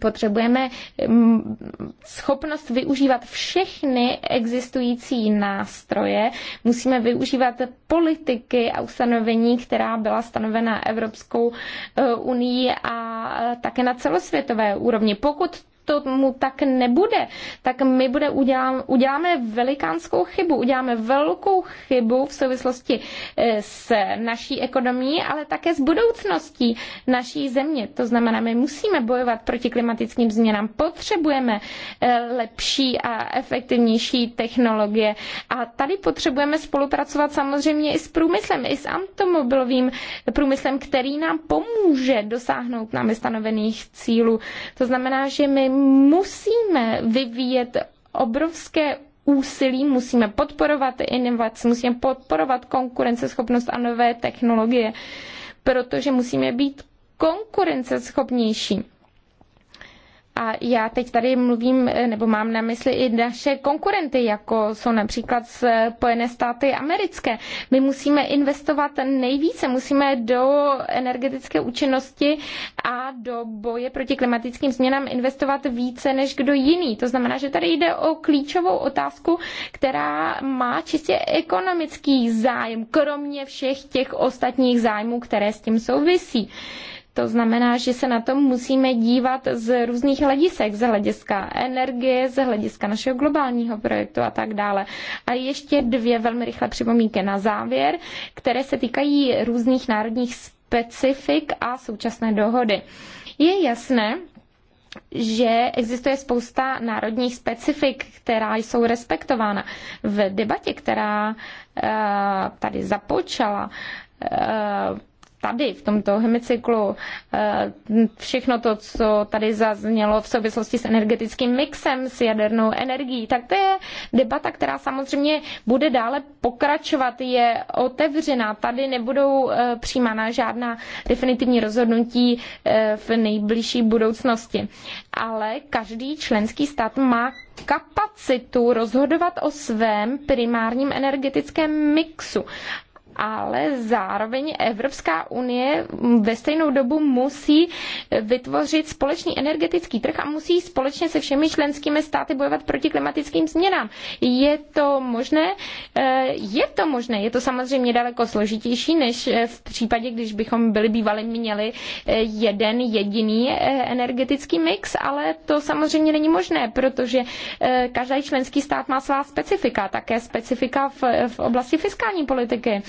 Potřebujeme mm, schopnost využívat všechny existující nástroje. Musíme využívat politiky a ustanovení, která byla stanovena Evropskou eh, unii a eh, také na celosvětové úrovni. Pokud tomu tak nebude, tak my bude udělám, uděláme velikánskou chybu, uděláme velkou chybu v souvislosti eh, s naší ekonomií, ale také s budoucností naší země. To znamená, my musíme bojovat proti klimatickým změnám, potřebujeme eh, lepší a efektivnější technologie a tady potřebujeme spolupracovat samozřejmě i s průmyslem, i s automobilovým průmyslem, který nám pomůže dosáhnout nám stanovených cílů. To znamená, že my musíme vyvíjet obrovské úsilí, musíme podporovat inovace, musíme podporovat konkurenceschopnost a nové technologie, protože musíme být konkurenceschopnější. A já teď tady mluvím, eh, nebo mám na mysli i naše konkurenty, jako jsou například Spojené státy americké. My musíme investovat nejvíce, musíme do energetické účinnosti a do boje proti klimatickým změnám investovat více než kdo jiný. To znamená, že tady jde o klíčovou otázku, která má čistě ekonomický zájem, kromě všech těch ostatních zájmů, které s tím souvisí. To znamená, že se na to musíme dívat z různých hledisek, z hlediska energie, z hlediska našeho globálního projektu a tak dále. A ještě dvě velmi rychlé připomínky na závěr, které se týkají různých národních specifik a současné dohody. Je jasné, že existuje spousta národních specifik, která jsou respektována. V debatě, která eh, tady započala, eh, tady v tomto hemicyklu eh, všechno to, co tady zaznělo v souvislosti s energetickým mixem, s jadernou energií, tak to je debata, která samozřejmě bude dále pokračovat, je otevřená. Tady nebudou eh, přijímána žádná definitivní rozhodnutí eh, v nejbližší budoucnosti. Ale každý členský stát má kapacitu rozhodovat o svém primárním energetickém mixu ale zároveň Evropská unie ve stejnou dobu musí vytvořit společný energetický trh a musí společně se všemi členskými státy bojovat proti klimatickým změnám. Je to možné? Eh, je to možné. Je to samozřejmě daleko složitější, než eh, v případě, když bychom byli bývali měli eh, jeden jediný energetický mix, ale to samozřejmě není možné, protože každý členský stát má svá specifika, také specifika v, v oblasti fiskální politiky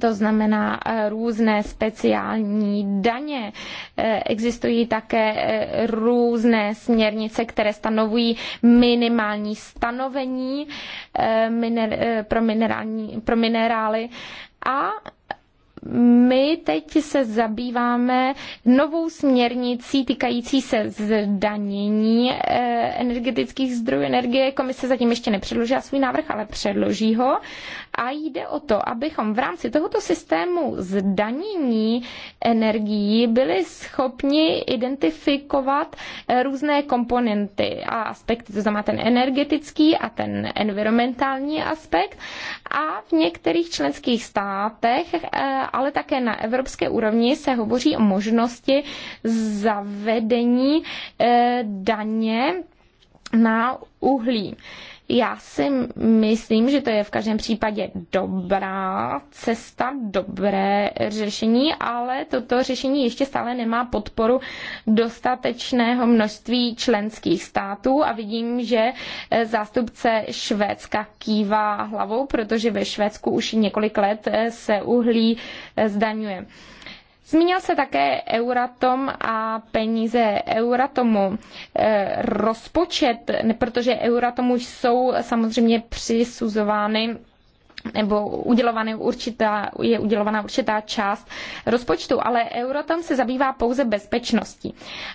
to znamená eh, různé speciální daně. Eh, existují také eh, různé směrnice, které stanovují minimální stanovení pro, minerální, pro minerály a my teď se zabýváme novou směrnicí týkající se zdanění energetických zdrojů energie. Komise zatím ještě nepředložila svůj návrh, ale předloží ho. A jde o to, abychom v rámci tohoto systému zdanění energií byli schopni identifikovat eh, různé komponenty a aspekty, to znamená ten energetický a ten environmentální aspekt. A v některých členských státech, eh, ale také na evropské úrovni se hovoří o možnosti zavedení eh, daně na uhlí. Já si myslím, že to je v každém případě dobrá cesta, dobré řešení, ale toto řešení ještě stále nemá podporu dostatečného množství členských států a vidím, že eh, zástupce Švédska kývá hlavou, protože ve Švédsku už několik let eh, se uhlí eh, zdaňuje. Zmínil se také Euratom a peníze Euratomu. E, rozpočet, protože Euratomu jsou samozřejmě přisuzovány nebo udělovaný určitá, je udělovaná určitá část rozpočtu, ale Euratom se zabývá pouze bezpečností.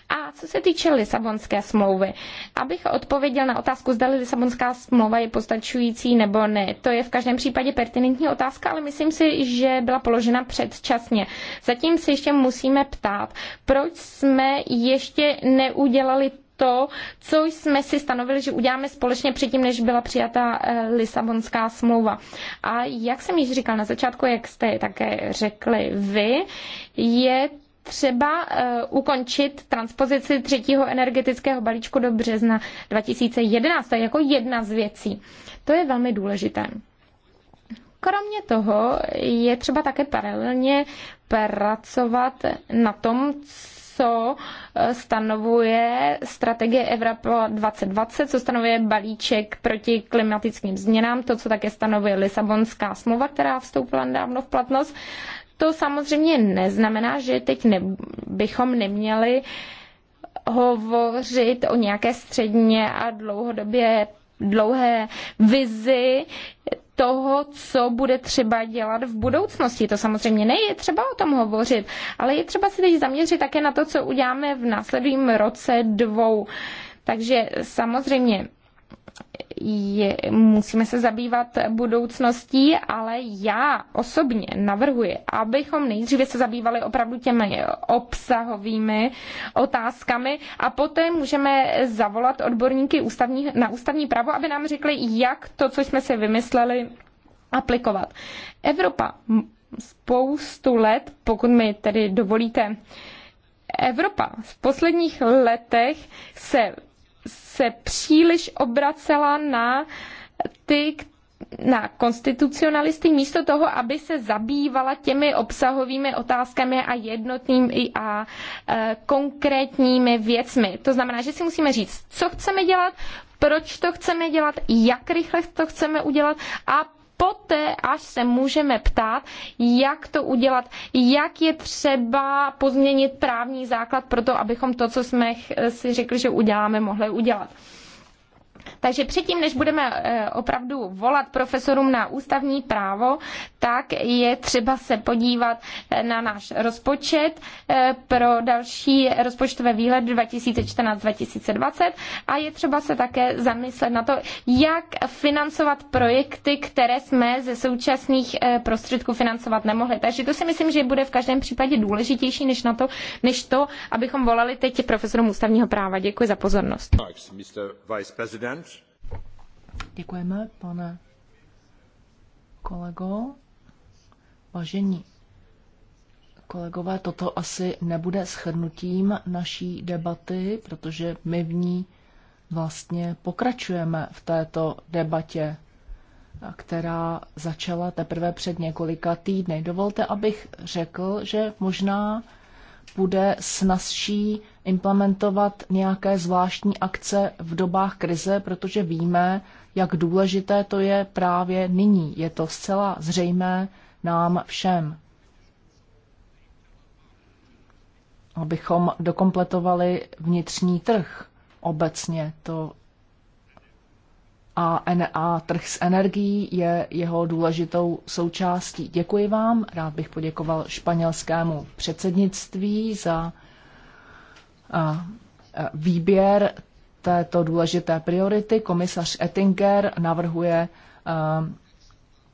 A co se týče Lisabonské smlouvy, abych odpověděl na otázku, zda Lisabonská smlouva je postačující nebo ne, to je v každém případě pertinentní otázka, ale myslím si, že byla položena předčasně. Zatím se ještě musíme ptát, proč jsme ještě neudělali to, co jsme si stanovili, že uděláme společně předtím, než byla přijata eh, Lisabonská smlouva. A jak jsem již říkal na začátku, jak jste také řekli vy, je třeba eh, ukončit transpozici třetího energetického balíčku do března 2011. To je jako jedna z věcí. To je velmi důležité. Kromě toho je třeba také paralelně pracovat na tom, co eh, stanovuje strategie Evropa 2020, co stanovuje balíček proti klimatickým změnám, to, co také stanovuje Lisabonská smlouva, která vstoupila nedávno v platnost. To samozřejmě neznamená, že teď ne, bychom neměli hovořit o nějaké středně a dlouhodobě dlouhé vizi toho, co bude třeba dělat v budoucnosti. To samozřejmě ne, je třeba o tom hovořit, ale je třeba se teď zaměřit také na to, co uděláme v následujícím roce dvou. Takže samozřejmě je, musíme se zabývat budoucností, ale já osobně navrhuji, abychom nejdříve se zabývali opravdu těmi obsahovými otázkami a poté můžeme zavolat odborníky ústavní, na ústavní právo, aby nám řekli, jak to, co jsme si vymysleli, aplikovat. Evropa spoustu let, pokud mi tedy dovolíte, Evropa v posledních letech se se příliš obracela na ty, na konstitucionalisty místo toho, aby se zabývala těmi obsahovými otázkami a jednotnými a e, konkrétními věcmi. To znamená, že si musíme říct, co chceme dělat, proč to chceme dělat, jak rychle to chceme udělat a poté, až se můžeme ptát, jak to udělat, jak je třeba pozměnit právní základ pro to, abychom to, co jsme si řekli, že uděláme, mohli udělat. Takže předtím, než budeme eh, opravdu volat profesorům na ústavní právo, tak je třeba se podívat eh, na náš rozpočet eh, pro další rozpočtové výhled 2014-2020 a je třeba se také zamyslet na to, jak financovat projekty, které jsme ze současných prostředků financovat nemohli. Takže to si myslím, že bude v každém případě důležitější než, na to, než to, abychom volali teď profesorům ústavního práva. Děkuji za pozornost. Thanks, Děkujeme, pane kolego. Vážení kolegové, toto asi nebude shrnutím naší debaty, protože my v ní vlastně pokračujeme v této debatě, která začala teprve před několika týdny. Dovolte, abych řekl, že možná bude snazší implementovat nějaké zvláštní akce v dobách krize, protože víme, jak důležité to je právě nyní. Je to zcela zřejmé nám všem. Abychom dokompletovali vnitřní trh obecně to a, a trh s energií je jeho důležitou součástí. Děkuji vám, rád bych poděkoval španělskému předsednictví za výběr této důležité priority. Komisař Ettinger navrhuje eh,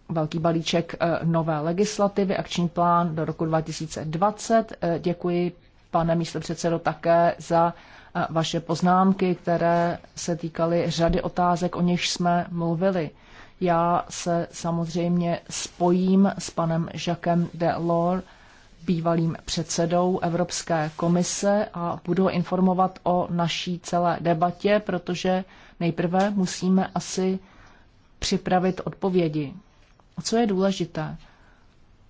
velký balíček eh, nové legislativy, akční plán do roku 2020. Eh, děkuji, pane místopředsedo, také za vaše poznámky, které se týkaly řady otázek, o nichž jsme mluvili. Já se samozřejmě spojím s panem de Delors bývalým předsedou Evropské komise a budu ho informovat o naší celé debatě, protože nejprve musíme asi připravit odpovědi. Co je důležité?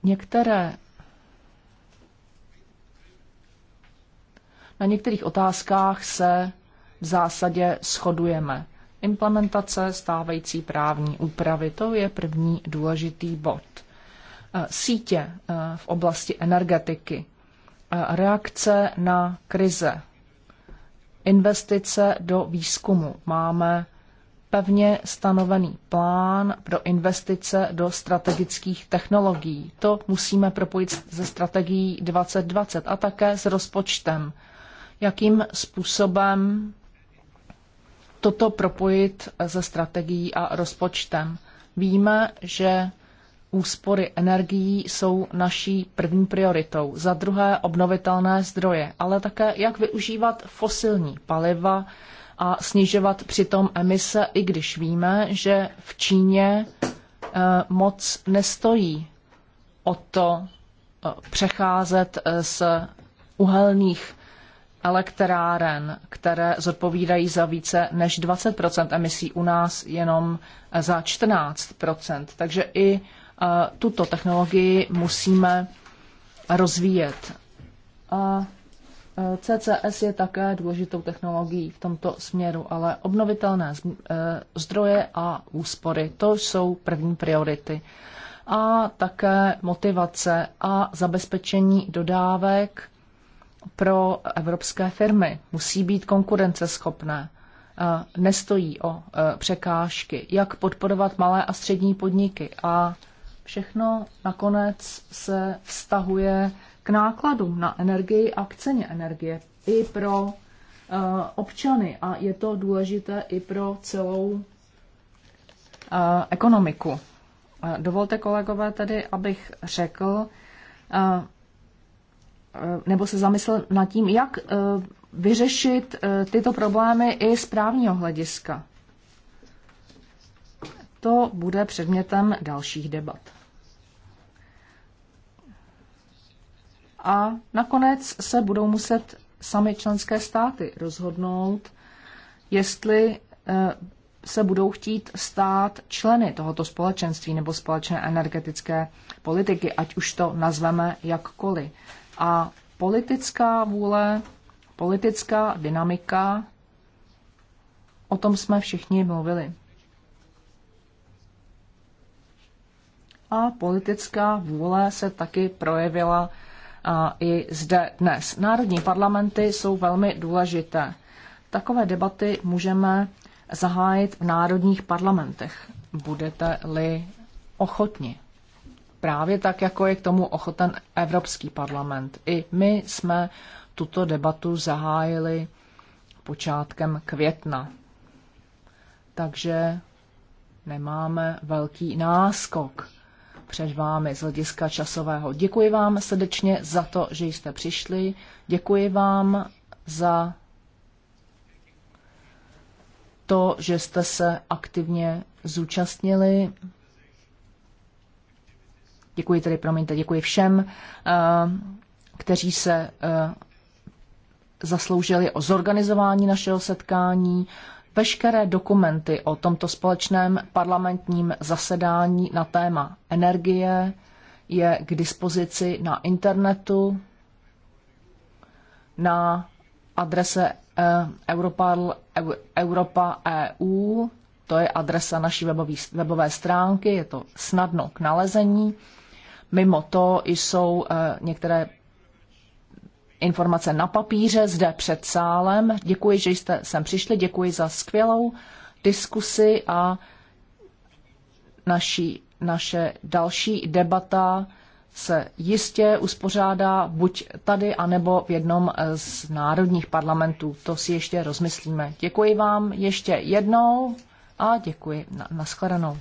Některé Na některých otázkách se v zásadě shodujeme. Implementace stávající právní úpravy, to je první důležitý bod. Eh, sítě eh, v oblasti energetiky, eh, reakce na krize, investice do výzkumu. Máme pevně stanovený plán pro investice do strategických technologií. To musíme propojit se strategií 2020 a také s rozpočtem. Jakým způsobem toto propojit se strategií a rozpočtem? Víme, že úspory energií jsou naší první prioritou. Za druhé obnovitelné zdroje, ale také jak využívat fosilní paliva a snižovat přitom emise, i když víme, že v Číně eh, moc nestojí o to eh, přecházet eh, z uhelných elektráren, které zodpovídají za více než 20 emisí, u nás jenom za 14 Takže i tuto technologii musíme rozvíjet. A CCS je také důležitou technologií v tomto směru, ale obnovitelné e, zdroje a úspory, to jsou první priority. A také motivace a zabezpečení dodávek pro evropské firmy musí být konkurenceschopné. E, nestojí o e, překážky, jak podporovat malé a střední podniky a všechno nakonec se vztahuje k nákladům na energii a k ceně energie i pro uh, občany a je to důležité i pro celou uh, ekonomiku. Uh, dovolte, kolegové, tedy, abych řekl, nebo se zamyslel nad tím, jak vyřešit tyto problémy i z právního hlediska. To bude předmětem dalších debat. a nakonec se budou muset sami členské státy rozhodnout, jestli eh, se budou chtít stát členy tohoto společenství nebo společné energetické politiky, ať už to nazveme jakkoliv. A politická vůle, politická dynamika, o tom jsme všichni mluvili. A politická vůle se taky projevila i zde dnes. Národní parlamenty jsou velmi důležité. Takové debaty můžeme zahájit v národních parlamentech. Budete-li ochotni. Právě tak, jako je k tomu ochoten Evropský parlament. I my jsme tuto debatu zahájili počátkem května. Takže nemáme velký náskok před vámi z hlediska časového. Děkuji vám srdečně za to, že jste přišli. Děkuji vám za to, že jste se aktivně zúčastnili. Děkuji tedy, promiňte, děkuji všem, eh, kteří se eh, zasloužili o zorganizování našeho setkání veškeré dokumenty o tomto společném parlamentním zasedání na téma energie je k dispozici na internetu na adrese eh, Europa EU, to je adresa naší webové stránky, je to snadno k nalezení. Mimo to jsou eh, některé informace na papíře zde před sálem. Děkuji, že jste sem přišli, děkuji za skvělou diskusi a naší, naše další debata se jistě uspořádá buď tady, anebo v jednom z národních parlamentů. To si ještě rozmyslíme. Děkuji vám ještě jednou a děkuji. Na, naschledanou.